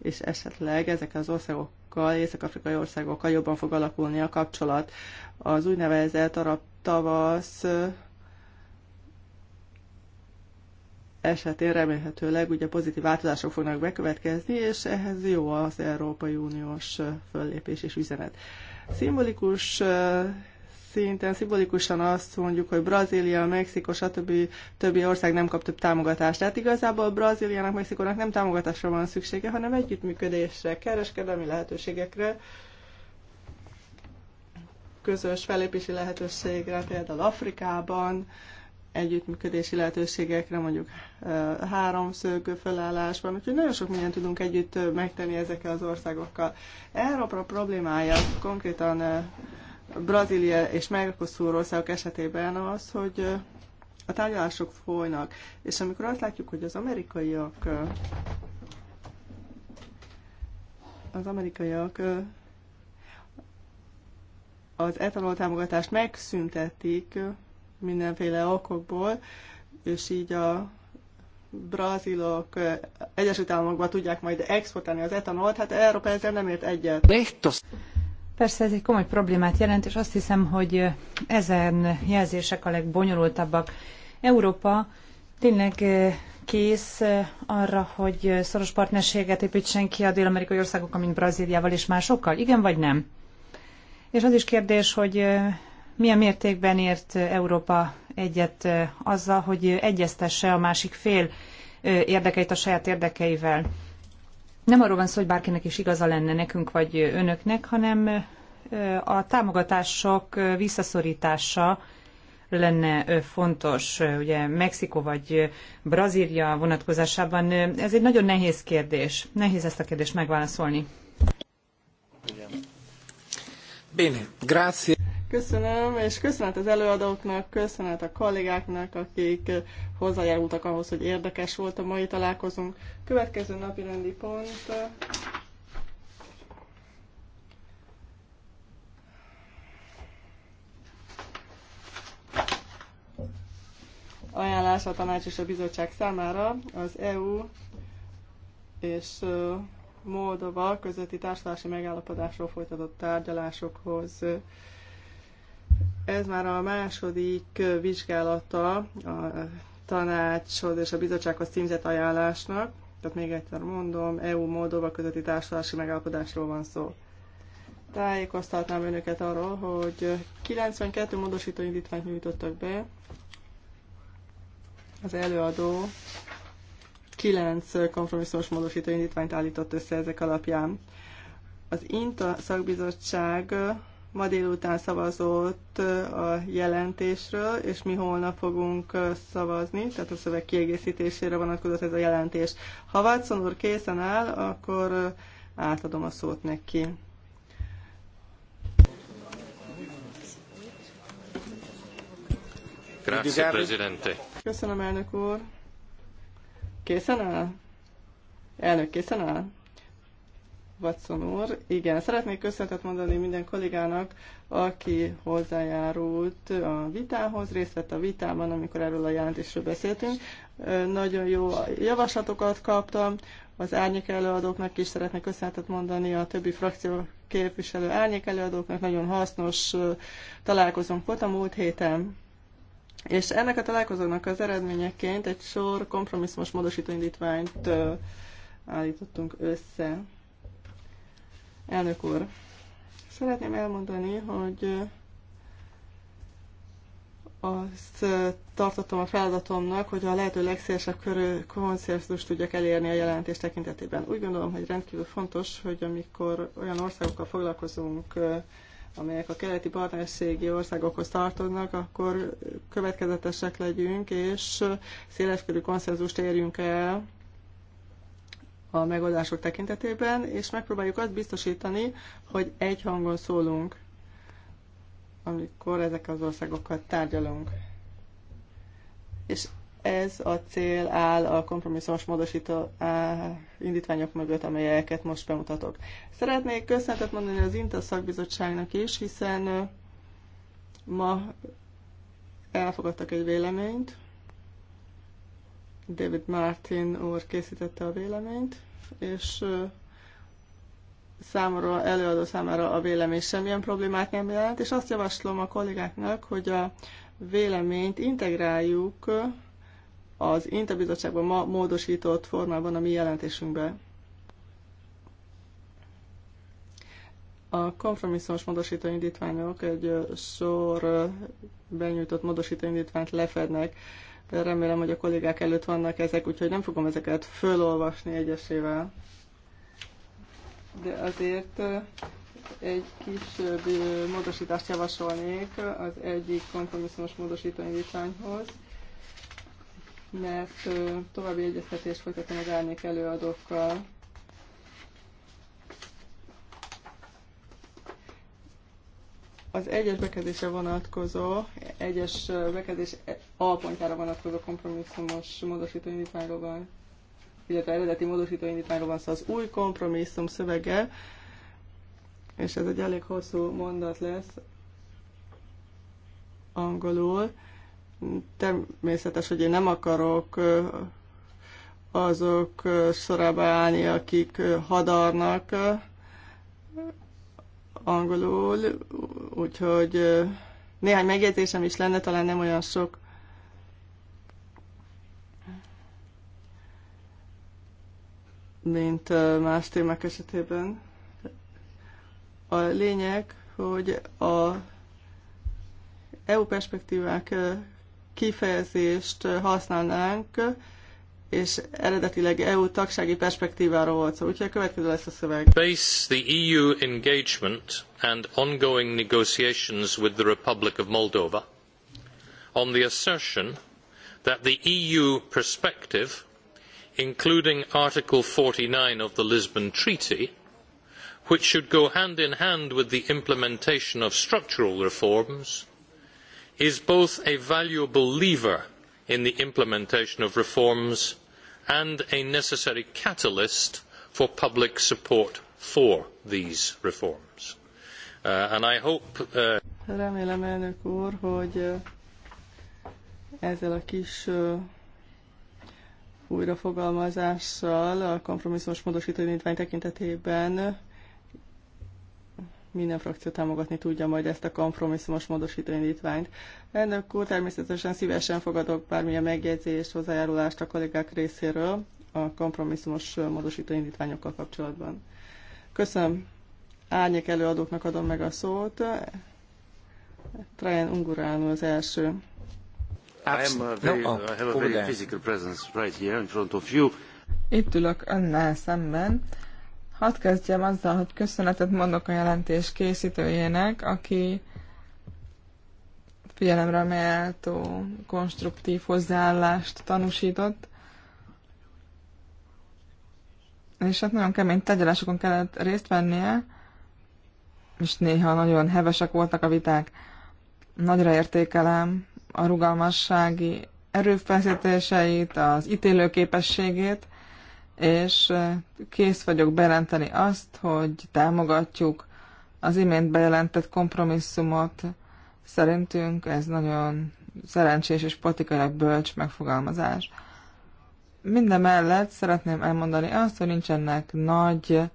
És esetleg ezek az országokkal, észak-afrikai országokkal jobban fog alakulni a kapcsolat. Az úgynevezett arab tavasz esetén remélhetőleg ugye pozitív változások fognak bekövetkezni, és ehhez jó az Európai Uniós föllépés és üzenet. Szimbolikus szinten, szimbolikusan azt mondjuk, hogy Brazília, Mexiko, stb. többi ország nem kap több támogatást. Tehát igazából Brazíliának, Mexikónak nem támogatásra van szüksége, hanem együttműködésre, kereskedelmi lehetőségekre, közös felépési lehetőségre, például Afrikában, együttműködési lehetőségekre, mondjuk háromszög felállásban, úgyhogy nagyon sok mindent tudunk együtt megtenni ezekkel az országokkal. Európa problémája konkrétan Brazília és Mercosur országok esetében az, hogy a tárgyalások folynak, és amikor azt látjuk, hogy az amerikaiak az amerikaiak az etanol támogatást megszüntetik, mindenféle okokból, és így a brazilok eh, Egyesült Államokba tudják majd exportálni az etanolt, hát Európa ezzel nem ért egyet. Persze ez egy komoly problémát jelent, és azt hiszem, hogy eh, ezen jelzések a legbonyolultabbak. Európa tényleg eh, kész arra, hogy szoros partnerséget építsen ki a dél-amerikai országokkal, mint Brazíliával és másokkal? Igen vagy nem? És az is kérdés, hogy milyen mértékben ért Európa egyet azzal, hogy egyeztesse a másik fél érdekeit a saját érdekeivel. Nem arról van szó, hogy bárkinek is igaza lenne nekünk vagy önöknek, hanem a támogatások visszaszorítása lenne fontos, ugye Mexikó vagy Brazília vonatkozásában. Ez egy nagyon nehéz kérdés. Nehéz ezt a kérdést megválaszolni. Bene, grazie. Köszönöm, és köszönet az előadóknak, köszönet a kollégáknak, akik hozzájárultak ahhoz, hogy érdekes volt a mai találkozunk. Következő napi rendi pont. Ajánlás a tanács és a bizottság számára az EU és Moldova közötti társadalmi megállapodásról folytatott tárgyalásokhoz ez már a második vizsgálata a tanácshoz és a bizottsághoz címzett ajánlásnak, tehát még egyszer mondom, EU-Moldova közötti társulási megállapodásról van szó. Tájékoztatnám önöket arról, hogy 92 módosító indítványt nyújtottak be. Az előadó 9 kompromisszumos módosító indítványt állított össze ezek alapján. Az INTA szakbizottság Ma délután szavazott a jelentésről, és mi holnap fogunk szavazni, tehát a szöveg kiegészítésére vonatkozott ez a jelentés. Ha Watson úr készen áll, akkor átadom a szót neki. Köszönöm, elnök úr. Készen áll? Elnök készen áll? Watson úr. Igen, szeretnék köszönetet mondani minden kollégának, aki hozzájárult a vitához, részt vett a vitában, amikor erről a jelentésről beszéltünk. Nagyon jó javaslatokat kaptam, az árnyék előadóknak is szeretnék köszönetet mondani, a többi frakció képviselő árnyék előadóknak nagyon hasznos találkozónk volt a múlt héten. És ennek a találkozónak az eredményeként egy sor kompromisszumos módosítóindítványt indítványt állítottunk össze. Elnök úr, szeretném elmondani, hogy azt tartottam a feladatomnak, hogy a lehető legszélesebb körű konszenzust tudjak elérni a jelentés tekintetében. Úgy gondolom, hogy rendkívül fontos, hogy amikor olyan országokkal foglalkozunk, amelyek a keleti partnerségi országokhoz tartoznak, akkor következetesek legyünk, és széleskörű konszenzust érjünk el a megoldások tekintetében, és megpróbáljuk azt biztosítani, hogy egy hangon szólunk, amikor ezek az országokkal tárgyalunk. És ez a cél áll a kompromisszumos módosító á, indítványok mögött, amelyeket most bemutatok. Szeretnék köszönetet mondani az INTA szakbizottságnak is, hiszen ma elfogadtak egy véleményt, David Martin úr készítette a véleményt, és számomra, előadó számára a vélemény semmilyen problémát nem jelent, és azt javaslom a kollégáknak, hogy a véleményt integráljuk az Interbizottságban ma módosított formában a mi jelentésünkbe. A kompromisszumos módosító indítványok egy sor benyújtott módosító indítványt lefednek de remélem, hogy a kollégák előtt vannak ezek, úgyhogy nem fogom ezeket fölolvasni egyesével. De azért egy kis módosítást javasolnék az egyik kompromisszumos módosító indítványhoz, mert további egyeztetést folytatom az árnyék előadókkal az egyes bekezdésre vonatkozó, egyes bekezdés alpontjára vonatkozó kompromisszumos módosítóindítványról van, illetve eredeti módosítóindítványról van szó, szóval az új kompromisszum szövege, és ez egy elég hosszú mondat lesz angolul. Természetes, hogy én nem akarok azok sorába állni, akik hadarnak, angolul, úgyhogy néhány megjegyzésem is lenne, talán nem olyan sok. mint más témák esetében. A lényeg, hogy a EU perspektívák kifejezést használnánk, és eredetileg EU tagsági perspektíváról volt szó, úgyhogy a következő lesz a szöveg. Base the EU engagement and ongoing negotiations with the Republic of Moldova on the assertion that the EU perspective, including Article 49 of the Lisbon Treaty, which should go hand in hand with the implementation of structural reforms, is both a valuable lever in the implementation of reforms and a necessary catalyst for public support for these reforms. Uh, and I hope, uh... Remélem, elnök úr, hogy uh, ezzel a kis uh, újrafogalmazással a kompromisszumos módosító indítvány tekintetében minden frakció támogatni tudja majd ezt a kompromisszumos indítványt? Elnök úr, természetesen szívesen fogadok bármilyen megjegyzést, hozzájárulást a kollégák részéről a kompromisszumos indítványokkal kapcsolatban. Köszönöm. Árnyék előadóknak adom meg a szót. Trajan Unguránul az első. Oh, Itt ülök önnel szemben, Hadd kezdjem azzal, hogy köszönetet mondok a jelentés készítőjének, aki figyelemre méltó konstruktív hozzáállást tanúsított, és hát nagyon kemény tegyelásokon kellett részt vennie, és néha nagyon hevesek voltak a viták. Nagyra értékelem a rugalmassági erőfeszítéseit, az ítélőképességét, és kész vagyok bejelenteni azt, hogy támogatjuk az imént bejelentett kompromisszumot. Szerintünk ez nagyon szerencsés és politikailag bölcs megfogalmazás. Minden mellett szeretném elmondani azt, hogy nincsenek nagy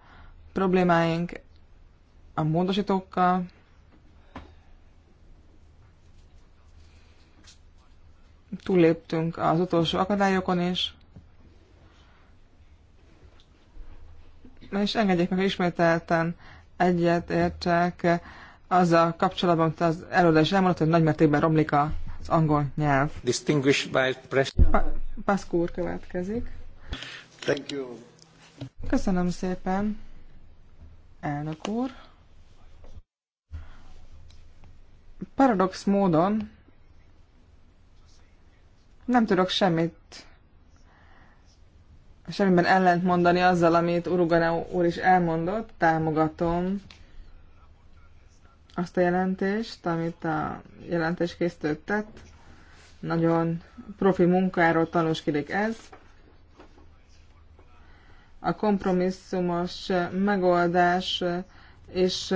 problémáink a módosítókkal, túlléptünk az utolsó akadályokon is, És engedjék meg, hogy ismételten egyet értsek azzal kapcsolatban, amit az előadás is elmondott, hogy nagymértékben romlik az angol nyelv. Distinguished by President. Pa- Paszkó úr következik. Thank you. Köszönöm szépen, elnök úr. Paradox módon nem tudok semmit semmiben ellent mondani azzal, amit Urugana úr is elmondott, támogatom azt a jelentést, amit a jelentéskészítő tett. Nagyon profi munkáról tanúskodik ez. A kompromisszumos megoldás és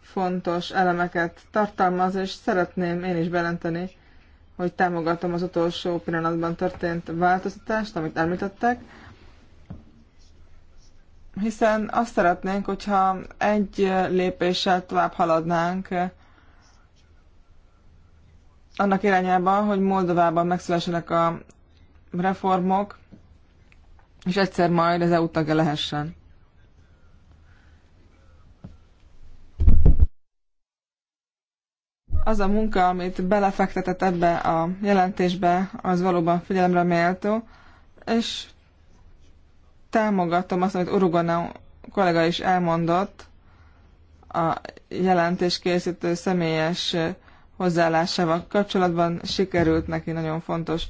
fontos elemeket tartalmaz, és szeretném én is belenteni, hogy támogatom az utolsó pillanatban történt változtatást, amit említettek hiszen azt szeretnénk, hogyha egy lépéssel tovább haladnánk eh, annak irányában, hogy Moldovában megszülessenek a reformok, és egyszer majd az EU tagja lehessen. Az a munka, amit belefektetett ebbe a jelentésbe, az valóban figyelemre méltó, és támogatom azt, amit Urugana kollega is elmondott, a jelentéskészítő személyes hozzáállásával kapcsolatban sikerült neki nagyon fontos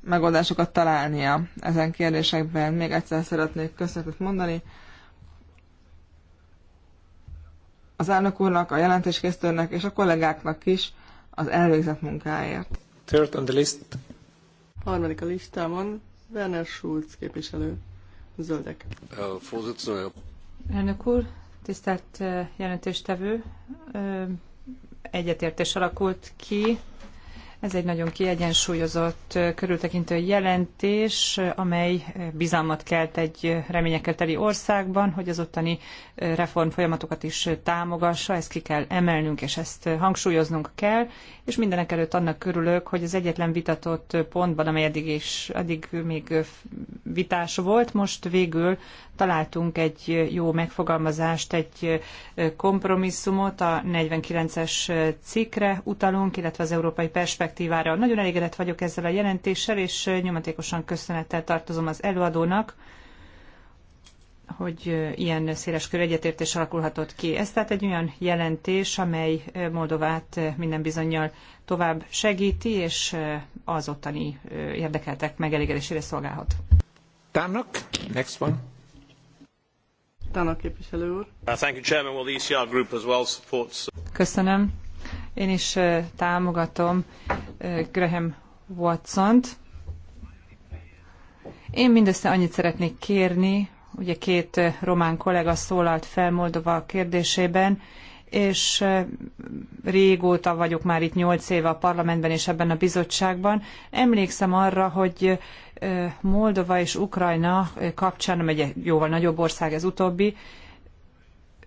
megoldásokat találnia ezen kérdésekben. Még egyszer szeretnék köszönetet mondani. Az elnök úrnak, a jelentéskészítőnek és a kollégáknak is az elvégzett munkáért. Third on the list. Harmadik a listámon, Werner Schulz képviselő. Zöldek. Elnök úr, tisztelt eh, jelentéstevő, eh, egyetértés alakult ki ez egy nagyon kiegyensúlyozott, körültekintő jelentés, amely bizalmat kelt egy reményekkel teli országban, hogy az ottani reform folyamatokat is támogassa, ezt ki kell emelnünk, és ezt hangsúlyoznunk kell, és mindenek előtt annak örülök, hogy az egyetlen vitatott pontban, amely eddig, is, eddig még vitás volt, most végül találtunk egy jó megfogalmazást, egy kompromisszumot a 49-es cikkre utalunk, illetve az európai perspektívát perspektívára. Nagyon elégedett vagyok ezzel a jelentéssel, és nyomatékosan köszönettel tartozom az előadónak, hogy ilyen széleskörű egyetértés alakulhatott ki. Ez tehát egy olyan jelentés, amely Moldovát minden bizonyal tovább segíti, és az ottani érdekeltek megelégedésére szolgálhat. Tárnak, next one. Tárnak képviselő úr. Köszönöm. Én is támogatom Graham Watson-t. Én mindössze annyit szeretnék kérni, ugye két román kollega szólalt fel Moldova kérdésében, és régóta vagyok már itt nyolc éve a parlamentben és ebben a bizottságban. Emlékszem arra, hogy Moldova és Ukrajna kapcsán, amely egy jóval nagyobb ország ez utóbbi,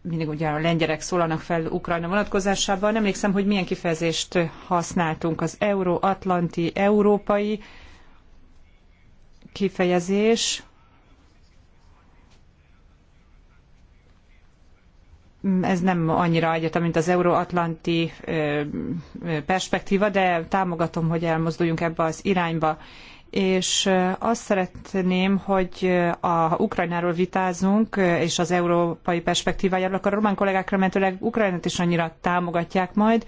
mindig ugye a lengyerek szólalnak fel Ukrajna vonatkozásában. Nem emlékszem, hogy milyen kifejezést használtunk, az euróatlanti, európai kifejezés. Ez nem annyira egyetem, mint az euróatlanti perspektíva, de támogatom, hogy elmozduljunk ebbe az irányba és azt szeretném, hogy a Ukrajnáról vitázunk, és az európai perspektívájáról, akkor a román kollégák remélhetőleg Ukrajnát is annyira támogatják majd,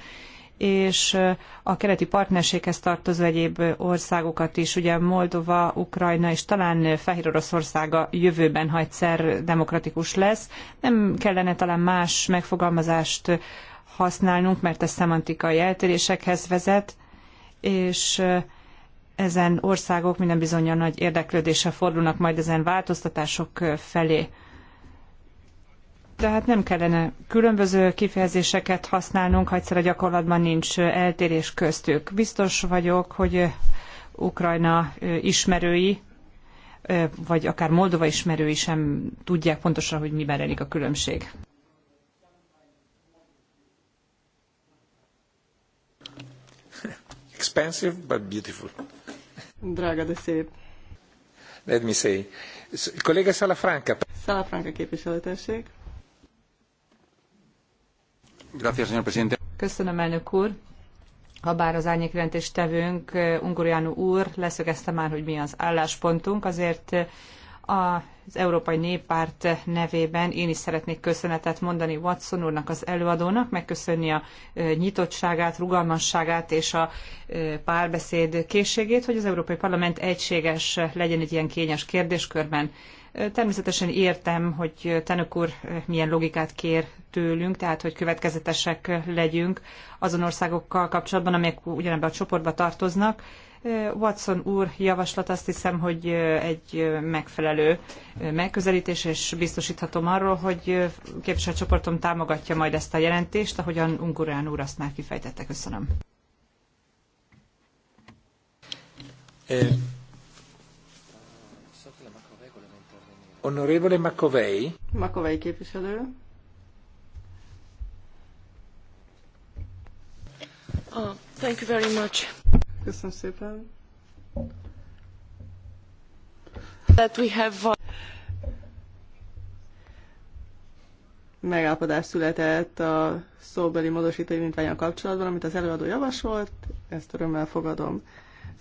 és a keleti partnerséghez tartozó egyéb országokat is, ugye Moldova, Ukrajna és talán Fehér Oroszország a jövőben, ha egyszer demokratikus lesz. Nem kellene talán más megfogalmazást használnunk, mert ez szemantikai eltérésekhez vezet, és ezen országok minden bizonyal nagy érdeklődéssel fordulnak majd ezen változtatások felé. Tehát nem kellene különböző kifejezéseket használnunk, ha egyszer a gyakorlatban nincs eltérés köztük. Biztos vagyok, hogy Ukrajna ismerői, vagy akár Moldova ismerői sem tudják pontosan, hogy miben rejlik a különbség. Expensive, but beautiful. Drága, de szép. Let me say. Kolléga Salafranca. Salafranca képviselőtesség. Gracias, señor presidente. Köszönöm, elnök úr. Habár az árnyékrendés tevőnk, eh, Ungoriánu úr leszögezte már, hogy mi az álláspontunk, azért eh, a az Európai Néppárt nevében én is szeretnék köszönetet mondani Watson úrnak, az előadónak, megköszönni a nyitottságát, rugalmasságát és a párbeszéd készségét, hogy az Európai Parlament egységes legyen egy ilyen kényes kérdéskörben. Természetesen értem, hogy Tenök úr milyen logikát kér tőlünk, tehát hogy következetesek legyünk azon országokkal kapcsolatban, amelyek ugyanebbe a csoportba tartoznak, Watson úr javaslat azt hiszem, hogy egy megfelelő megközelítés, és biztosíthatom arról, hogy képviselőcsoportom támogatja majd ezt a jelentést, ahogyan Ungurán úr azt már kifejtette. Köszönöm. Honorevole Makovei. Makovei képviselő. Oh, thank you very much. Köszönöm szépen. That we have... Megállapodás született a szóbeli módosító indítványon kapcsolatban, amit az előadó javasolt, ezt örömmel fogadom.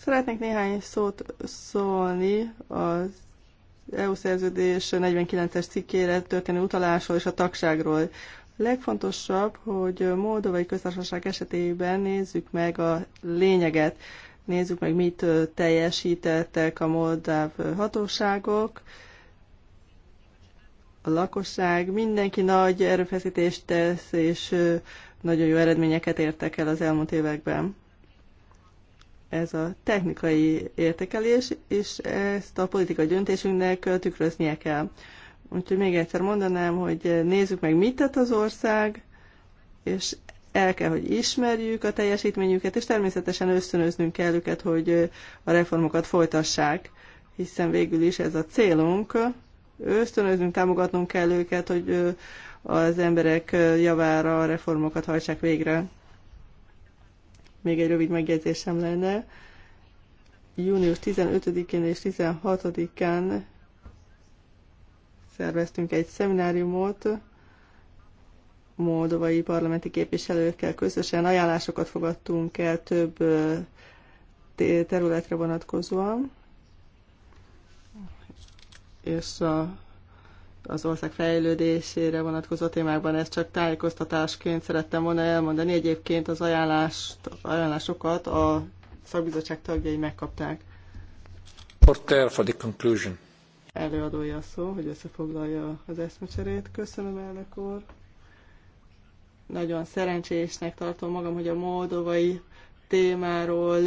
Szeretnék néhány szót szólni az EU szerződés 49-es cikkére történő utalásról és a tagságról. Legfontosabb, hogy Moldovai Köztársaság esetében nézzük meg a lényeget, nézzük meg, mit teljesítettek a moldáv hatóságok, a lakosság, mindenki nagy erőfeszítést tesz, és nagyon jó eredményeket értek el az elmúlt években. Ez a technikai értékelés, és ezt a politikai döntésünknek tükröznie kell. Úgyhogy még egyszer mondanám, hogy nézzük meg, mit tett az ország, és el kell, hogy ismerjük a teljesítményüket, és természetesen ösztönöznünk kell őket, hogy a reformokat folytassák, hiszen végül is ez a célunk. Ösztönöznünk, támogatnunk kell őket, hogy az emberek javára a reformokat hajtsák végre. Még egy rövid megjegyzésem lenne. Június 15-én és 16-án szerveztünk egy szemináriumot, moldovai parlamenti képviselőkkel közösen ajánlásokat fogadtunk el több területre vonatkozóan, és a, az ország fejlődésére vonatkozó témákban ezt csak tájékoztatásként szerettem volna elmondani. Egyébként az ajánlást, ajánlásokat a szakbizottság tagjai megkapták. Porter for the conclusion előadója a szó, hogy összefoglalja az eszmecserét. Köszönöm, elnök úr. Nagyon szerencsésnek tartom magam, hogy a moldovai témáról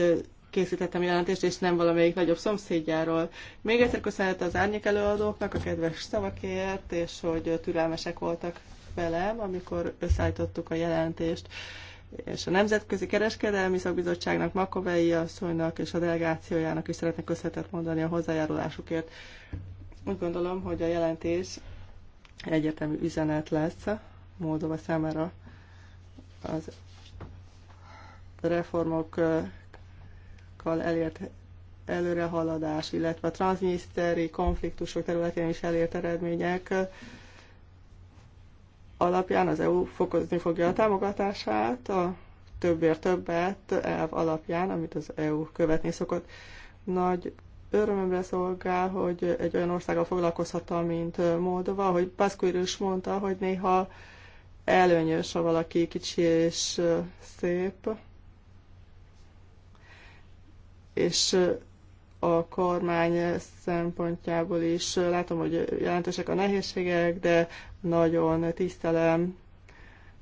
készítettem jelentést, és nem valamelyik nagyobb szomszédjáról. Még egyszer köszönhet az árnyék előadóknak a kedves szavakért, és hogy türelmesek voltak velem, amikor összeállítottuk a jelentést és a Nemzetközi Kereskedelmi Szakbizottságnak, Makovei asszonynak és a delegációjának is szeretnék köszönetet mondani a hozzájárulásukért. Úgy gondolom, hogy a jelentés egyetemű üzenet lesz Moldova számára az reformokkal elért előrehaladás, illetve a transzminiszteri konfliktusok területén is elért eredmények alapján az EU fokozni fogja a támogatását, a többért többet elv alapján, amit az EU követni szokott. Nagy örömömre szolgál, hogy egy olyan országgal foglalkozhattam, mint Moldova, hogy Pászkúr is mondta, hogy néha előnyös, ha valaki kicsi és szép, és a kormány szempontjából is látom, hogy jelentősek a nehézségek, de nagyon tisztelem,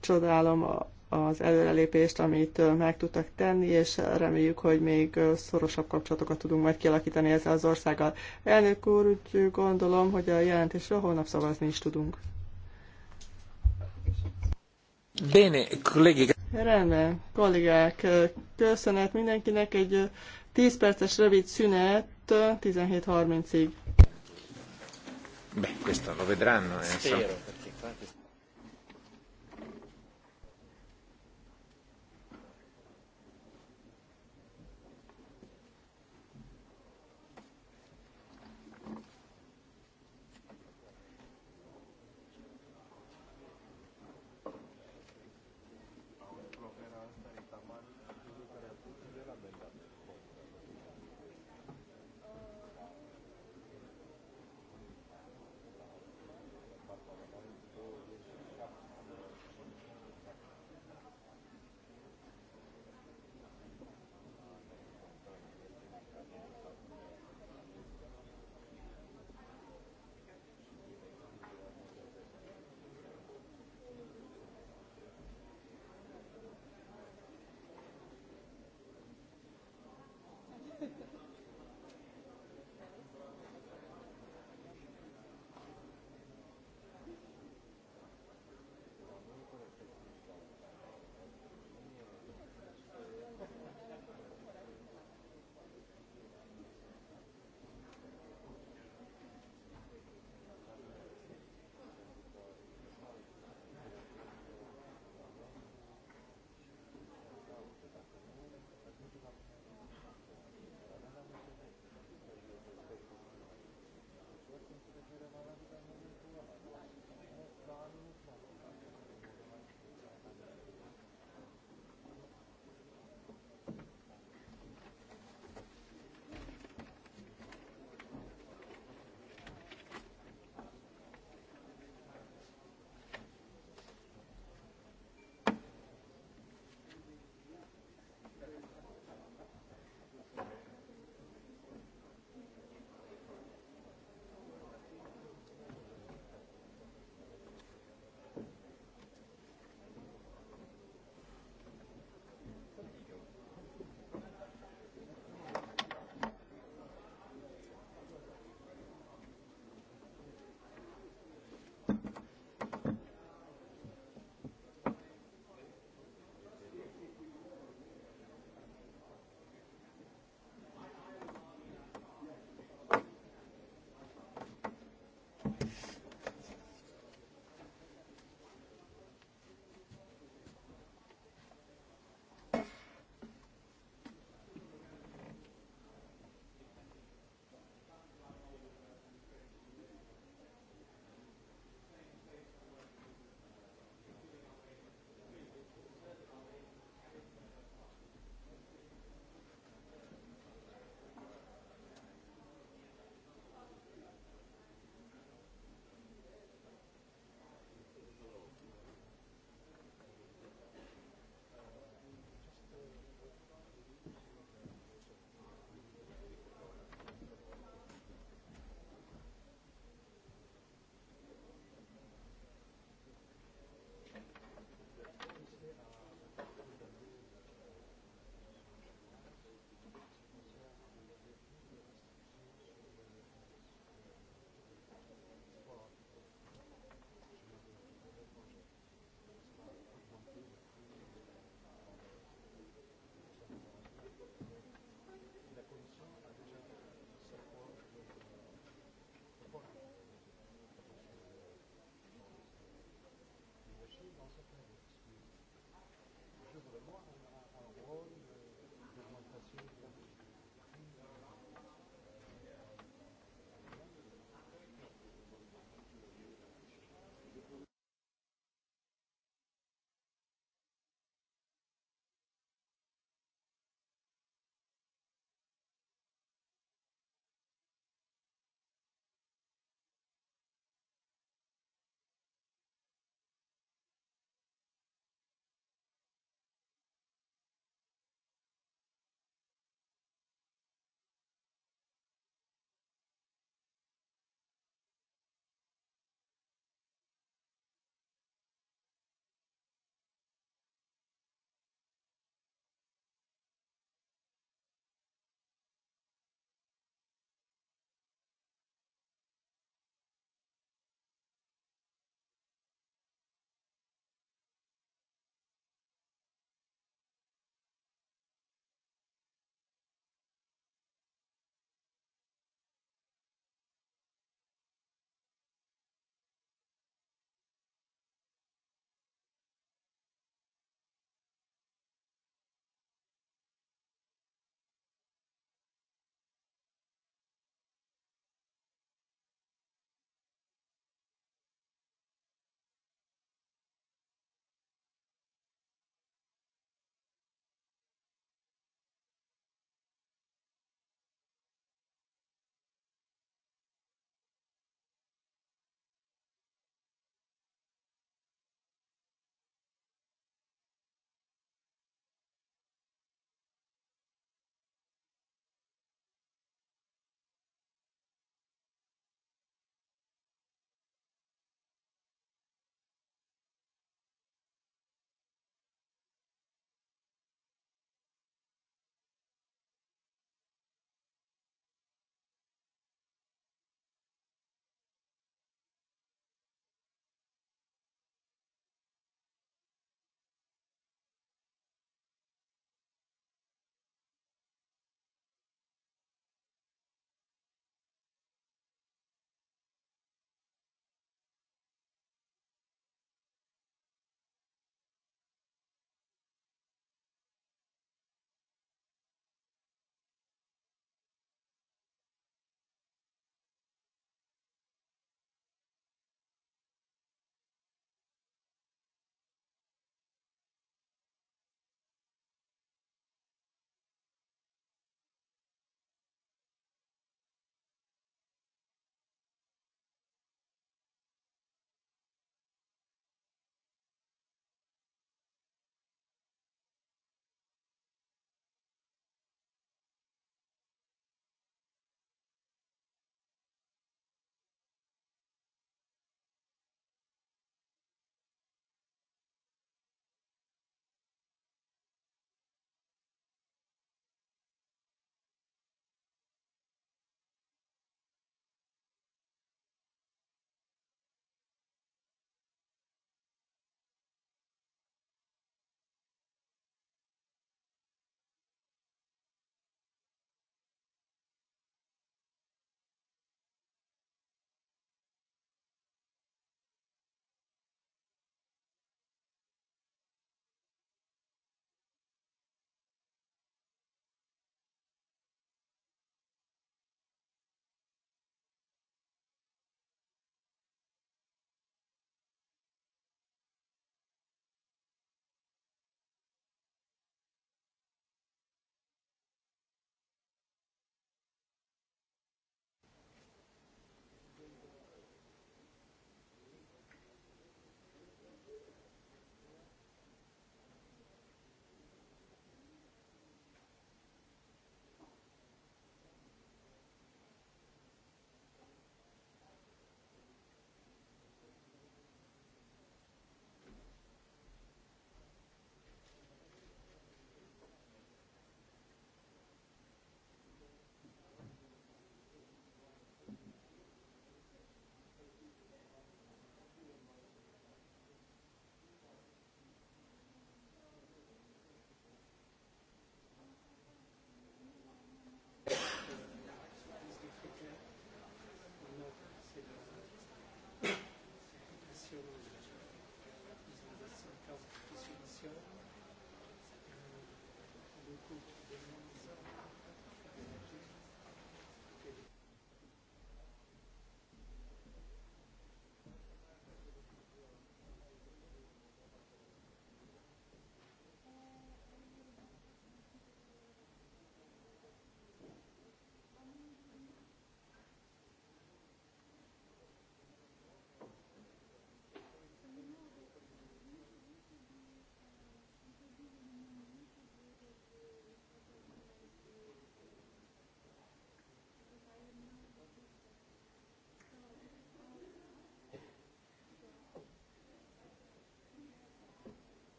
csodálom a az előrelépést, amit meg tudtak tenni, és reméljük, hogy még szorosabb kapcsolatokat tudunk majd kialakítani ezzel az országgal. Elnök úr, úgy gondolom, hogy a jelentésről holnap szavazni is tudunk. Bene, kollégák. Rendben, kollégák, köszönet mindenkinek, egy 10 perces rövid szünet 17.30-ig. Beh, questo lo vedranno, eh,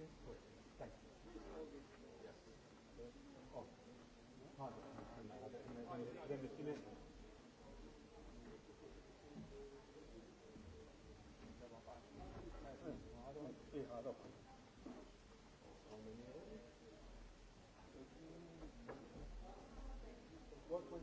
issue? Good. Thank you. Oh, pardon. Then the commitment. Iha, rokon. What was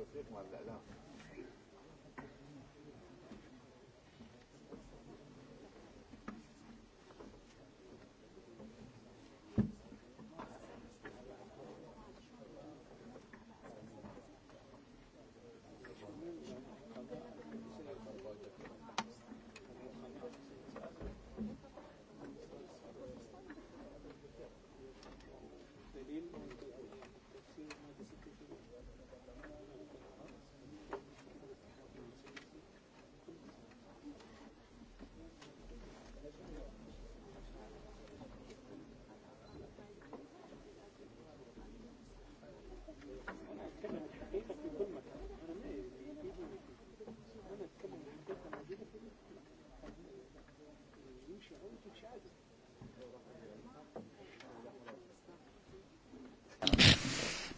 التوفيق ولا لا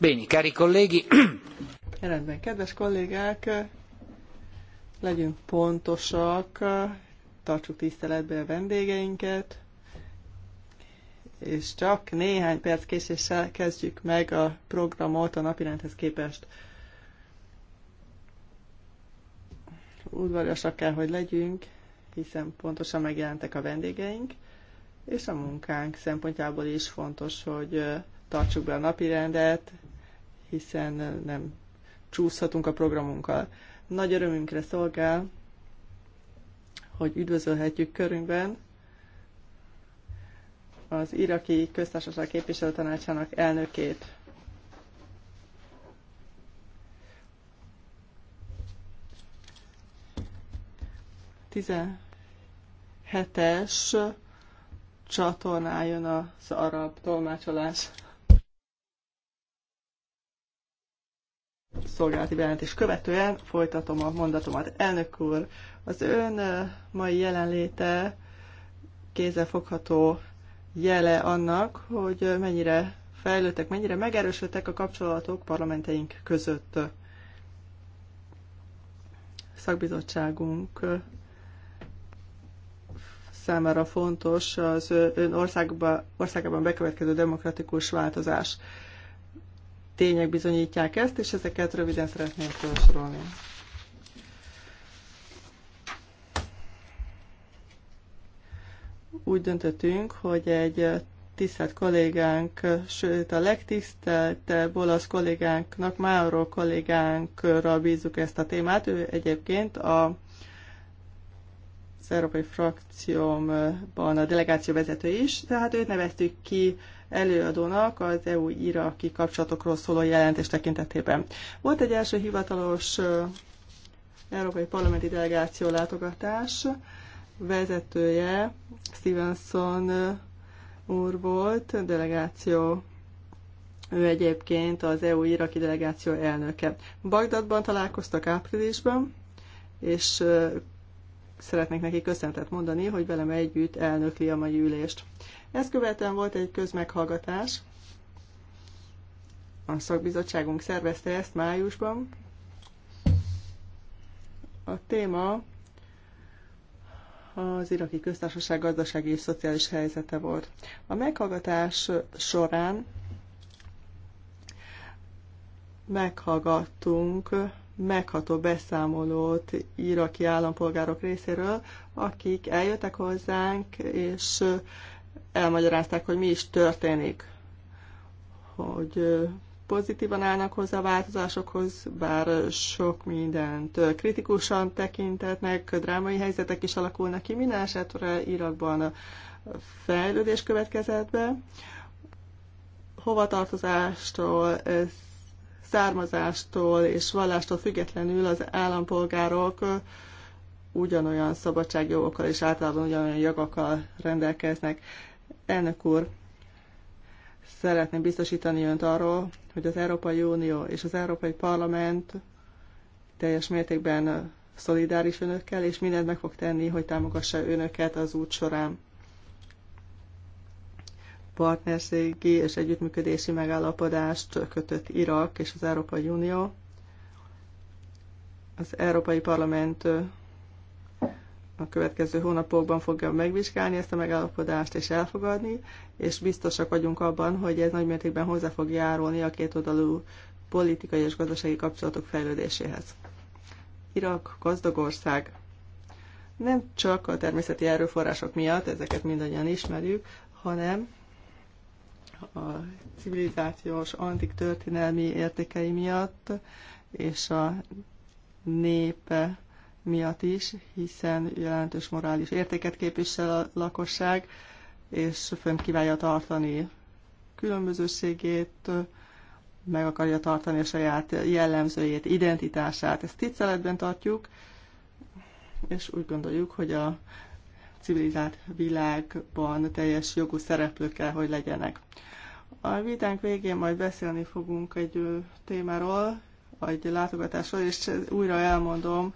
Béni, cari colleghi. Rendben, kedves kollégák, legyünk pontosak, tartsuk tiszteletbe a vendégeinket, és csak néhány perc késéssel kezdjük meg a programot a napirendhez képest. Udvariasak kell, hogy legyünk, hiszen pontosan megjelentek a vendégeink, és a munkánk szempontjából is fontos, hogy tartsuk be a napirendet, hiszen nem csúszhatunk a programunkkal. Nagy örömünkre szolgál, hogy üdvözölhetjük körünkben az iraki köztársaság képviselőtanácsának elnökét. hetes csatornájon az arab tolmácsolás. szolgálati bejelentés követően folytatom a mondatomat. Elnök úr, az ön mai jelenléte kézzelfogható jele annak, hogy mennyire fejlődtek, mennyire megerősödtek a kapcsolatok parlamenteink között. Szakbizottságunk számára fontos az ön országba, országában bekövetkező demokratikus változás tények bizonyítják ezt, és ezeket röviden szeretném felsorolni. Úgy döntöttünk, hogy egy tisztelt kollégánk, sőt a legtiszteltebb olasz kollégánknak, Mauro kollégánkra bízzuk ezt a témát. Ő egyébként a, az Európai Frakciómban a delegáció vezető is, tehát őt neveztük ki előadónak az EU-iraki kapcsolatokról szóló jelentés tekintetében. Volt egy első hivatalos Európai Parlamenti Delegáció látogatás, vezetője Stevenson úr volt, delegáció ő egyébként az EU iraki delegáció elnöke. Bagdadban találkoztak áprilisban, és szeretnék neki köszöntet mondani, hogy velem együtt elnökli a mai ülést. Ezt követően volt egy közmeghallgatás. A szakbizottságunk szervezte ezt májusban. A téma az iraki köztársaság gazdasági és szociális helyzete volt. A meghallgatás során meghallgattunk megható beszámolót iraki állampolgárok részéről, akik eljöttek hozzánk, és elmagyarázták, hogy mi is történik, hogy pozitívan állnak hozzá a változásokhoz, bár sok mindent kritikusan tekintetnek, drámai helyzetek is alakulnak ki, minden esetre Irakban fejlődés következett be. Hovatartozástól, származástól és vallástól függetlenül az állampolgárok ugyanolyan szabadságjogokkal és általában ugyanolyan jogokkal rendelkeznek. Elnök úr, szeretném biztosítani önt arról, hogy az Európai Unió és az Európai Parlament teljes mértékben szolidáris önökkel, és mindent meg fog tenni, hogy támogassa önöket az út során. Partnerségi és együttműködési megállapodást kötött Irak és az Európai Unió. Az Európai Parlament a következő hónapokban fogja megvizsgálni ezt a megállapodást és elfogadni, és biztosak vagyunk abban, hogy ez nagymértékben hozzá fog járulni a kétoldalú politikai és gazdasági kapcsolatok fejlődéséhez. Irak gazdag ország. Nem csak a természeti erőforrások miatt, ezeket mindannyian ismerjük, hanem a civilizációs, antik történelmi értékei miatt, és a népe miatt is, hiszen jelentős morális értéket képvisel a lakosság, és fönn kívánja tartani különbözőségét, meg akarja tartani a saját jellemzőjét, identitását. Ezt tiszteletben tartjuk, és úgy gondoljuk, hogy a civilizált világban teljes jogú szereplők kell, hogy legyenek. A vitánk végén majd beszélni fogunk egy témáról, egy látogatásról, és újra elmondom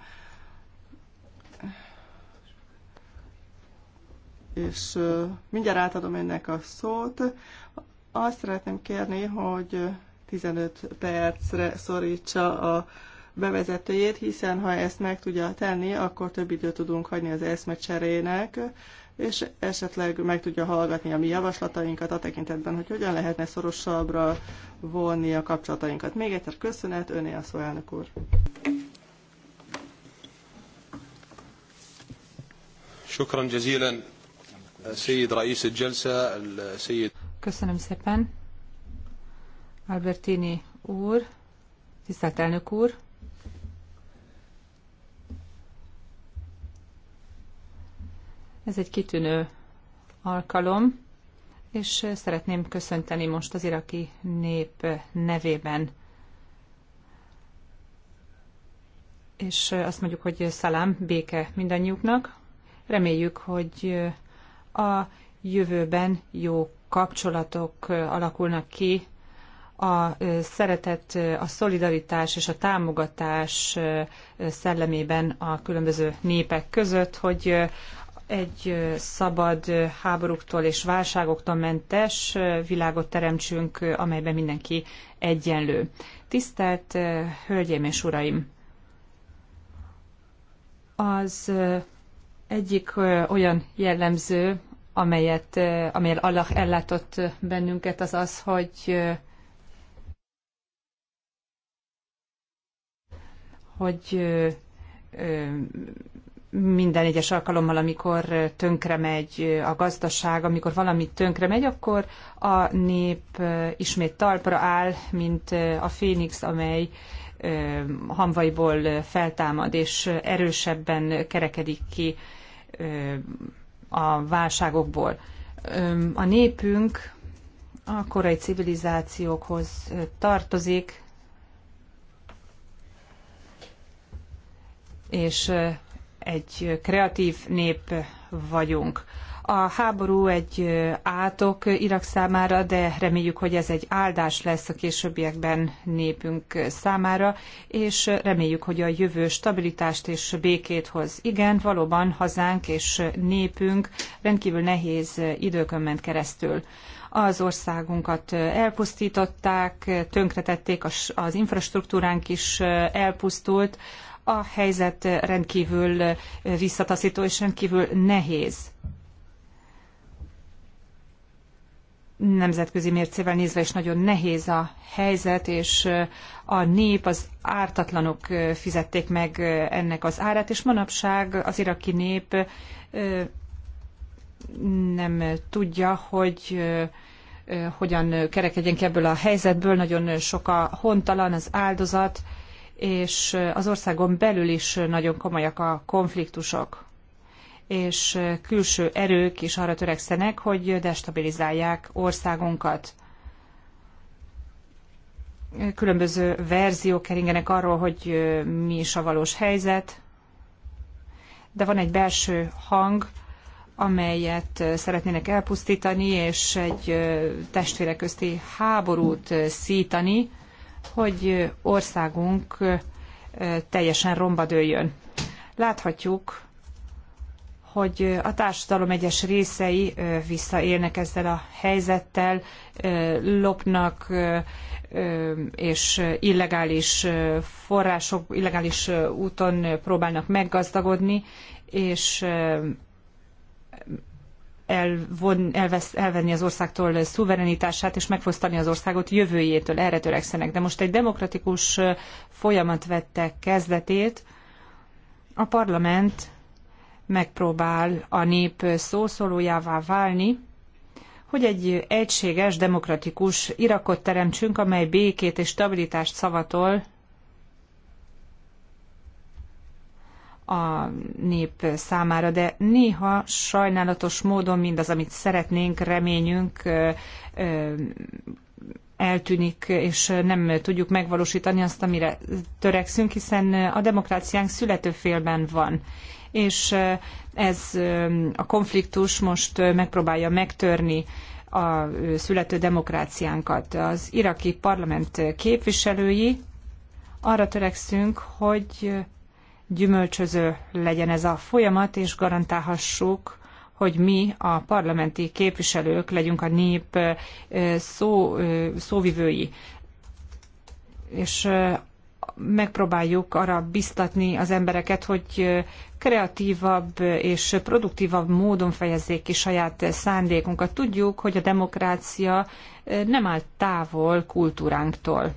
és mindjárt átadom ennek a szót. Azt szeretném kérni, hogy 15 percre szorítsa a bevezetőjét, hiszen ha ezt meg tudja tenni, akkor több időt tudunk hagyni az eszmecserének, és esetleg meg tudja hallgatni a mi javaslatainkat a tekintetben, hogy hogyan lehetne szorosabbra vonni a kapcsolatainkat. Még egyszer köszönet, öné a szó, elnök úr. Sokran السيد رئيس الجلسة السيد Köszönöm szépen. Albertini úr, tisztelt elnök úr. Ez egy kitűnő alkalom, és szeretném köszönteni most az iraki nép nevében. És azt mondjuk, hogy szalám, béke mindannyiuknak. Reméljük, hogy a jövőben jó kapcsolatok alakulnak ki a szeretet, a szolidaritás és a támogatás szellemében a különböző népek között, hogy egy szabad háborúktól és válságoktól mentes világot teremtsünk, amelyben mindenki egyenlő. Tisztelt Hölgyeim és Uraim! Az egyik olyan jellemző, amelyet, amelyel Allah ellátott bennünket, az az, hogy hogy minden egyes alkalommal, amikor tönkre megy a gazdaság, amikor valami tönkre megy, akkor a nép ismét talpra áll, mint a fénix, amely hamvaiból feltámad, és erősebben kerekedik ki a válságokból. A népünk a korai civilizációkhoz tartozik, és egy kreatív nép vagyunk. A háború egy átok Irak számára, de reméljük, hogy ez egy áldás lesz a későbbiekben népünk számára, és reméljük, hogy a jövő stabilitást és békét hoz. Igen, valóban hazánk és népünk rendkívül nehéz időkön ment keresztül az országunkat elpusztították, tönkretették, az infrastruktúránk is elpusztult. A helyzet rendkívül visszataszító és rendkívül nehéz. nemzetközi mércével nézve is nagyon nehéz a helyzet, és a nép, az ártatlanok fizették meg ennek az árát, és manapság az iraki nép nem tudja, hogy hogyan kerekedjen ki ebből a helyzetből. Nagyon sok a hontalan, az áldozat, és az országon belül is nagyon komolyak a konfliktusok és külső erők is arra törekszenek, hogy destabilizálják országunkat. Különböző verziók keringenek arról, hogy mi is a valós helyzet, de van egy belső hang, amelyet szeretnének elpusztítani, és egy testvérek közti háborút szítani, hogy országunk teljesen romba dőljön. Láthatjuk hogy a társadalom egyes részei visszaélnek ezzel a helyzettel, lopnak és illegális források, illegális úton próbálnak meggazdagodni, és elvon, elvesz, elvenni az országtól szuverenitását és megfosztani az országot jövőjétől. Erre törekszenek. De most egy demokratikus folyamat vette kezdetét. A parlament megpróbál a nép szószólójává válni, hogy egy egységes, demokratikus Irakot teremtsünk, amely békét és stabilitást szavatol a nép számára, de néha sajnálatos módon mindaz, amit szeretnénk, reményünk, eltűnik, és nem tudjuk megvalósítani azt, amire törekszünk, hiszen a demokráciánk születőfélben van és ez a konfliktus most megpróbálja megtörni a születő demokráciánkat. Az iraki parlament képviselői arra törekszünk, hogy gyümölcsöző legyen ez a folyamat, és garantálhassuk, hogy mi a parlamenti képviselők legyünk a nép szó, szóvivői. És megpróbáljuk arra biztatni az embereket, hogy kreatívabb és produktívabb módon fejezzék ki saját szándékunkat. Tudjuk, hogy a demokrácia nem áll távol kultúránktól,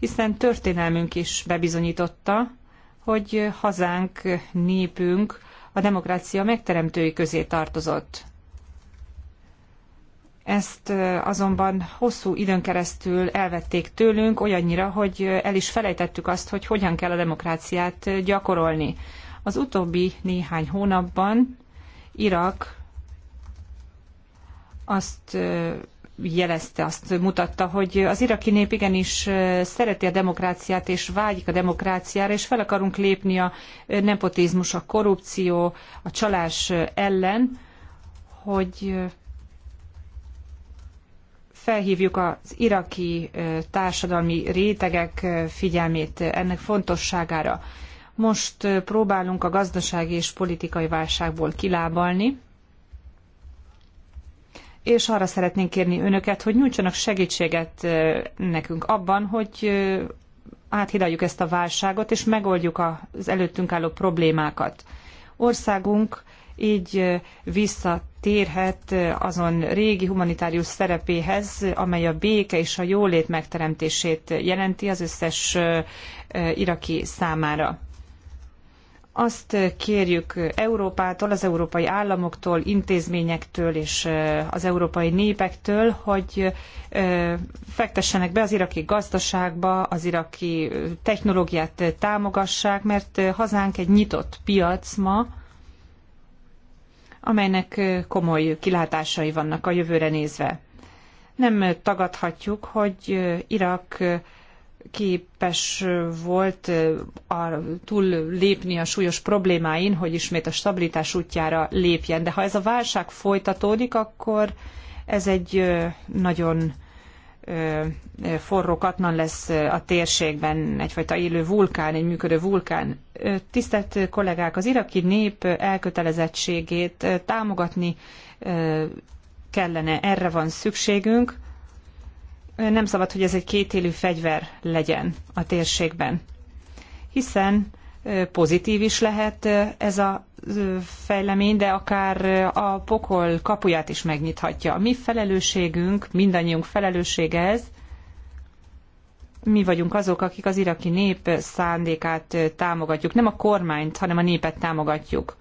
hiszen történelmünk is bebizonyította, hogy hazánk, népünk a demokrácia megteremtői közé tartozott. Ezt azonban hosszú időn keresztül elvették tőlünk, olyannyira, hogy el is felejtettük azt, hogy hogyan kell a demokráciát gyakorolni. Az utóbbi néhány hónapban Irak azt jelezte, azt mutatta, hogy az iraki nép igenis szereti a demokráciát, és vágyik a demokráciára, és fel akarunk lépni a nepotizmus, a korrupció, a csalás ellen, hogy felhívjuk az iraki társadalmi rétegek figyelmét ennek fontosságára. Most próbálunk a gazdasági és politikai válságból kilábalni, és arra szeretnénk kérni önöket, hogy nyújtsanak segítséget nekünk abban, hogy áthidaljuk ezt a válságot, és megoldjuk az előttünk álló problémákat. Országunk így visszatérhet azon régi humanitárius szerepéhez, amely a béke és a jólét megteremtését jelenti az összes iraki számára. Azt kérjük Európától, az európai államoktól, intézményektől és az európai népektől, hogy fektessenek be az iraki gazdaságba, az iraki technológiát támogassák, mert hazánk egy nyitott piac ma, amelynek komoly kilátásai vannak a jövőre nézve. Nem tagadhatjuk, hogy Irak képes volt a, túl lépni a súlyos problémáin, hogy ismét a stabilitás útjára lépjen. De ha ez a válság folytatódik, akkor ez egy nagyon forró katlan lesz a térségben, egyfajta élő vulkán, egy működő vulkán. Tisztelt kollégák, az iraki nép elkötelezettségét támogatni kellene, erre van szükségünk. Nem szabad, hogy ez egy kétélű fegyver legyen a térségben, hiszen pozitív is lehet ez a fejlemény, de akár a pokol kapuját is megnyithatja. A mi felelősségünk, mindannyiunk felelőssége ez, mi vagyunk azok, akik az iraki nép szándékát támogatjuk. Nem a kormányt, hanem a népet támogatjuk.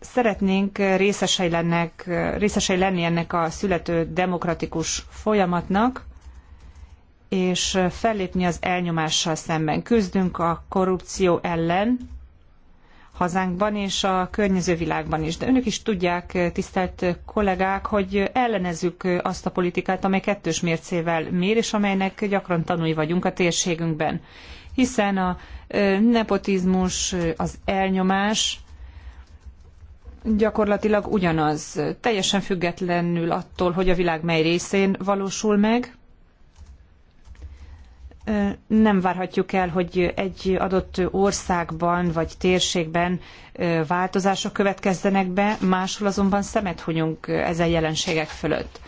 Szeretnénk részesei, lennek, részesei lenni ennek a születő demokratikus folyamatnak, és fellépni az elnyomással szemben. Küzdünk a korrupció ellen hazánkban és a környező világban is. De önök is tudják, tisztelt kollégák, hogy ellenezzük azt a politikát, amely kettős mércével mér, és amelynek gyakran tanúi vagyunk a térségünkben. Hiszen a nepotizmus, az elnyomás, gyakorlatilag ugyanaz, teljesen függetlenül attól, hogy a világ mely részén valósul meg, nem várhatjuk el, hogy egy adott országban vagy térségben változások következzenek be, máshol azonban szemet hunyunk ezen jelenségek fölött.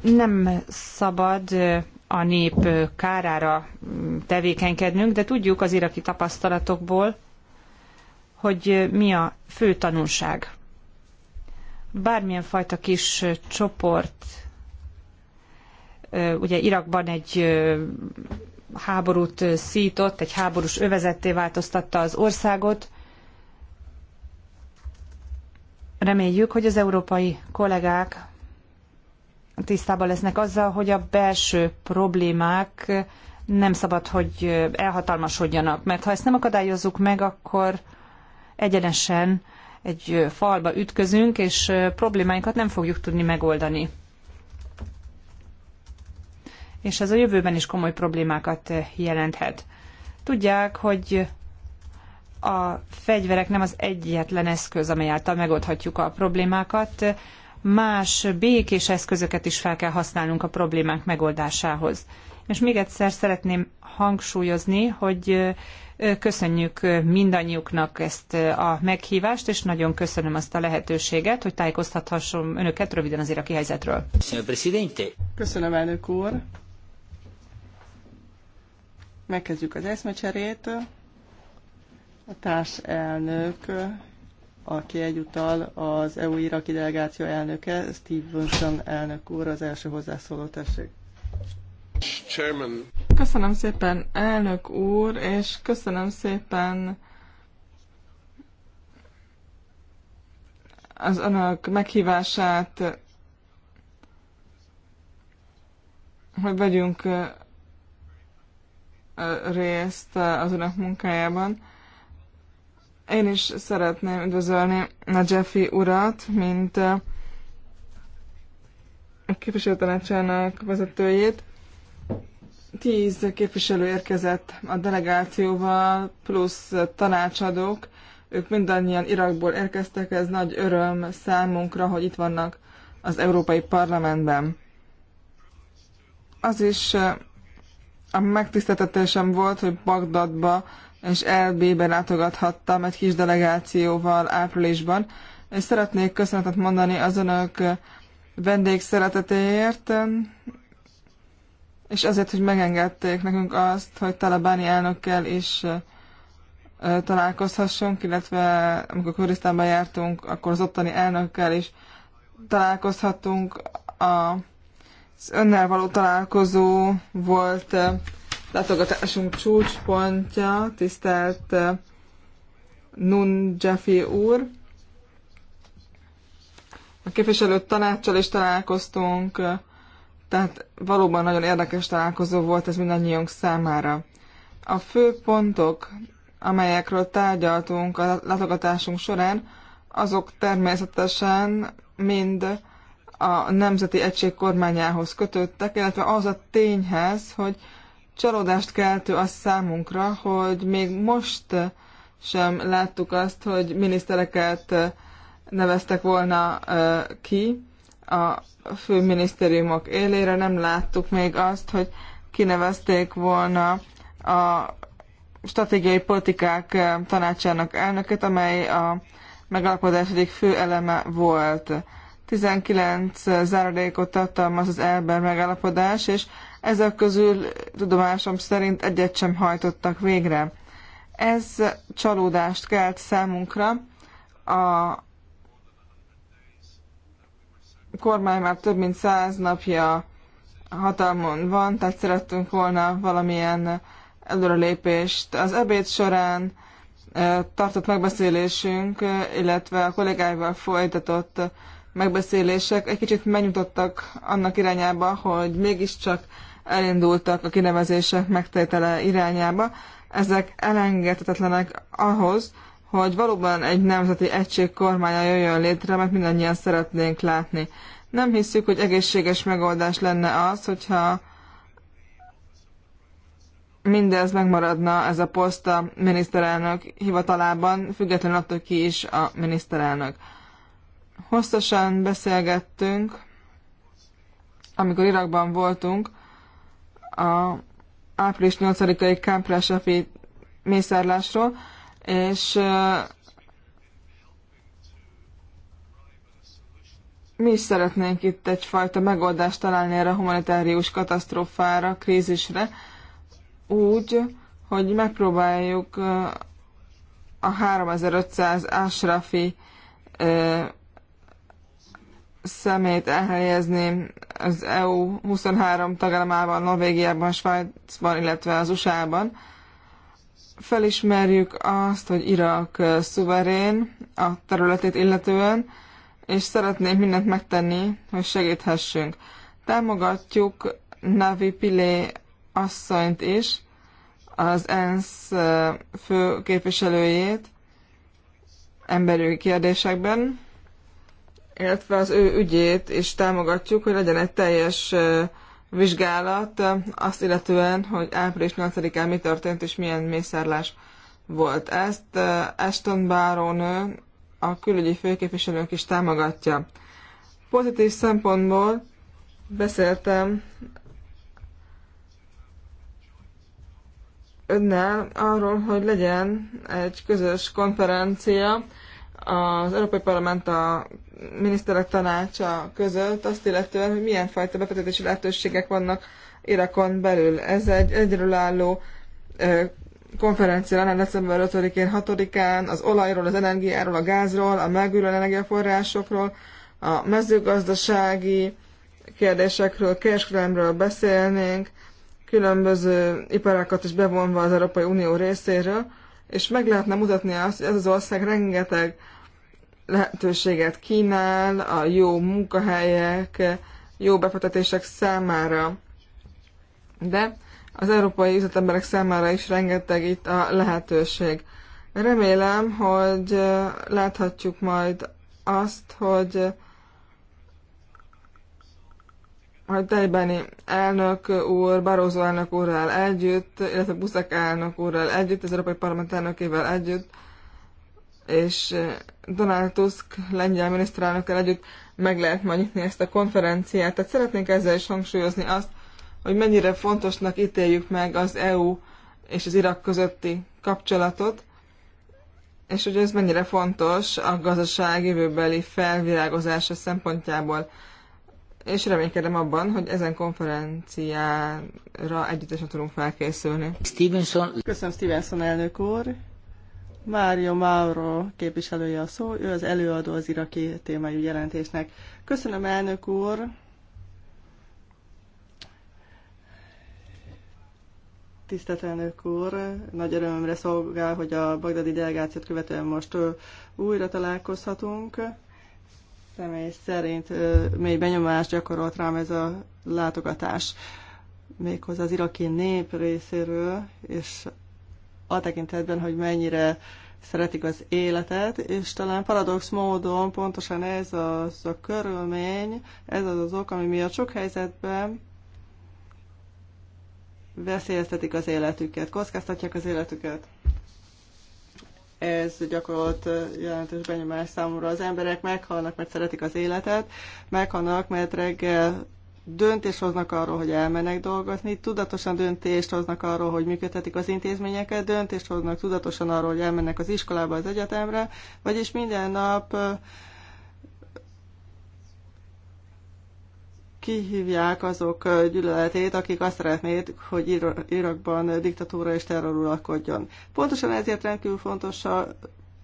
Nem szabad a nép kárára mm, tevékenykednünk, de tudjuk az iraki tapasztalatokból, hogy mi a fő tanulság. Bármilyen fajta kis csoport ugye Irakban egy háborút szított, egy háborús övezetté változtatta az országot. Reméljük, hogy az európai kollégák tisztában lesznek azzal, hogy a belső problémák nem szabad, hogy elhatalmasodjanak, mert ha ezt nem akadályozzuk meg, akkor egyenesen egy falba ütközünk, és problémáinkat nem fogjuk tudni megoldani és ez a jövőben is komoly problémákat eh, jelenthet. Tudják, hogy a fegyverek nem az egyetlen eszköz, amely által megoldhatjuk a problémákat, más békés eszközöket is fel kell használnunk a problémák megoldásához. És még egyszer szeretném hangsúlyozni, hogy eh, köszönjük eh, mindannyiuknak ezt a meghívást, és nagyon köszönöm azt a lehetőséget, hogy tájékoztathassam önöket röviden az iraki helyzetről. Köszönöm, elnök úr! Megkezdjük az eszmecserét. A társelnök, aki egyúttal az EU-iraki delegáció elnöke, Stevenson elnök úr, az első hozzászóló tessék. Köszönöm szépen, elnök úr, és köszönöm szépen az önök meghívását, hogy vegyünk részt eh, az önök munkájában. Én is szeretném üdvözölni a Jeffy urat, mint eh, a képviselőtanácsának vezetőjét. Tíz képviselő érkezett a delegációval, plusz tanácsadók. Ők mindannyian Irakból érkeztek, ez nagy öröm számunkra, hogy itt vannak az Európai Parlamentben. Az is eh, a megtiszteltetésem volt, hogy Bagdadba és LB-ben látogathattam egy kis delegációval áprilisban, és szeretnék köszönetet mondani az önök vendégszeretetéért, és azért, hogy megengedték nekünk azt, hogy talabáni elnökkel is találkozhassunk, illetve amikor Kurisztánban jártunk, akkor az ottani elnökkel is találkozhattunk a az önnel való találkozó volt eh, látogatásunk csúcspontja, tisztelt eh, Nun Jeffy úr. A képviselő tanácsal is találkoztunk, eh, tehát valóban nagyon érdekes találkozó volt ez mindannyiunk számára. A fő pontok, amelyekről tárgyaltunk a látogatásunk során, azok természetesen mind a Nemzeti Egység kormányához kötöttek, illetve az a tényhez, hogy csalódást keltő az számunkra, hogy még most sem láttuk azt, hogy minisztereket neveztek volna ki a főminisztériumok élére, nem láttuk még azt, hogy kinevezték volna a stratégiai politikák tanácsának elnöket, amely a megalapodás egyik fő eleme volt. 19 záradékot tartalmaz az elben megállapodás, és ezek közül tudomásom szerint egyet sem hajtottak végre. Ez csalódást kelt számunkra. A kormány már több mint száz napja hatalmon van, tehát szerettünk volna valamilyen előrelépést. Az ebéd során tartott megbeszélésünk, illetve a kollégáival folytatott megbeszélések egy kicsit megnyugtattak annak irányába, hogy mégiscsak elindultak a kinevezések megtétele irányába. Ezek elengedhetetlenek ahhoz, hogy valóban egy nemzeti egység kormánya jöjjön létre, mert mindannyian szeretnénk látni. Nem hiszük, hogy egészséges megoldás lenne az, hogyha mindez megmaradna ez a poszt a miniszterelnök hivatalában, függetlenül attól ki is a miniszterelnök hosszasan beszélgettünk, amikor Irakban voltunk, a április 8-ai Kámpra mészárlásról, és mi is szeretnénk itt egyfajta megoldást találni erre a humanitárius katasztrófára, krízisre, úgy, hogy megpróbáljuk a 3500 ásrafi szemét elhelyezni az EU 23 tagállamában, Norvégiában, Svájcban, illetve az USA-ban. Felismerjük azt, hogy Irak szuverén a területét illetően, és szeretnénk mindent megtenni, hogy segíthessünk. Támogatjuk Navi Pillé asszonyt is, az ENSZ fő képviselőjét emberi kérdésekben, illetve az ő ügyét is támogatjuk, hogy legyen egy teljes vizsgálat azt illetően, hogy április 8-án mi történt és milyen mészárlás volt. Ezt Ashton Barónő, a külügyi főképviselők is támogatja. Pozitív szempontból beszéltem önnel arról, hogy legyen egy közös konferencia az Európai Parlament a miniszterek tanácsa között azt illetően, hogy milyen fajta befektetési lehetőségek vannak Irakon belül. Ez egy álló konferencia lenne december 5-én, 6-án az olajról, az energiáról, a gázról, a megújuló energiaforrásokról, a mezőgazdasági kérdésekről, kereskedelemről beszélnénk, különböző iparákat is bevonva az Európai Unió részéről, és meg lehetne mutatni azt, hogy ez az ország rengeteg uh, lehetőséget kínál a jó munkahelyek, jó befektetések számára. De az európai üzletemberek számára is rengeteg itt a lehetőség. Remélem, hogy láthatjuk majd azt, hogy hogy Tejbeni elnök úr, Barózó elnök úrral együtt, illetve Buszek elnök úrral együtt, az Európai Parlament elnökével együtt és eh, Donald Tusk lengyel miniszterelnökkel együtt meg lehet majd nyitni ezt a konferenciát. Tehát szeretnénk ezzel is hangsúlyozni azt, hogy mennyire fontosnak ítéljük meg az EU és az Irak közötti kapcsolatot, és hogy ez mennyire fontos a gazdaság jövőbeli felvirágozása szempontjából. És reménykedem abban, hogy ezen konferenciára együttesen tudunk felkészülni. Stevenson. Köszönöm Stevenson elnök úr. Mário Mauro képviselője a szó, ő az előadó az iraki témájú jelentésnek. Köszönöm, elnök úr! Tisztelt elnök úr, nagy örömömre szolgál, hogy a bagdadi delegációt követően most újra találkozhatunk. Személy szerint mély benyomást gyakorolt rám ez a látogatás méghozzá az iraki nép részéről, és a tekintetben, hogy mennyire szeretik az életet, és talán paradox módon pontosan ez az a körülmény, ez az az ok, ami miatt sok helyzetben veszélyeztetik az életüket, kockáztatják az életüket. Ez gyakorolt jelentős benyomás számomra. Az emberek meghalnak, mert szeretik az életet, meghalnak, mert reggel döntést hoznak arról, hogy elmennek dolgozni, tudatosan döntést hoznak arról, hogy működtetik az intézményeket, döntést hoznak tudatosan arról, hogy elmennek az iskolába, az egyetemre, vagyis minden nap kihívják azok gyűlöletét, akik azt szeretnék, hogy Irakban diktatúra és terror uralkodjon. Pontosan ezért rendkívül fontos a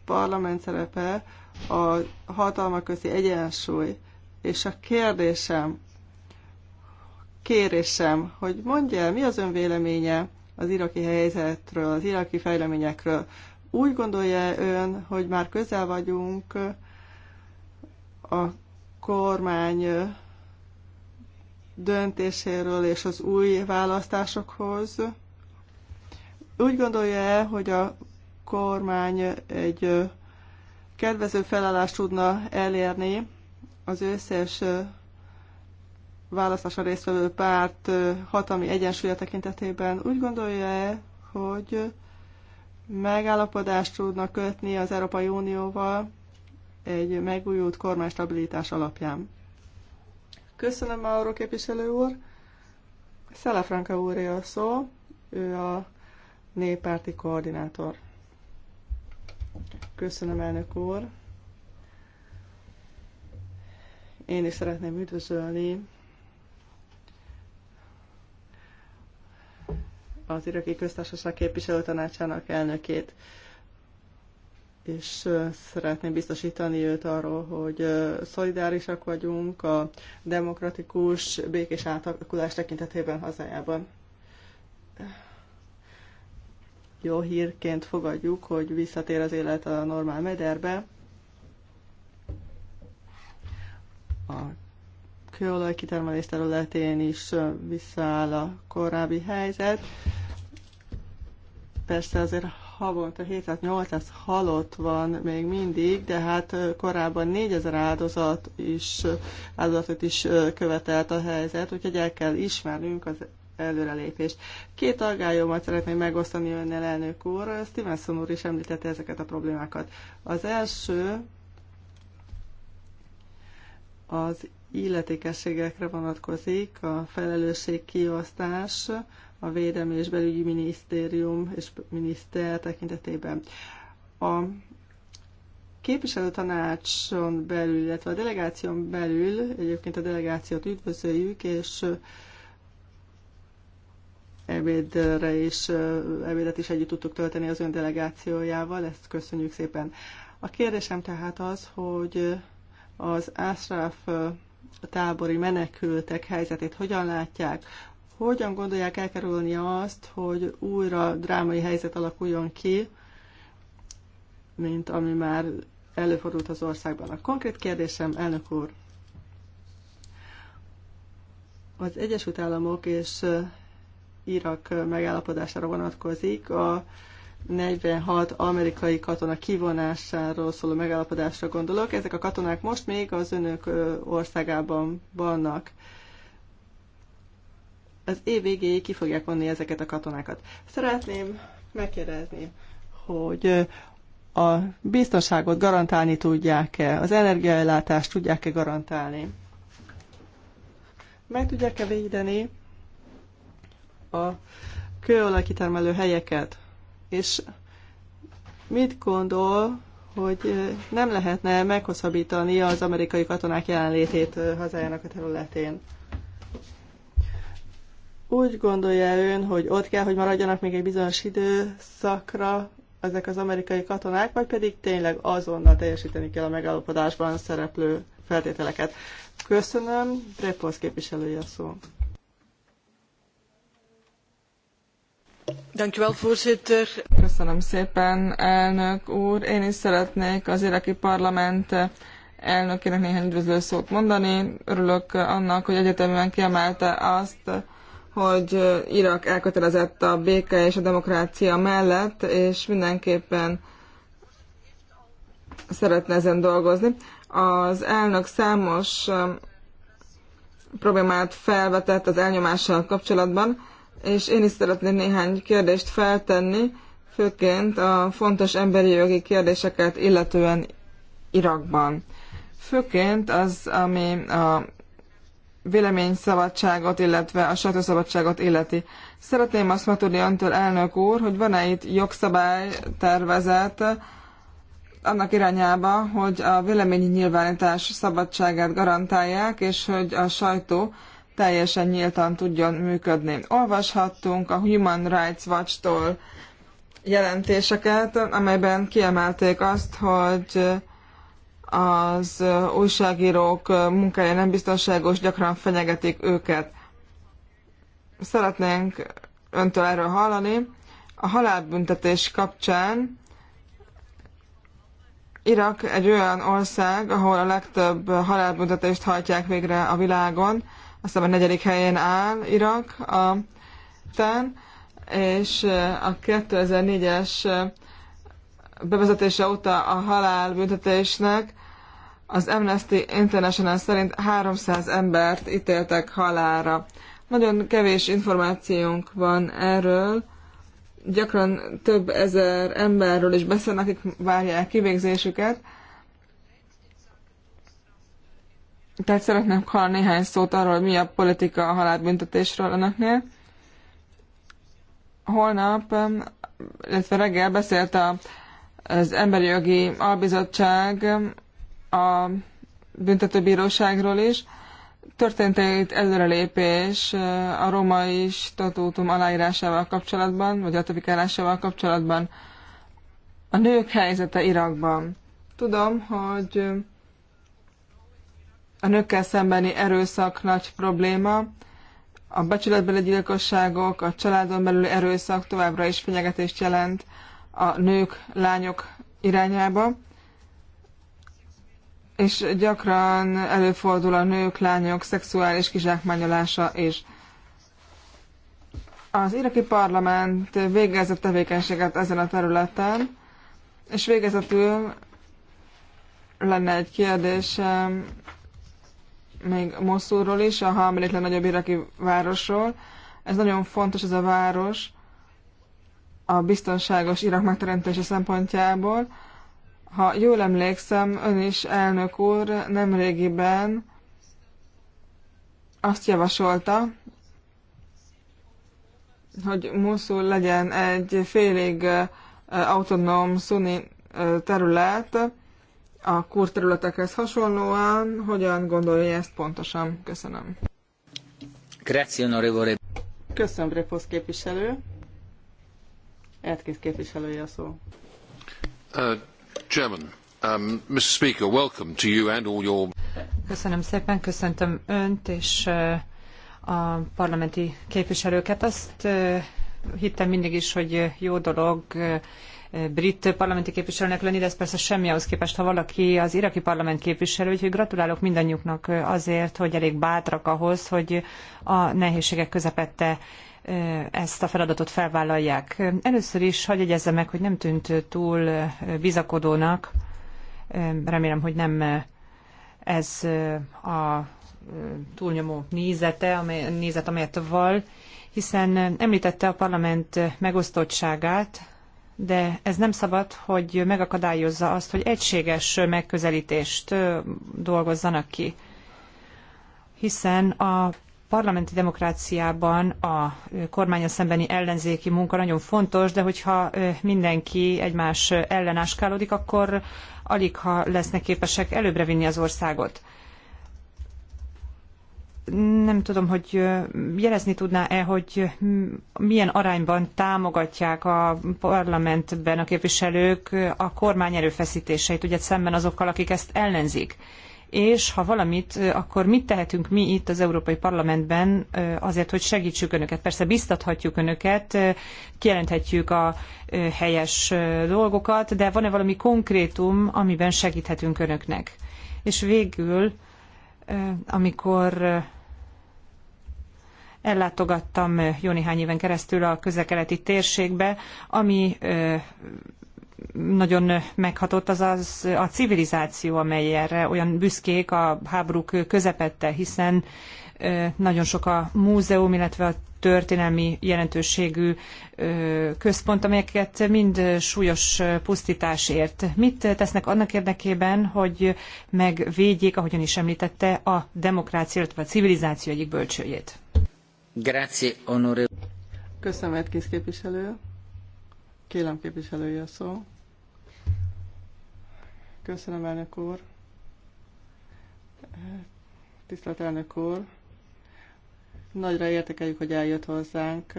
parlament szerepe, a hatalmak közi egyensúly, és a kérdésem kérésem, hogy mondja el, mi az ön véleménye az iraki helyzetről, az iraki fejleményekről. Úgy gondolja ön, hogy már közel vagyunk a kormány döntéséről és az új választásokhoz. Úgy gondolja-e, hogy a kormány egy kedvező felállást tudna elérni az összes választáson résztvevő párt hatalmi egyensúlya tekintetében úgy gondolja-e, hogy megállapodást tudnak kötni az Európai Unióval egy megújult kormánystabilitás alapján? Köszönöm, Mauro képviselő úr. Franka úré a szó, ő a néppárti koordinátor. Köszönöm, elnök úr. Én is szeretném üdvözölni az iraki köztársaság képviselőtanácsának elnökét, és szeretném biztosítani őt arról, hogy szolidárisak vagyunk a demokratikus békés átalakulás tekintetében hazájában. Jó hírként fogadjuk, hogy visszatér az élet a normál mederbe. A kőolaj kitermelés területén is visszaáll a korábbi helyzet. Persze azért havonta 700-800 halott van még mindig, de hát korábban 4000 áldozat is, áldozatot is követelt a helyzet, úgyhogy el kell ismernünk az előrelépést. Két aggályomat szeretném megosztani önnel, elnök úr. Stevenson úr is említette ezeket a problémákat. Az első az illetékességekre vonatkozik, a felelősség kiosztás, a Védelmi és Belügyi Minisztérium és miniszter tekintetében. A tanácson belül, illetve a delegáción belül, egyébként a delegációt üdvözöljük, és ebédre is, ebédet is együtt tudtuk tölteni az ön delegációjával, ezt köszönjük szépen. A kérdésem tehát az, hogy az ásraf tábori menekültek helyzetét hogyan látják, hogyan gondolják elkerülni azt, hogy újra drámai helyzet alakuljon ki, mint ami már előfordult az országban? A konkrét kérdésem, elnök úr, az Egyesült Államok és Irak megállapodására vonatkozik, a 46 amerikai katona kivonásáról szóló megállapodásra gondolok. Ezek a katonák most még az önök országában vannak az év végéig ki fogják vonni ezeket a katonákat. Szeretném megkérdezni, hogy a biztonságot garantálni tudják-e, az energiaellátást tudják-e garantálni, meg tudják-e védeni a kőolajkitermelő helyeket, és mit gondol, hogy nem lehetne meghosszabbítani az amerikai katonák jelenlétét hazájának a területén? Úgy gondolja ön, hogy ott kell, hogy maradjanak még egy bizonyos időszakra ezek az amerikai katonák, vagy pedig tényleg azonnal teljesíteni kell a megállapodásban szereplő feltételeket. Köszönöm, Repolsz képviselője a szó. Köszönöm szépen, elnök úr. Én is szeretnék az iraki parlament elnökének néhány üdvözlő szót mondani. Örülök annak, hogy egyetemben kiemelte azt, hogy Irak elkötelezett a béke és a demokrácia mellett, és mindenképpen szeretne ezen dolgozni. Az elnök számos problémát felvetett az elnyomással kapcsolatban, és én is szeretném néhány kérdést feltenni, főként a fontos emberi jogi kérdéseket illetően Irakban. Főként az, ami a véleményszabadságot, illetve a sajtószabadságot illeti. Szeretném azt megtudni öntől, elnök úr, hogy van-e itt tervezet annak irányába, hogy a vélemény nyilvánítás szabadságát garantálják, és hogy a sajtó teljesen nyíltan tudjon működni. Olvashattunk a Human Rights Watch-tól jelentéseket, amelyben kiemelték azt, hogy az újságírók munkája nem biztonságos, gyakran fenyegetik őket. Szeretnénk öntől erről hallani. A halálbüntetés kapcsán Irak egy olyan ország, ahol a legtöbb halálbüntetést hajtják végre a világon. Aztán a negyedik helyén áll Irak a ten, és a 2004-es bevezetése óta a halálbüntetésnek az Amnesty International szerint 300 embert ítéltek halálra. Nagyon kevés információnk van erről. Gyakran több ezer emberről is beszélnek, akik várják kivégzésüket. Tehát szeretném hallani néhány szót arról, hogy mi a politika a halálbüntetésről önöknél. Holnap, illetve reggel beszélt a, az Emberi Jogi Albizottság a büntetőbíróságról is. Történt egy előrelépés a római statútum aláírásával kapcsolatban, vagy ratifikálásával kapcsolatban. A nők helyzete Irakban. Tudom, hogy a nőkkel szembeni erőszak nagy probléma, a becsületbeli gyilkosságok, a családon belüli erőszak továbbra is fenyegetést jelent a nők, lányok irányába és gyakran előfordul a nők, lányok szexuális kizsákmányolása is. Az iraki parlament végezett tevékenységet ezen a területen, és végezetül lenne egy kérdésem még Moszulról is, a harmadik legnagyobb iraki városról. Ez nagyon fontos, ez a város a biztonságos Irak megteremtése szempontjából ha jól emlékszem, ön is, elnök úr, nemrégiben azt javasolta, hogy Muszul legyen egy félig autonóm szuni terület a kur területekhez hasonlóan. Hogyan gondolja ezt pontosan? Köszönöm. Köszönöm, Reposz képviselő. Erdkész képviselője a szó. Um, Köszönöm szépen, köszöntöm önt és uh, a parlamenti képviselőket. Azt uh, hittem mindig is, hogy jó dolog uh, brit parlamenti képviselőnek lenni, de ez persze semmi ahhoz képest, ha valaki az iraki parlament képviselő, úgyhogy gratulálok mindannyiuknak azért, hogy elég bátrak ahhoz, hogy a nehézségek közepette ezt a feladatot felvállalják. Először is hagyj egyezze meg, hogy nem tűnt túl bizakodónak. Remélem, hogy nem ez a túlnyomó nézete, amely, nézet, amelyet val, hiszen említette a parlament megosztottságát, de ez nem szabad, hogy megakadályozza azt, hogy egységes megközelítést dolgozzanak ki. Hiszen a parlamenti demokráciában a kormánya szembeni ellenzéki munka nagyon fontos, de hogyha mindenki egymás ellen áskálódik, akkor alig ha lesznek képesek előbbre vinni az országot. Nem tudom, hogy jelezni tudná-e, hogy milyen arányban támogatják a parlamentben a képviselők a kormány erőfeszítéseit, ugye szemben azokkal, akik ezt ellenzik és ha valamit, akkor mit tehetünk mi itt az Európai Parlamentben azért, hogy segítsük önöket? Persze biztathatjuk önöket, kijelenthetjük a helyes dolgokat, de van-e valami konkrétum, amiben segíthetünk önöknek? És végül, amikor ellátogattam jó néhány éven keresztül a közelkeleti térségbe, ami nagyon meghatott, az, az a civilizáció, amely erre olyan büszkék a háborúk közepette, hiszen nagyon sok a múzeum, illetve a történelmi jelentőségű központ, amelyeket mind súlyos pusztítás ért. Mit tesznek annak érdekében, hogy megvédjék, ahogyan is említette, a demokrácia, illetve a civilizáció egyik bölcsőjét? Grazie, onore. Köszönöm, Edkész képviselő. Kérem képviselője a szó. Köszönöm, elnök úr. Tisztelt elnök úr. Nagyra értékeljük, hogy eljött hozzánk,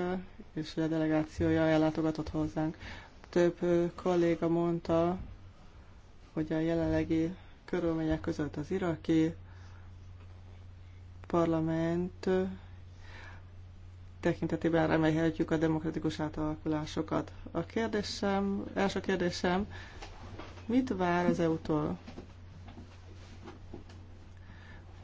és hogy a delegációja ellátogatott hozzánk. Több kolléga mondta, hogy a jelenlegi körülmények között az iraki parlament tekintetében remélhetjük a demokratikus átalakulásokat. A kérdésem, első kérdésem, mit vár az EU-tól?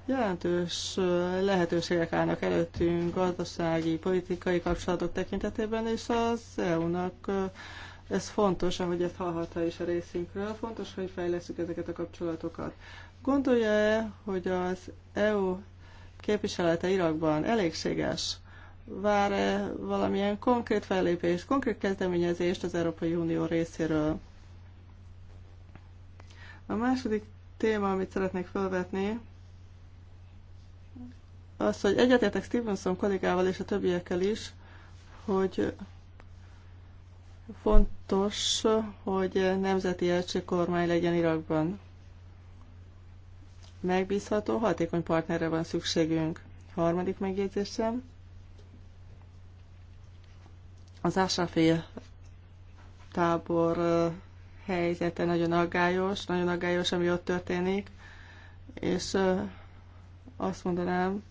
Jelentős lehetőségek állnak előttünk gazdasági, politikai kapcsolatok tekintetében, és az EU-nak ez fontos, ahogy ezt hallhatta is a részünkről, fontos, hogy fejleszünk ezeket a kapcsolatokat. Gondolja-e, hogy az EU képviselete Irakban elégséges? vár -e valamilyen konkrét fellépést, konkrét kezdeményezést az Európai Unió részéről? A második téma, amit szeretnék felvetni, az, hogy egyetértek Stevenson kollégával és a többiekkel is, hogy fontos, hogy nemzeti kormány legyen Irakban. Megbízható, hatékony partnerre van szükségünk. Harmadik megjegyzésem. Az Ásafi tábor helyzete nagyon aggályos, nagyon aggályos, ami ott történik, és azt mondanám,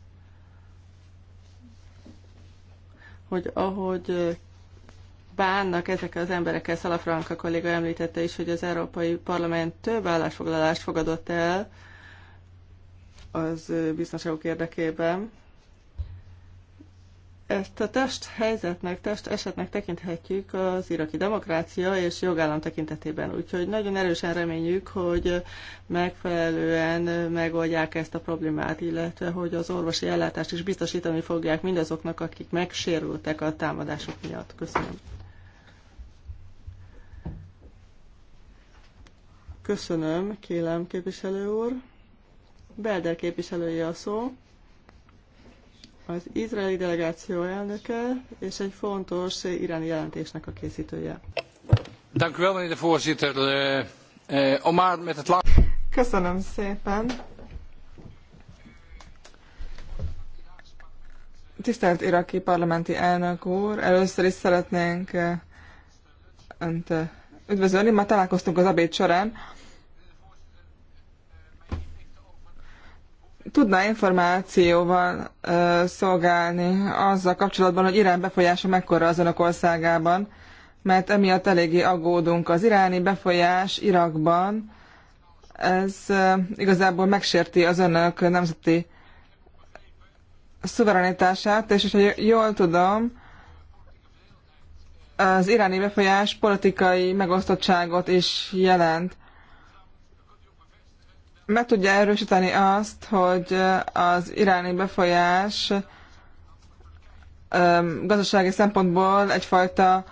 hogy ahogy bánnak ezek az emberekkel, Szalafranka kolléga említette is, hogy az Európai Parlament több állásfoglalást fogadott el az biztonságok érdekében, ezt a test helyzetnek, test esetnek tekinthetjük az iraki demokrácia és jogállam tekintetében. Úgyhogy nagyon erősen reményük, hogy megfelelően megoldják ezt a problémát, illetve hogy az orvosi ellátást is biztosítani fogják mindazoknak, akik megsérültek a támadások miatt. Köszönöm. Köszönöm, kélem képviselő úr. Belder képviselője a szó az izraeli delegáció elnöke és egy fontos iráni jelentésnek a készítője. Eh, eh, Köszönöm szépen. Tisztelt iraki parlamenti elnök úr, először is szeretnénk eh, önt üdvözölni, ma találkoztunk az ebéd során, tudna információval ö, szolgálni azzal kapcsolatban, hogy Irán befolyása mekkora az önök országában, mert emiatt eléggé aggódunk. Az iráni befolyás Irakban, ez ö, igazából megsérti az önök nemzeti szuverenitását, és hogyha jól tudom, az iráni befolyás politikai megosztottságot is jelent meg tudja erősíteni azt, hogy az iráni befolyás gazdasági szempontból egyfajta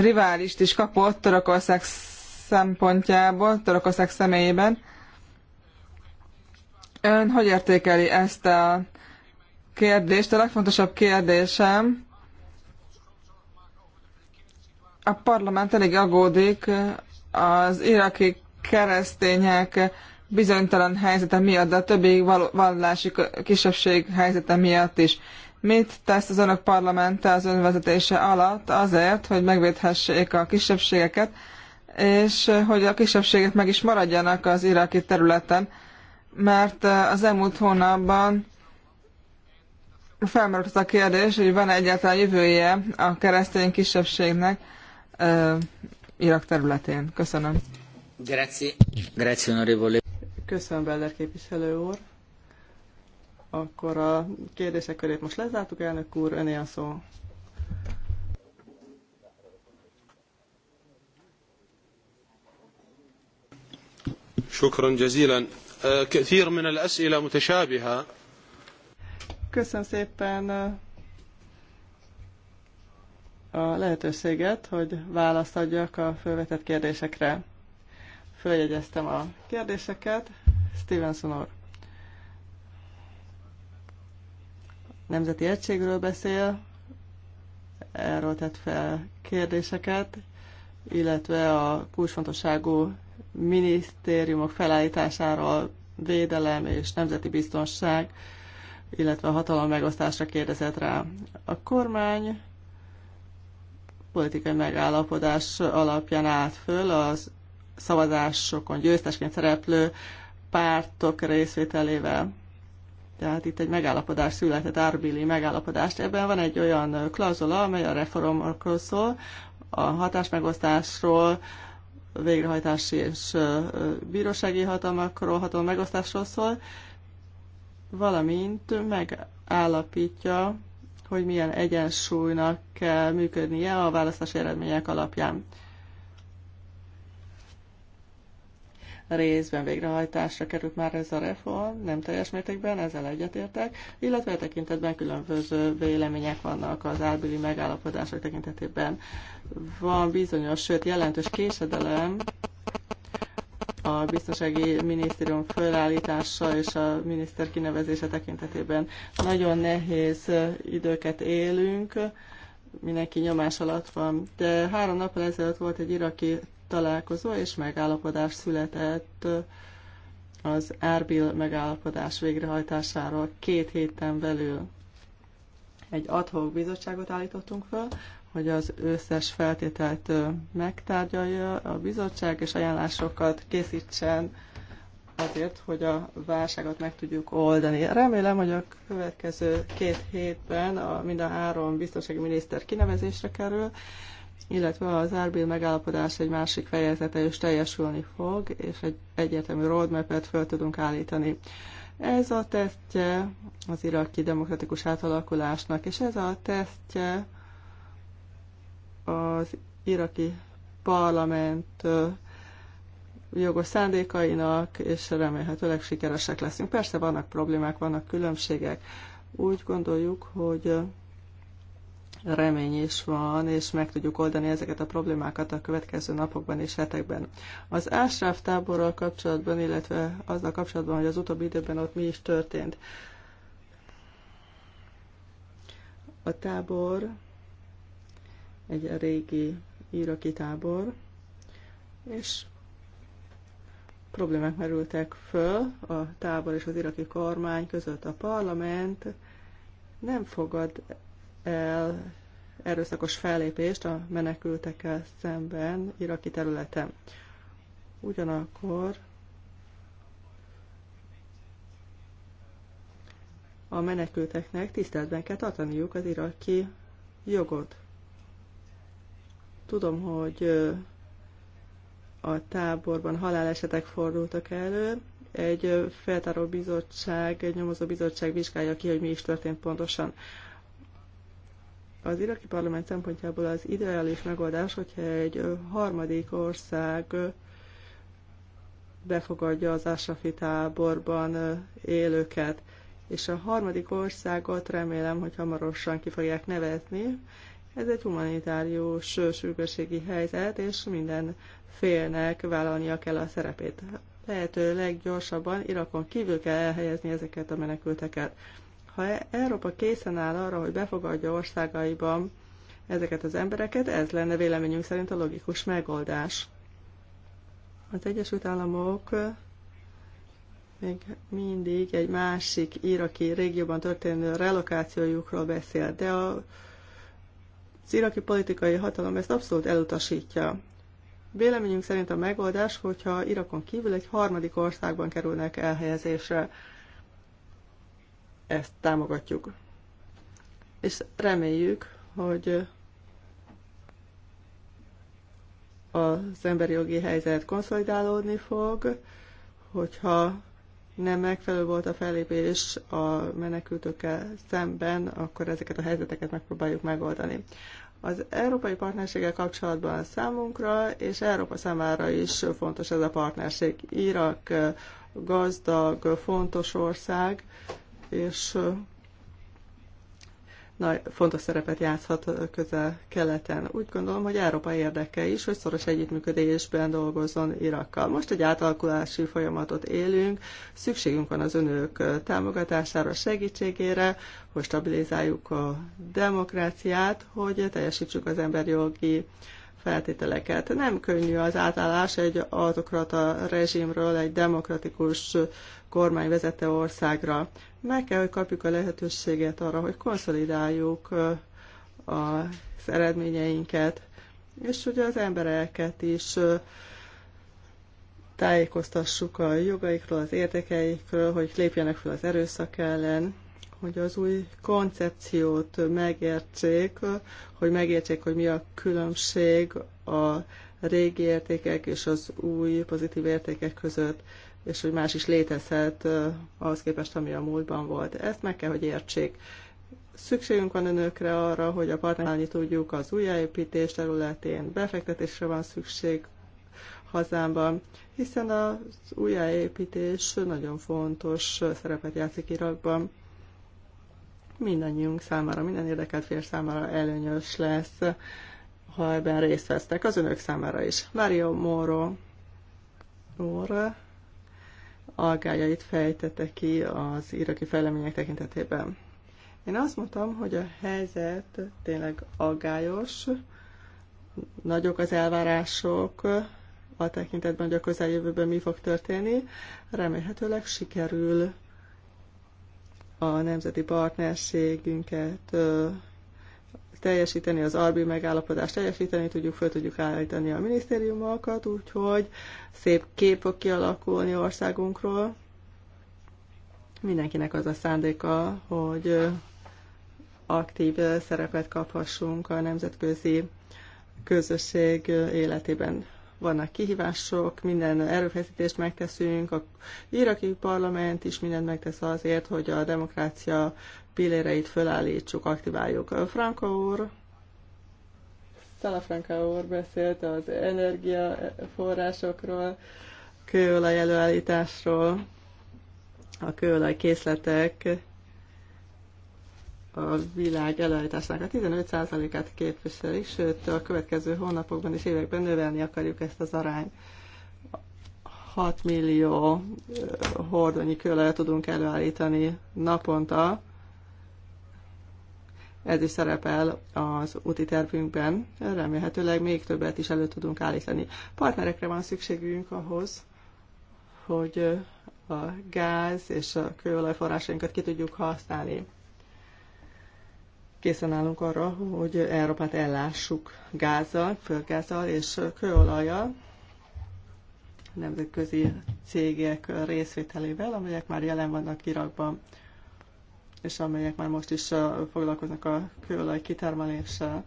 riválist is kapott Törökország szempontjából, Törökország személyében. Ön hogy értékeli ezt a kérdést? A legfontosabb kérdésem, a parlament elég aggódik az iraki keresztények bizonytalan helyzete miatt, de a többi vallási kisebbség helyzete miatt is. Mit tesz az önök parlamente az önvezetése alatt azért, hogy megvédhessék a kisebbségeket, és hogy a kisebbségek meg is maradjanak az iraki területen, mert az elmúlt hónapban felmerült a kérdés, hogy van-e egyáltalán jövője a keresztény kisebbségnek uh, Irak területén. Köszönöm. Grazie. Grazie, onorevole. Köszönöm, Beller képviselő úr. Akkor a kérdések körét most lezártuk, elnök úr, öné a szó. شكرا جزيلا كثير من Köszönöm szépen a lehetőséget, hogy választ adjak a felvetett kérdésekre. Följegyeztem a kérdéseket. Stevenson úr. Nemzeti egységről beszél, erről tett fel kérdéseket, illetve a kulcsfontosságú minisztériumok felállításáról védelem és nemzeti biztonság, illetve a hatalom megosztásra kérdezett rá. A kormány politikai megállapodás alapján állt föl az szavazásokon győztesként szereplő pártok részvételével. Tehát itt egy megállapodás született, árbili megállapodást. Ebben van egy olyan klauzula, amely a reformokról szól, a hatásmegosztásról, végrehajtási és bírósági hatalmakról, hatalom megosztásról szól, valamint megállapítja, hogy milyen egyensúlynak kell működnie a választási eredmények alapján. részben végrehajtásra került már ez a reform, nem teljes mértékben, ezzel egyetértek, illetve a tekintetben különböző vélemények vannak az árbili megállapodások tekintetében. Van bizonyos, sőt jelentős késedelem a biztonsági minisztérium fölállítása és a miniszter kinevezése tekintetében. Nagyon nehéz időket élünk, mindenki nyomás alatt van. De három nappal ezelőtt volt egy iraki találkozó és megállapodás született az Erbil megállapodás végrehajtásáról két héten belül. Egy adhok bizottságot állítottunk fel, hogy az összes feltételt megtárgyalja a bizottság, és ajánlásokat készítsen azért, hogy a válságot meg tudjuk oldani. Remélem, hogy a következő két hétben a, mind a három biztonsági miniszter kinevezésre kerül, illetve az Árbil megállapodás egy másik fejezete is teljesülni fog, és egy egyértelmű roadmap-et fel tudunk állítani. Ez a tesztje az iraki demokratikus átalakulásnak, és ez a tesztje az iraki parlament jogos szándékainak, és remélhetőleg sikeresek leszünk. Persze vannak problémák, vannak különbségek. Úgy gondoljuk, hogy remény is van, és meg tudjuk oldani ezeket a problémákat a következő napokban és hetekben. Az Ásráv táborral kapcsolatban, illetve azzal kapcsolatban, hogy az utóbbi időben ott mi is történt. A tábor egy régi iraki tábor, és problémák merültek föl a tábor és az iraki kormány között. A parlament nem fogad el erőszakos fellépést a menekültekkel szemben iraki területen. Ugyanakkor a menekülteknek tiszteletben kell tartaniuk az iraki jogot. Tudom, hogy a táborban halálesetek fordultak elő, egy feltáró bizottság, egy nyomozó bizottság vizsgálja ki, hogy mi is történt pontosan. Az iraki parlament szempontjából az ideális megoldás, hogyha egy harmadik ország befogadja az Ásrafi táborban élőket. És a harmadik országot remélem, hogy hamarosan ki fogják nevezni. Ez egy humanitárius sürgőségi helyzet, és minden félnek vállalnia kell a szerepét. Lehető leggyorsabban Irakon kívül kell elhelyezni ezeket a menekülteket ha Európa készen áll arra, hogy befogadja országaiban ezeket az embereket, ez lenne véleményünk szerint a logikus megoldás. Az Egyesült Államok még mindig egy másik iraki régióban történő relokációjukról beszél, de a, az iraki politikai hatalom ezt abszolút elutasítja. Véleményünk szerint a megoldás, hogyha Irakon kívül egy harmadik országban kerülnek elhelyezésre ezt támogatjuk. És reméljük, hogy az emberi jogi helyzet konszolidálódni fog, hogyha nem megfelelő volt a fellépés a menekültökkel szemben, akkor ezeket a helyzeteket megpróbáljuk megoldani. Az európai partnerséggel kapcsolatban számunkra és Európa számára is fontos ez a partnerség. Irak gazdag, fontos ország, és nagy, fontos szerepet játszhat közel-keleten. Úgy gondolom, hogy Európa érdeke is, hogy szoros együttműködésben dolgozzon Irakkal. Most egy átalakulási folyamatot élünk, szükségünk van az önök támogatására, segítségére, hogy stabilizáljuk a demokráciát, hogy teljesítsük az emberjogi feltételeket. Nem könnyű az átállás egy autokrata rezsimről egy demokratikus kormány vezette országra. Meg kell, hogy kapjuk a lehetőséget arra, hogy konszolidáljuk az eredményeinket, és ugye az embereket is tájékoztassuk a jogaikról, az érdekeikről, hogy lépjenek fel az erőszak ellen, hogy az új koncepciót megértsék, hogy megértsék, hogy mi a különbség a régi értékek és az új pozitív értékek között, és hogy más is létezhet ahhoz képest, ami a múltban volt. Ezt meg kell, hogy értsék. Szükségünk van önökre arra, hogy a partnerálni tudjuk az újjáépítés területén, befektetésre van szükség hazámban, hiszen az újjáépítés nagyon fontos szerepet játszik Irakban mindannyiunk számára, minden érdekelt fél számára előnyös lesz, ha ebben részt vesztek, az önök számára is. Mario Moro úr algájait fejtette ki az iraki fejlemények tekintetében. Én azt mondtam, hogy a helyzet tényleg aggályos, nagyok az elvárások a tekintetben, hogy a közeljövőben mi fog történni. Remélhetőleg sikerül a nemzeti partnerségünket teljesíteni, az arbi megállapodást teljesíteni tudjuk, föl tudjuk állítani a minisztériumokat, úgyhogy szép kép fog kialakulni országunkról. Mindenkinek az a szándéka, hogy aktív szerepet kaphassunk a nemzetközi közösség életében vannak kihívások, minden erőfeszítést megteszünk, a iraki parlament is mindent megtesz azért, hogy a demokrácia pilléreit fölállítsuk, aktiváljuk. Franka úr, Salafranca úr beszélt az energiaforrásokról, kőolaj előállításról, a kőolaj készletek a világ előállításának a 15%-át képviseli, sőt a következő hónapokban és években növelni akarjuk ezt az arányt. 6 millió hordonyi kőolajat tudunk előállítani naponta. Ez is szerepel az úti tervünkben. Remélhetőleg még többet is elő tudunk állítani. Partnerekre van szükségünk ahhoz, hogy a gáz és a kőolajforrásainkat ki tudjuk használni készen állunk arra, hogy Európát ellássuk gázzal, földgázzal és kőolajjal, nemzetközi cégek részvételével, amelyek már jelen vannak Irakban, és amelyek már most is foglalkoznak a kőolaj kitermeléssel.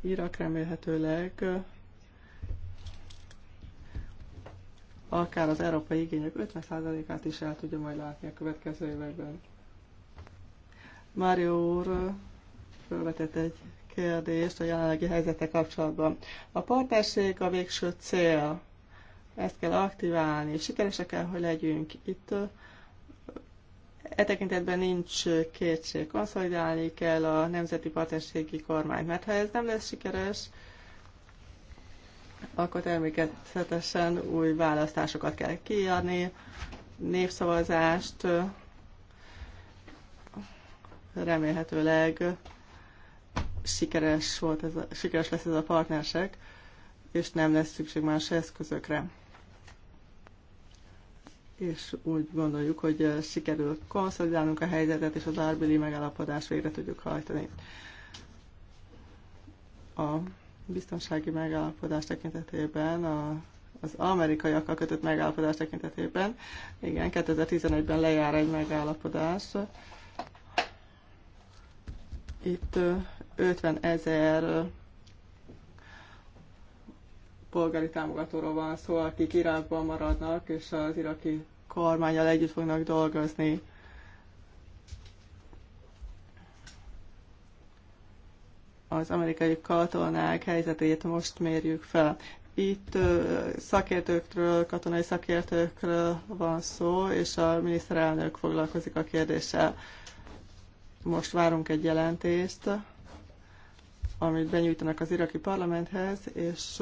Irak remélhetőleg akár az európai igények 50%-át is el tudja majd látni a következő években. Mário úr felvetett egy kérdést a jelenlegi helyzete kapcsolatban. A partnerség a végső cél. Ezt kell aktiválni. Sikeresek kell, hogy legyünk. Itt e tekintetben nincs kétség. Konszolidálni kell a nemzeti partnerségi kormányt, mert ha ez nem lesz sikeres, akkor természetesen új választásokat kell kiadni, népszavazást, remélhetőleg sikeres, volt ez a, sikeres lesz ez a partnerség, és nem lesz szükség más eszközökre. És úgy gondoljuk, hogy sikerül konszolidálnunk a helyzetet, és az árbeli megállapodást végre tudjuk hajtani. A biztonsági megállapodás tekintetében, a, az amerikaiakkal kötött megállapodás tekintetében, igen, 2011-ben lejár egy megállapodás. Itt 50 ezer polgári támogatóról van szó, akik Irakban maradnak, és az iraki kormányjal együtt fognak dolgozni. az amerikai katonák helyzetét most mérjük fel. Itt szakértőkről, katonai szakértőkről van szó, és a miniszterelnök foglalkozik a kérdéssel. Most várunk egy jelentést, amit benyújtanak az iraki parlamenthez, és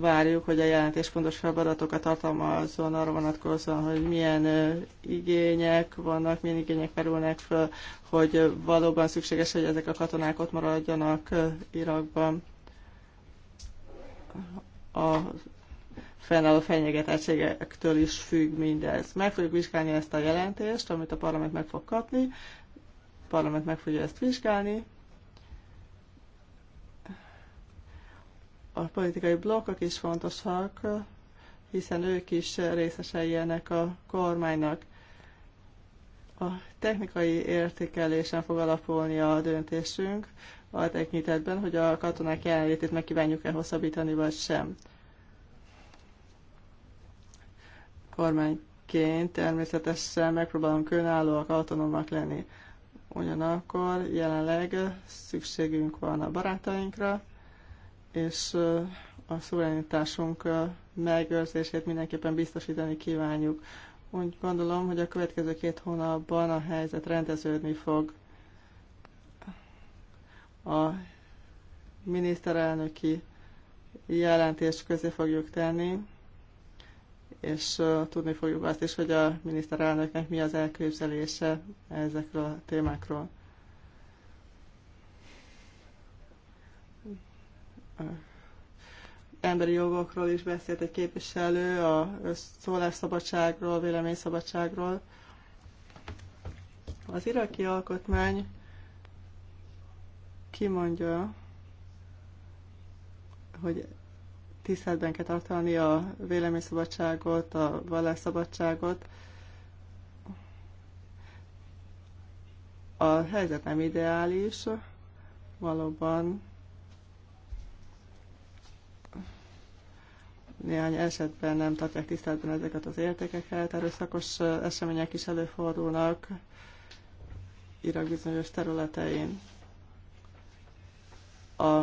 várjuk, hogy a jelentés pontosabb adatokat tartalmazzon arra vonatkozóan, hogy milyen igények vannak, milyen igények merülnek föl, hogy valóban szükséges, hogy ezek a katonák ott maradjanak Irakban a fennálló fenyegetettségektől is függ mindez. Meg fogjuk vizsgálni ezt a jelentést, amit a parlament meg fog kapni, a parlament meg fogja ezt vizsgálni, A politikai blokkok is fontosak, hiszen ők is részesei ennek a kormánynak. A technikai értékelésen fog alapulni a döntésünk, a tekintetben, hogy a katonák jelenlétét meg kívánjuk-e hosszabbítani, vagy sem. Kormányként természetesen megpróbálunk önállóak, autonómak lenni. Ugyanakkor jelenleg szükségünk van a barátainkra, és a szuverenitásunk megőrzését mindenképpen biztosítani kívánjuk. Úgy gondolom, hogy a következő két hónapban a helyzet rendeződni fog. A miniszterelnöki jelentést közé fogjuk tenni, és tudni fogjuk azt is, hogy a miniszterelnöknek mi az elképzelése ezekről a témákról. emberi jogokról is beszélt egy képviselő, a szólásszabadságról, véleményszabadságról. Az iraki alkotmány kimondja, hogy tiszteletben kell tartani a véleményszabadságot, a vallásszabadságot. A helyzet nem ideális, valóban néhány esetben nem tartják tiszteletben ezeket az értékeket, erőszakos események is előfordulnak Irak bizonyos területein. A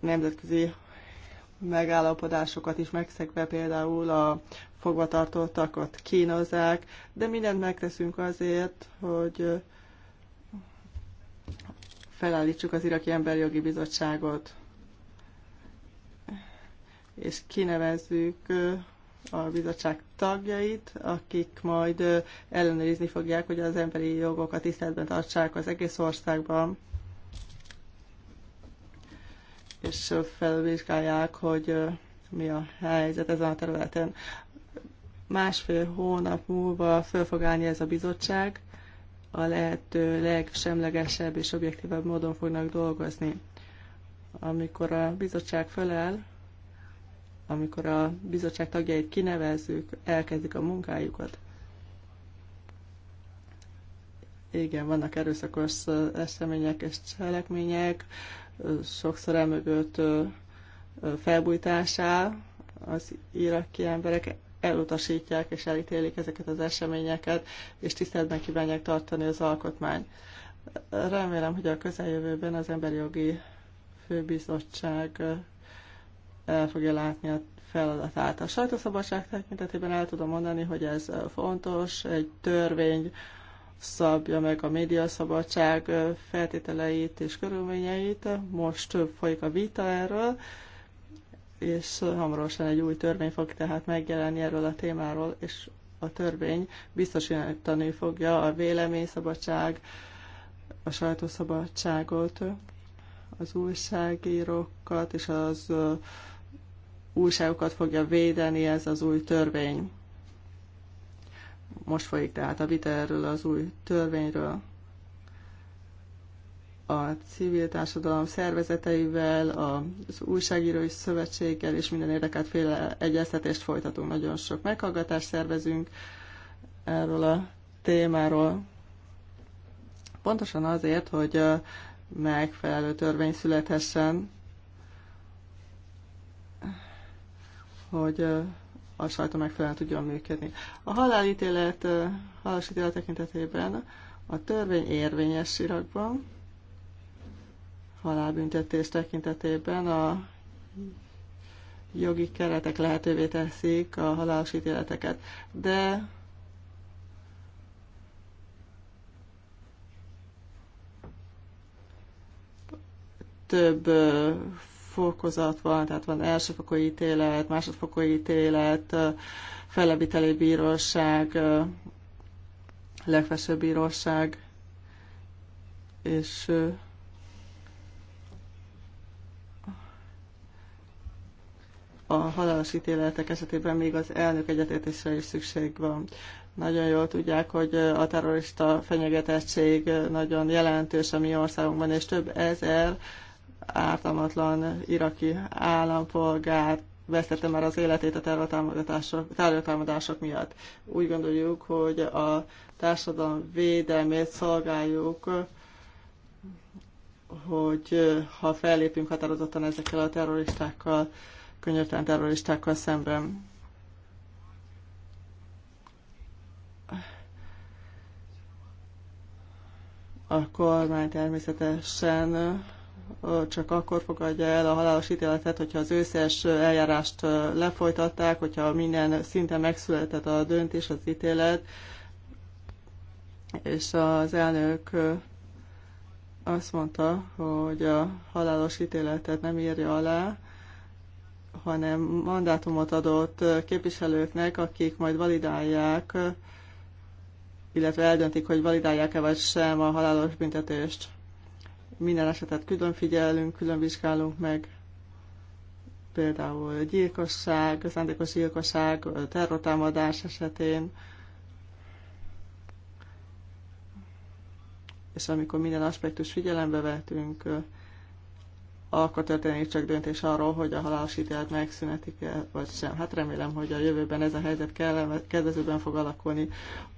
nemzetközi megállapodásokat is megszegve például a fogvatartottakat kínozzák, de mindent megteszünk azért, hogy felállítsuk az Iraki Emberjogi Bizottságot, és kinevezzük a bizottság tagjait, akik majd ellenőrizni fogják, hogy az emberi jogokat tiszteletben tartsák az egész országban, és felvizsgálják, hogy mi a helyzet ezen a területen. Másfél hónap múlva föl fog állni ez a bizottság, a lehető legsemlegesebb és objektívebb módon fognak dolgozni. Amikor a bizottság felel, amikor a bizottság tagjait kinevezzük, elkezdik a munkájukat. Igen, vannak erőszakos események és cselekmények, sokszor emögött felbújtásá az iraki emberek elutasítják és elítélik ezeket az eseményeket, és tiszteletben kívánják tartani az alkotmány. Remélem, hogy a közeljövőben az Emberi Jogi Főbizottság el fogja látni a feladatát. A sajtószabadság tekintetében el tudom mondani, hogy ez fontos, egy törvény szabja meg a médiaszabadság feltételeit és körülményeit. Most folyik a vita erről, és hamarosan egy új törvény fog tehát megjelenni erről a témáról, és a törvény biztosítani fogja a véleményszabadság, a sajtószabadságot, az újságírókat és az újságokat fogja védeni ez az új törvény. Most folyik tehát a vita erről az új törvényről a civil társadalom szervezeteivel, az újságírói szövetséggel és minden érdekelt fél egyeztetést folytatunk. Nagyon sok meghallgatást szervezünk erről a témáról. Pontosan azért, hogy megfelelő törvény születhessen, hogy a sajtó megfelelően tudjon működni. A halálítélet, halálos tekintetében a törvény érvényes Irakban, halálbüntetés tekintetében a jogi keretek lehetővé teszik a halálos ítéleteket. De több fokozat van, tehát van elsőfokú ítélet, másodfokú ítélet, fellebiteli bíróság, legfelsőbb bíróság, és a halálos ítéletek esetében még az elnök egyetértésre is szükség van. Nagyon jól tudják, hogy a terrorista fenyegetettség nagyon jelentős a mi országunkban, és több ezer ártalmatlan iraki állampolgár vesztette már az életét a terrortámadások, miatt. Úgy gondoljuk, hogy a társadalom védelmét szolgáljuk, hogy ha fellépünk határozottan ezekkel a terroristákkal könnyűtelen terroristákkal szemben. A kormány természetesen csak akkor fogadja el a halálos ítéletet, hogyha az összes eljárást lefolytatták, hogyha minden szinten megszületett a döntés, az ítélet, és az elnök azt mondta, hogy a halálos ítéletet nem írja alá, hanem mandátumot adott képviselőknek, akik majd validálják, illetve eldöntik, hogy validálják-e vagy sem a halálos büntetést. Minden esetet külön figyelünk, külön vizsgálunk meg, például gyilkosság, szándékos gyilkosság, terrortámadás esetén, és amikor minden aspektus figyelembe vetünk, akkor történik csak döntés arról, hogy a halálos ítélet megszünetik-e, vagy sem. Hát remélem, hogy a jövőben ez a helyzet kedvezőben fog alakulni.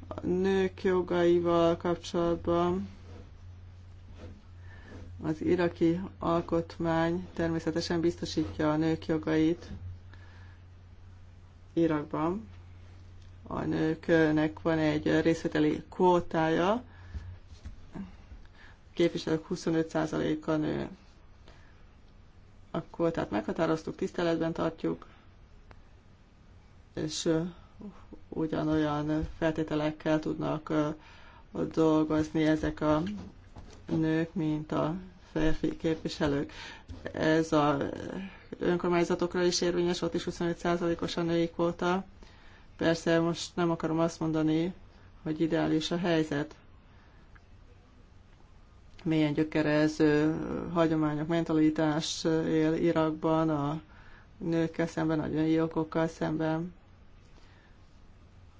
A nők jogaival kapcsolatban az iraki alkotmány természetesen biztosítja a nők jogait Irakban. A nőknek van egy részvételi kvótája, képviselők 25%-a nő akkor tehát meghatároztuk, tiszteletben tartjuk, és ugyanolyan feltételekkel tudnak dolgozni ezek a nők, mint a férfi képviselők. Ez a önkormányzatokra is érvényes, ott is 25%-os a női kvóta. Persze most nem akarom azt mondani, hogy ideális a helyzet mélyen gyökerező hagyományok, mentalitás él Irakban, a nőkkel szemben, a női jogokkal szemben.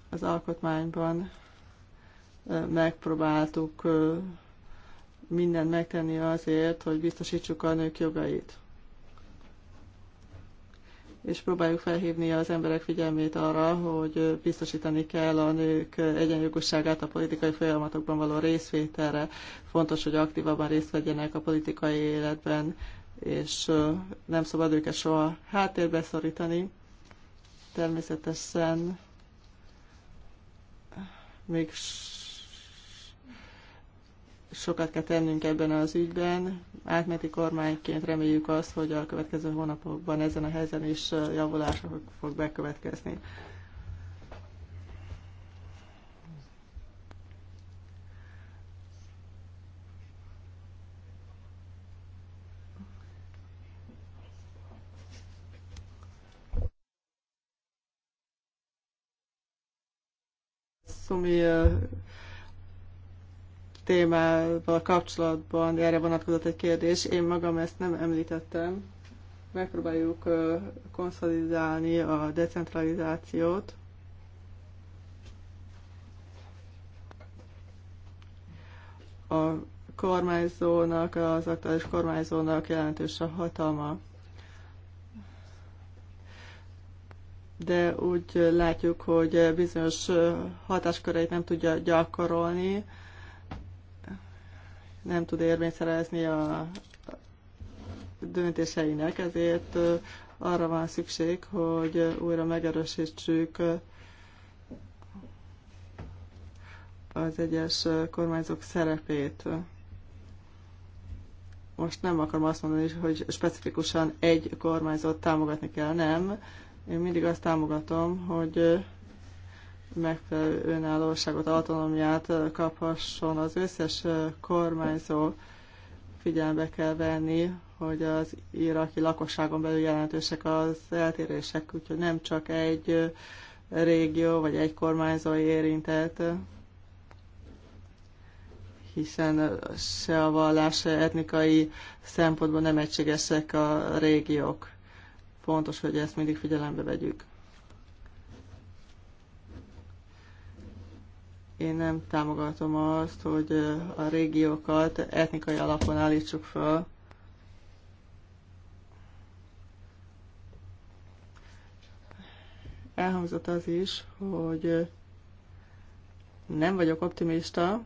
Az alkotmányban megpróbáltuk mindent megtenni azért, hogy biztosítsuk a nők jogait és próbáljuk felhívni az emberek figyelmét arra, hogy biztosítani kell a nők egyenjogosságát a politikai folyamatokban való részvételre. Fontos, hogy aktívabban részt vegyenek a politikai életben, és nem szabad őket soha háttérbe szorítani. Természetesen még sokat kell tennünk ebben az ügyben. Átmeneti kormányként reméljük azt, hogy a következő hónapokban ezen a helyzen is javulások fog bekövetkezni. Szumi témával kapcsolatban erre vonatkozott egy kérdés. Én magam ezt nem említettem. Megpróbáljuk konszolidálni a decentralizációt. A kormányzónak, az aktuális kormányzónak jelentős a hatalma. de úgy látjuk, hogy bizonyos hatásköreit nem tudja gyakorolni, nem tud érvényt szerezni a döntéseinek, ezért arra van szükség, hogy újra megerősítsük az egyes kormányzók szerepét. Most nem akarom azt mondani, hogy specifikusan egy kormányzót támogatni kell, nem. Én mindig azt támogatom, hogy megfelelő önállóságot, autonómiát kaphasson az összes kormányzó. Figyelembe kell venni, hogy az iraki lakosságon belül jelentősek az eltérések, úgyhogy nem csak egy régió vagy egy kormányzó érintett, hiszen se a vallás, se etnikai szempontból nem egységesek a régiók. Fontos, hogy ezt mindig figyelembe vegyük. Én nem támogatom azt, hogy a régiókat etnikai alapon állítsuk föl. Elhangzott az is, hogy nem vagyok optimista.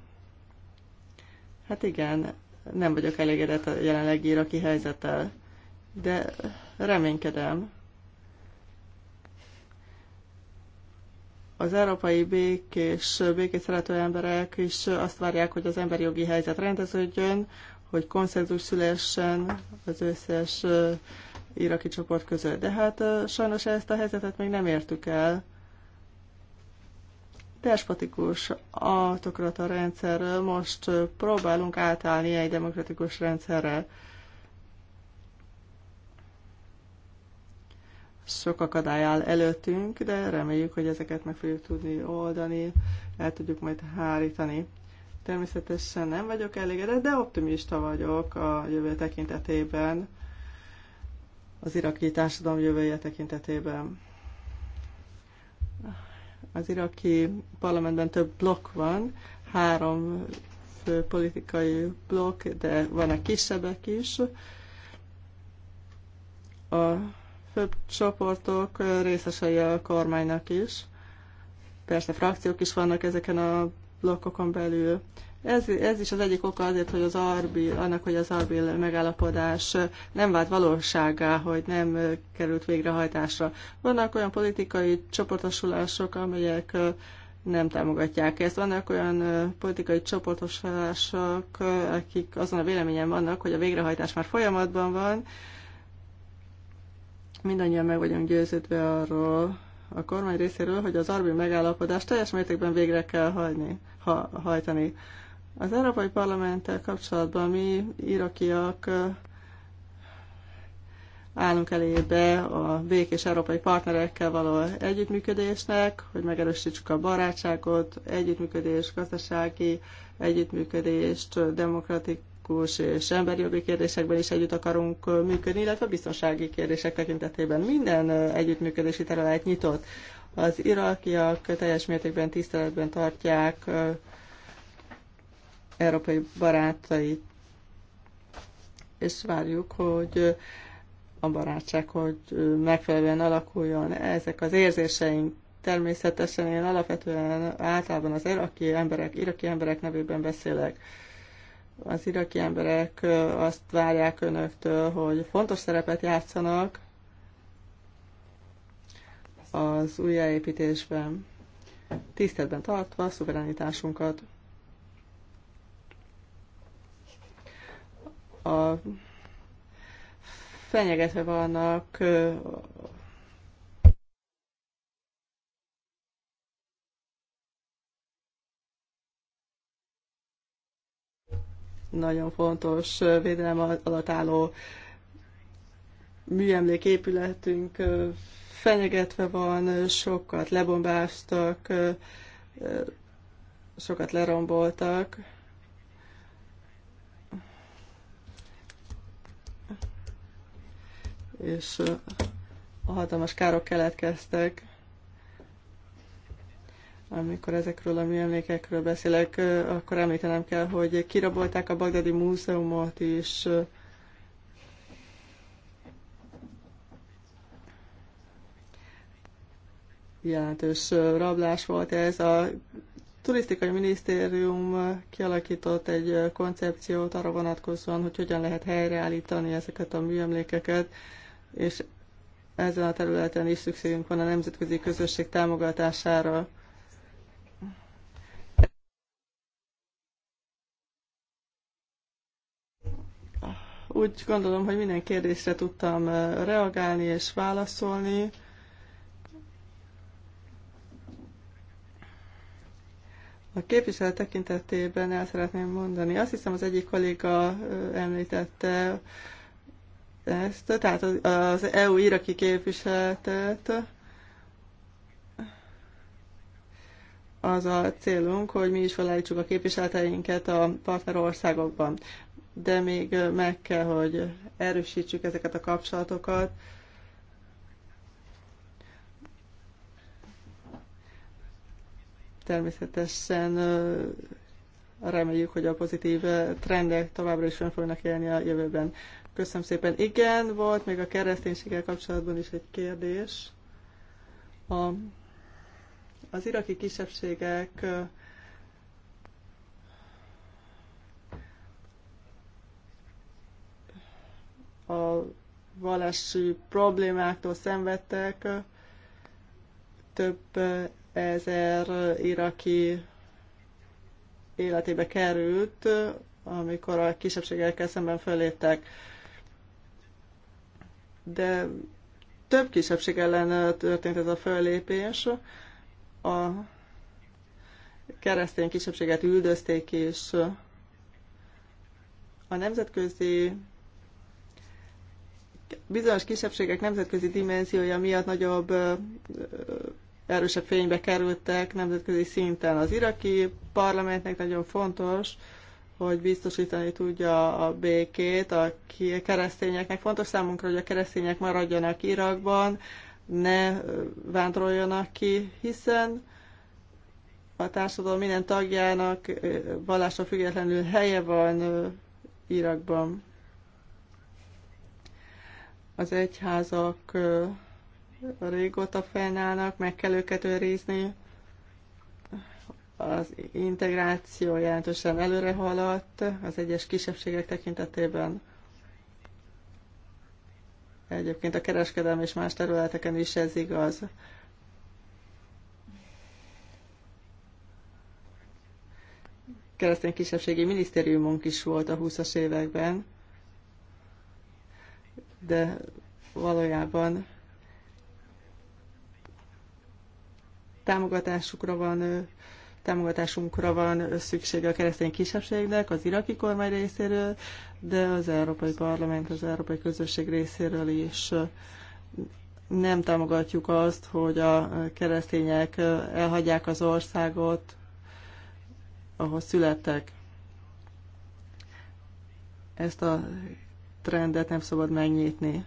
Hát igen, nem vagyok elégedett a jelenlegi iraki helyzettel, de reménykedem az európai békés, békés szerető emberek is azt várják, hogy az emberi jogi helyzet rendeződjön, hogy konszenzus szülessen az összes iraki csoport között. De hát sajnos ezt a helyzetet még nem értük el. Despotikus autokrata rendszerről most próbálunk átállni egy demokratikus rendszerre. sok akadály áll előttünk, de reméljük, hogy ezeket meg fogjuk tudni oldani, el tudjuk majd hárítani. Természetesen nem vagyok elégedett, de optimista vagyok a jövő tekintetében, az iraki társadalom jövője tekintetében. Az iraki parlamentben több blokk van, három fő politikai blokk, de vannak kisebbek is. A legfőbb csoportok részesei a kormánynak is. Persze frakciók is vannak ezeken a blokkokon belül. Ez, ez is az egyik oka azért, hogy az arbi annak, hogy az Arbil megállapodás nem vált valóságá, hogy nem került végrehajtásra. Vannak olyan politikai csoportosulások, amelyek nem támogatják ezt. Vannak olyan politikai csoportosulások, akik azon a véleményen vannak, hogy a végrehajtás már folyamatban van, Mindannyian meg vagyunk győződve arról a kormány részéről, hogy az arbi megállapodást teljes mértékben végre kell hajni, ha, hajtani. Az Európai Parlamenttel kapcsolatban mi irakiak állunk elébe a békés európai partnerekkel való együttműködésnek, hogy megerősítsük a barátságot, együttműködést, gazdasági együttműködést, demokratik, demokratikus és emberi jogi kérdésekben is együtt akarunk működni, illetve biztonsági kérdések tekintetében minden együttműködési terület nyitott. Az irakiak teljes mértékben tiszteletben tartják európai barátait, és várjuk, hogy a barátság, hogy megfelelően alakuljon. Ezek az érzéseink természetesen én alapvetően általában az iraki emberek, iraki emberek nevében beszélek. Az iraki emberek azt várják önöktől, hogy fontos szerepet játszanak az újjáépítésben, tiszteletben tartva a szuverenitásunkat. A fenyegetve vannak nagyon fontos védelem alatt álló műemléképületünk fenyegetve van, sokat lebombáztak, sokat leromboltak. És a hatalmas károk keletkeztek amikor ezekről a műemlékekről beszélek, akkor említenem kell, hogy kirabolták a Bagdadi Múzeumot is, jelentős rablás volt ez. A turisztikai minisztérium kialakított egy koncepciót arra vonatkozóan, hogy hogyan lehet helyreállítani ezeket a műemlékeket, és ezen a területen is szükségünk van a nemzetközi közösség támogatására. Úgy gondolom, hogy minden kérdésre tudtam eh, reagálni és válaszolni. A képviselő tekintetében el szeretném mondani. Azt hiszem az egyik kolléga eh, említette ezt, tehát az EU iraki képviseletet. Az a célunk, hogy mi is felállítsuk a képviseleteinket a partnerországokban de még meg kell, hogy erősítsük ezeket a kapcsolatokat. Természetesen reméljük, hogy a pozitív trendek továbbra is fönn fognak élni a jövőben. Köszönöm szépen. Igen, volt még a kereszténységgel kapcsolatban is egy kérdés. A, az iraki kisebbségek a vallási problémáktól szenvedtek, több ezer iraki életébe került, amikor a kisebbségekkel szemben föléptek. De több kisebbség ellen történt ez a fölépés, A keresztény kisebbséget üldözték és A nemzetközi bizonyos kisebbségek nemzetközi dimenziója miatt nagyobb, erősebb fénybe kerültek nemzetközi szinten. Az iraki parlamentnek nagyon fontos, hogy biztosítani tudja a békét, a keresztényeknek. Fontos számunkra, hogy a keresztények maradjanak Irakban, ne vándoroljanak ki, hiszen a társadalom minden tagjának vallásra függetlenül helye van Irakban. Az egyházak régóta fennállnak, meg kell őket őrizni. Az integráció jelentősen előre haladt az egyes kisebbségek tekintetében. Egyébként a kereskedelmi és más területeken is ez igaz. Keresztény kisebbségi minisztériumunk is volt a 20-as években, de valójában támogatásukra van támogatásunkra van szüksége a keresztény kisebbségnek, az iraki kormány részéről, de az Európai Parlament, az Európai Közösség részéről is nem támogatjuk azt, hogy a keresztények elhagyják az országot, ahol születtek. Ezt a trendet nem szabad megnyitni.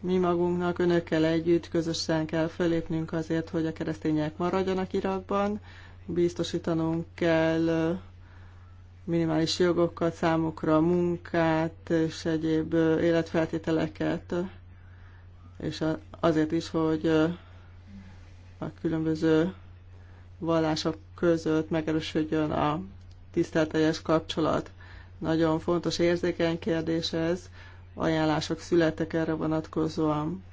Mi magunknak, önökkel együtt közösen kell fölépnünk azért, hogy a keresztények maradjanak Irakban, biztosítanunk kell minimális jogokat számukra, munkát és egyéb életfeltételeket, és azért is, hogy a különböző vallások között megerősödjön a tisztelteljes kapcsolat. Nagyon fontos érzékeny kérdés ez, ajánlások születtek erre vonatkozóan.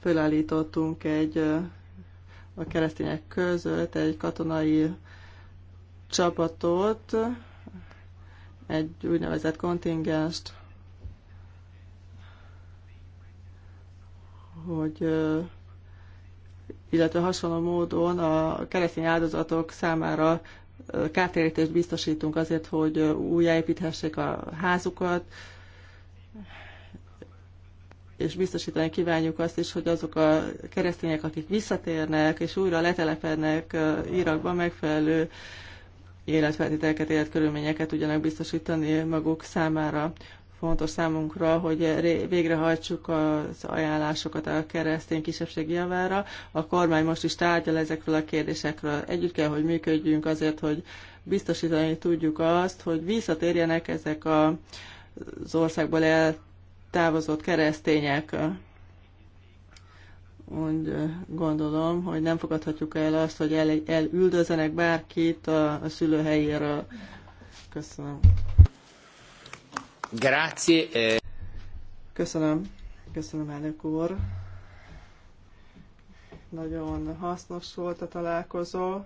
Fölállítottunk egy a keresztények között egy katonai csapatot, egy úgynevezett kontingenst, hogy illetve hasonló módon a keresztény áldozatok számára kártérítést biztosítunk azért, hogy újjáépíthessék a házukat, és biztosítani kívánjuk azt is, hogy azok a keresztények, akik visszatérnek és újra letelepednek Irakban megfelelő életfeltételeket, életkörülményeket tudjanak biztosítani maguk számára fontos számunkra, hogy végrehajtsuk az ajánlásokat a keresztény kisebbség javára. A kormány most is tárgyal ezekről a kérdésekről. Együtt kell, hogy működjünk azért, hogy biztosítani tudjuk azt, hogy visszatérjenek ezek a, az országból eltávozott keresztények. Úgy gondolom, hogy nem fogadhatjuk el azt, hogy el, elüldözenek bárkit a, a szülőhelyéről. Köszönöm. Grazie. Eh. Köszönöm. Köszönöm, elnök úr. Nagyon hasznos volt a találkozó.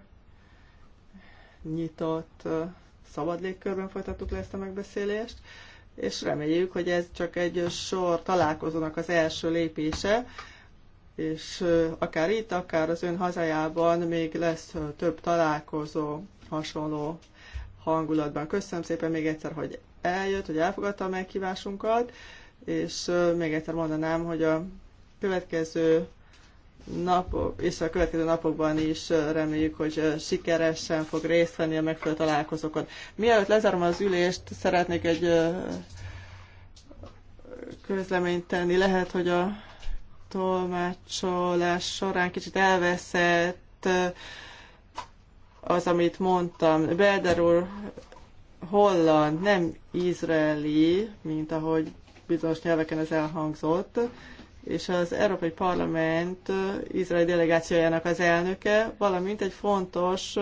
Nyitott, eh, szabad légkörben folytattuk le ezt a megbeszélést, és reméljük, hogy ez csak egy sor találkozónak az első lépése, és eh, akár itt, akár az ön hazájában még lesz több találkozó hasonló hangulatban. Köszönöm szépen még egyszer, hogy eljött, hogy elfogadta a meghívásunkat, és még egyszer mondanám, hogy a következő napok, és a következő napokban is reméljük, hogy sikeresen fog részt venni a megfelelő találkozókon. Mielőtt lezárom az ülést, szeretnék egy közleményt tenni. Lehet, hogy a tolmácsolás során kicsit elveszett az, amit mondtam. Belder úr holland, nem izraeli, mint ahogy bizonyos nyelveken ez elhangzott, és az Európai Parlament izraeli delegációjának az elnöke, valamint egy fontos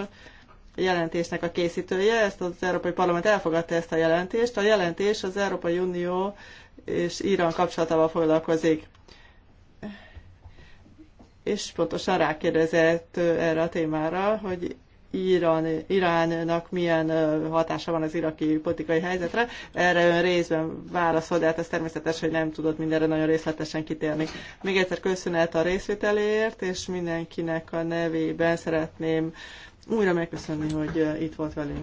jelentésnek a készítője. Ezt az Európai Parlament elfogadta ezt a jelentést. A jelentés az Európai Unió és Irán kapcsolatával foglalkozik. És pontosan rákérdezett erre a témára, hogy Irán, Iránnak milyen hatása van az iraki politikai helyzetre. Erre ön részben válaszol, de hát ez természetes, hogy nem tudott mindenre nagyon részletesen kitérni. Még egyszer köszönet a részvételért, és mindenkinek a nevében szeretném újra megköszönni, hogy itt volt velünk.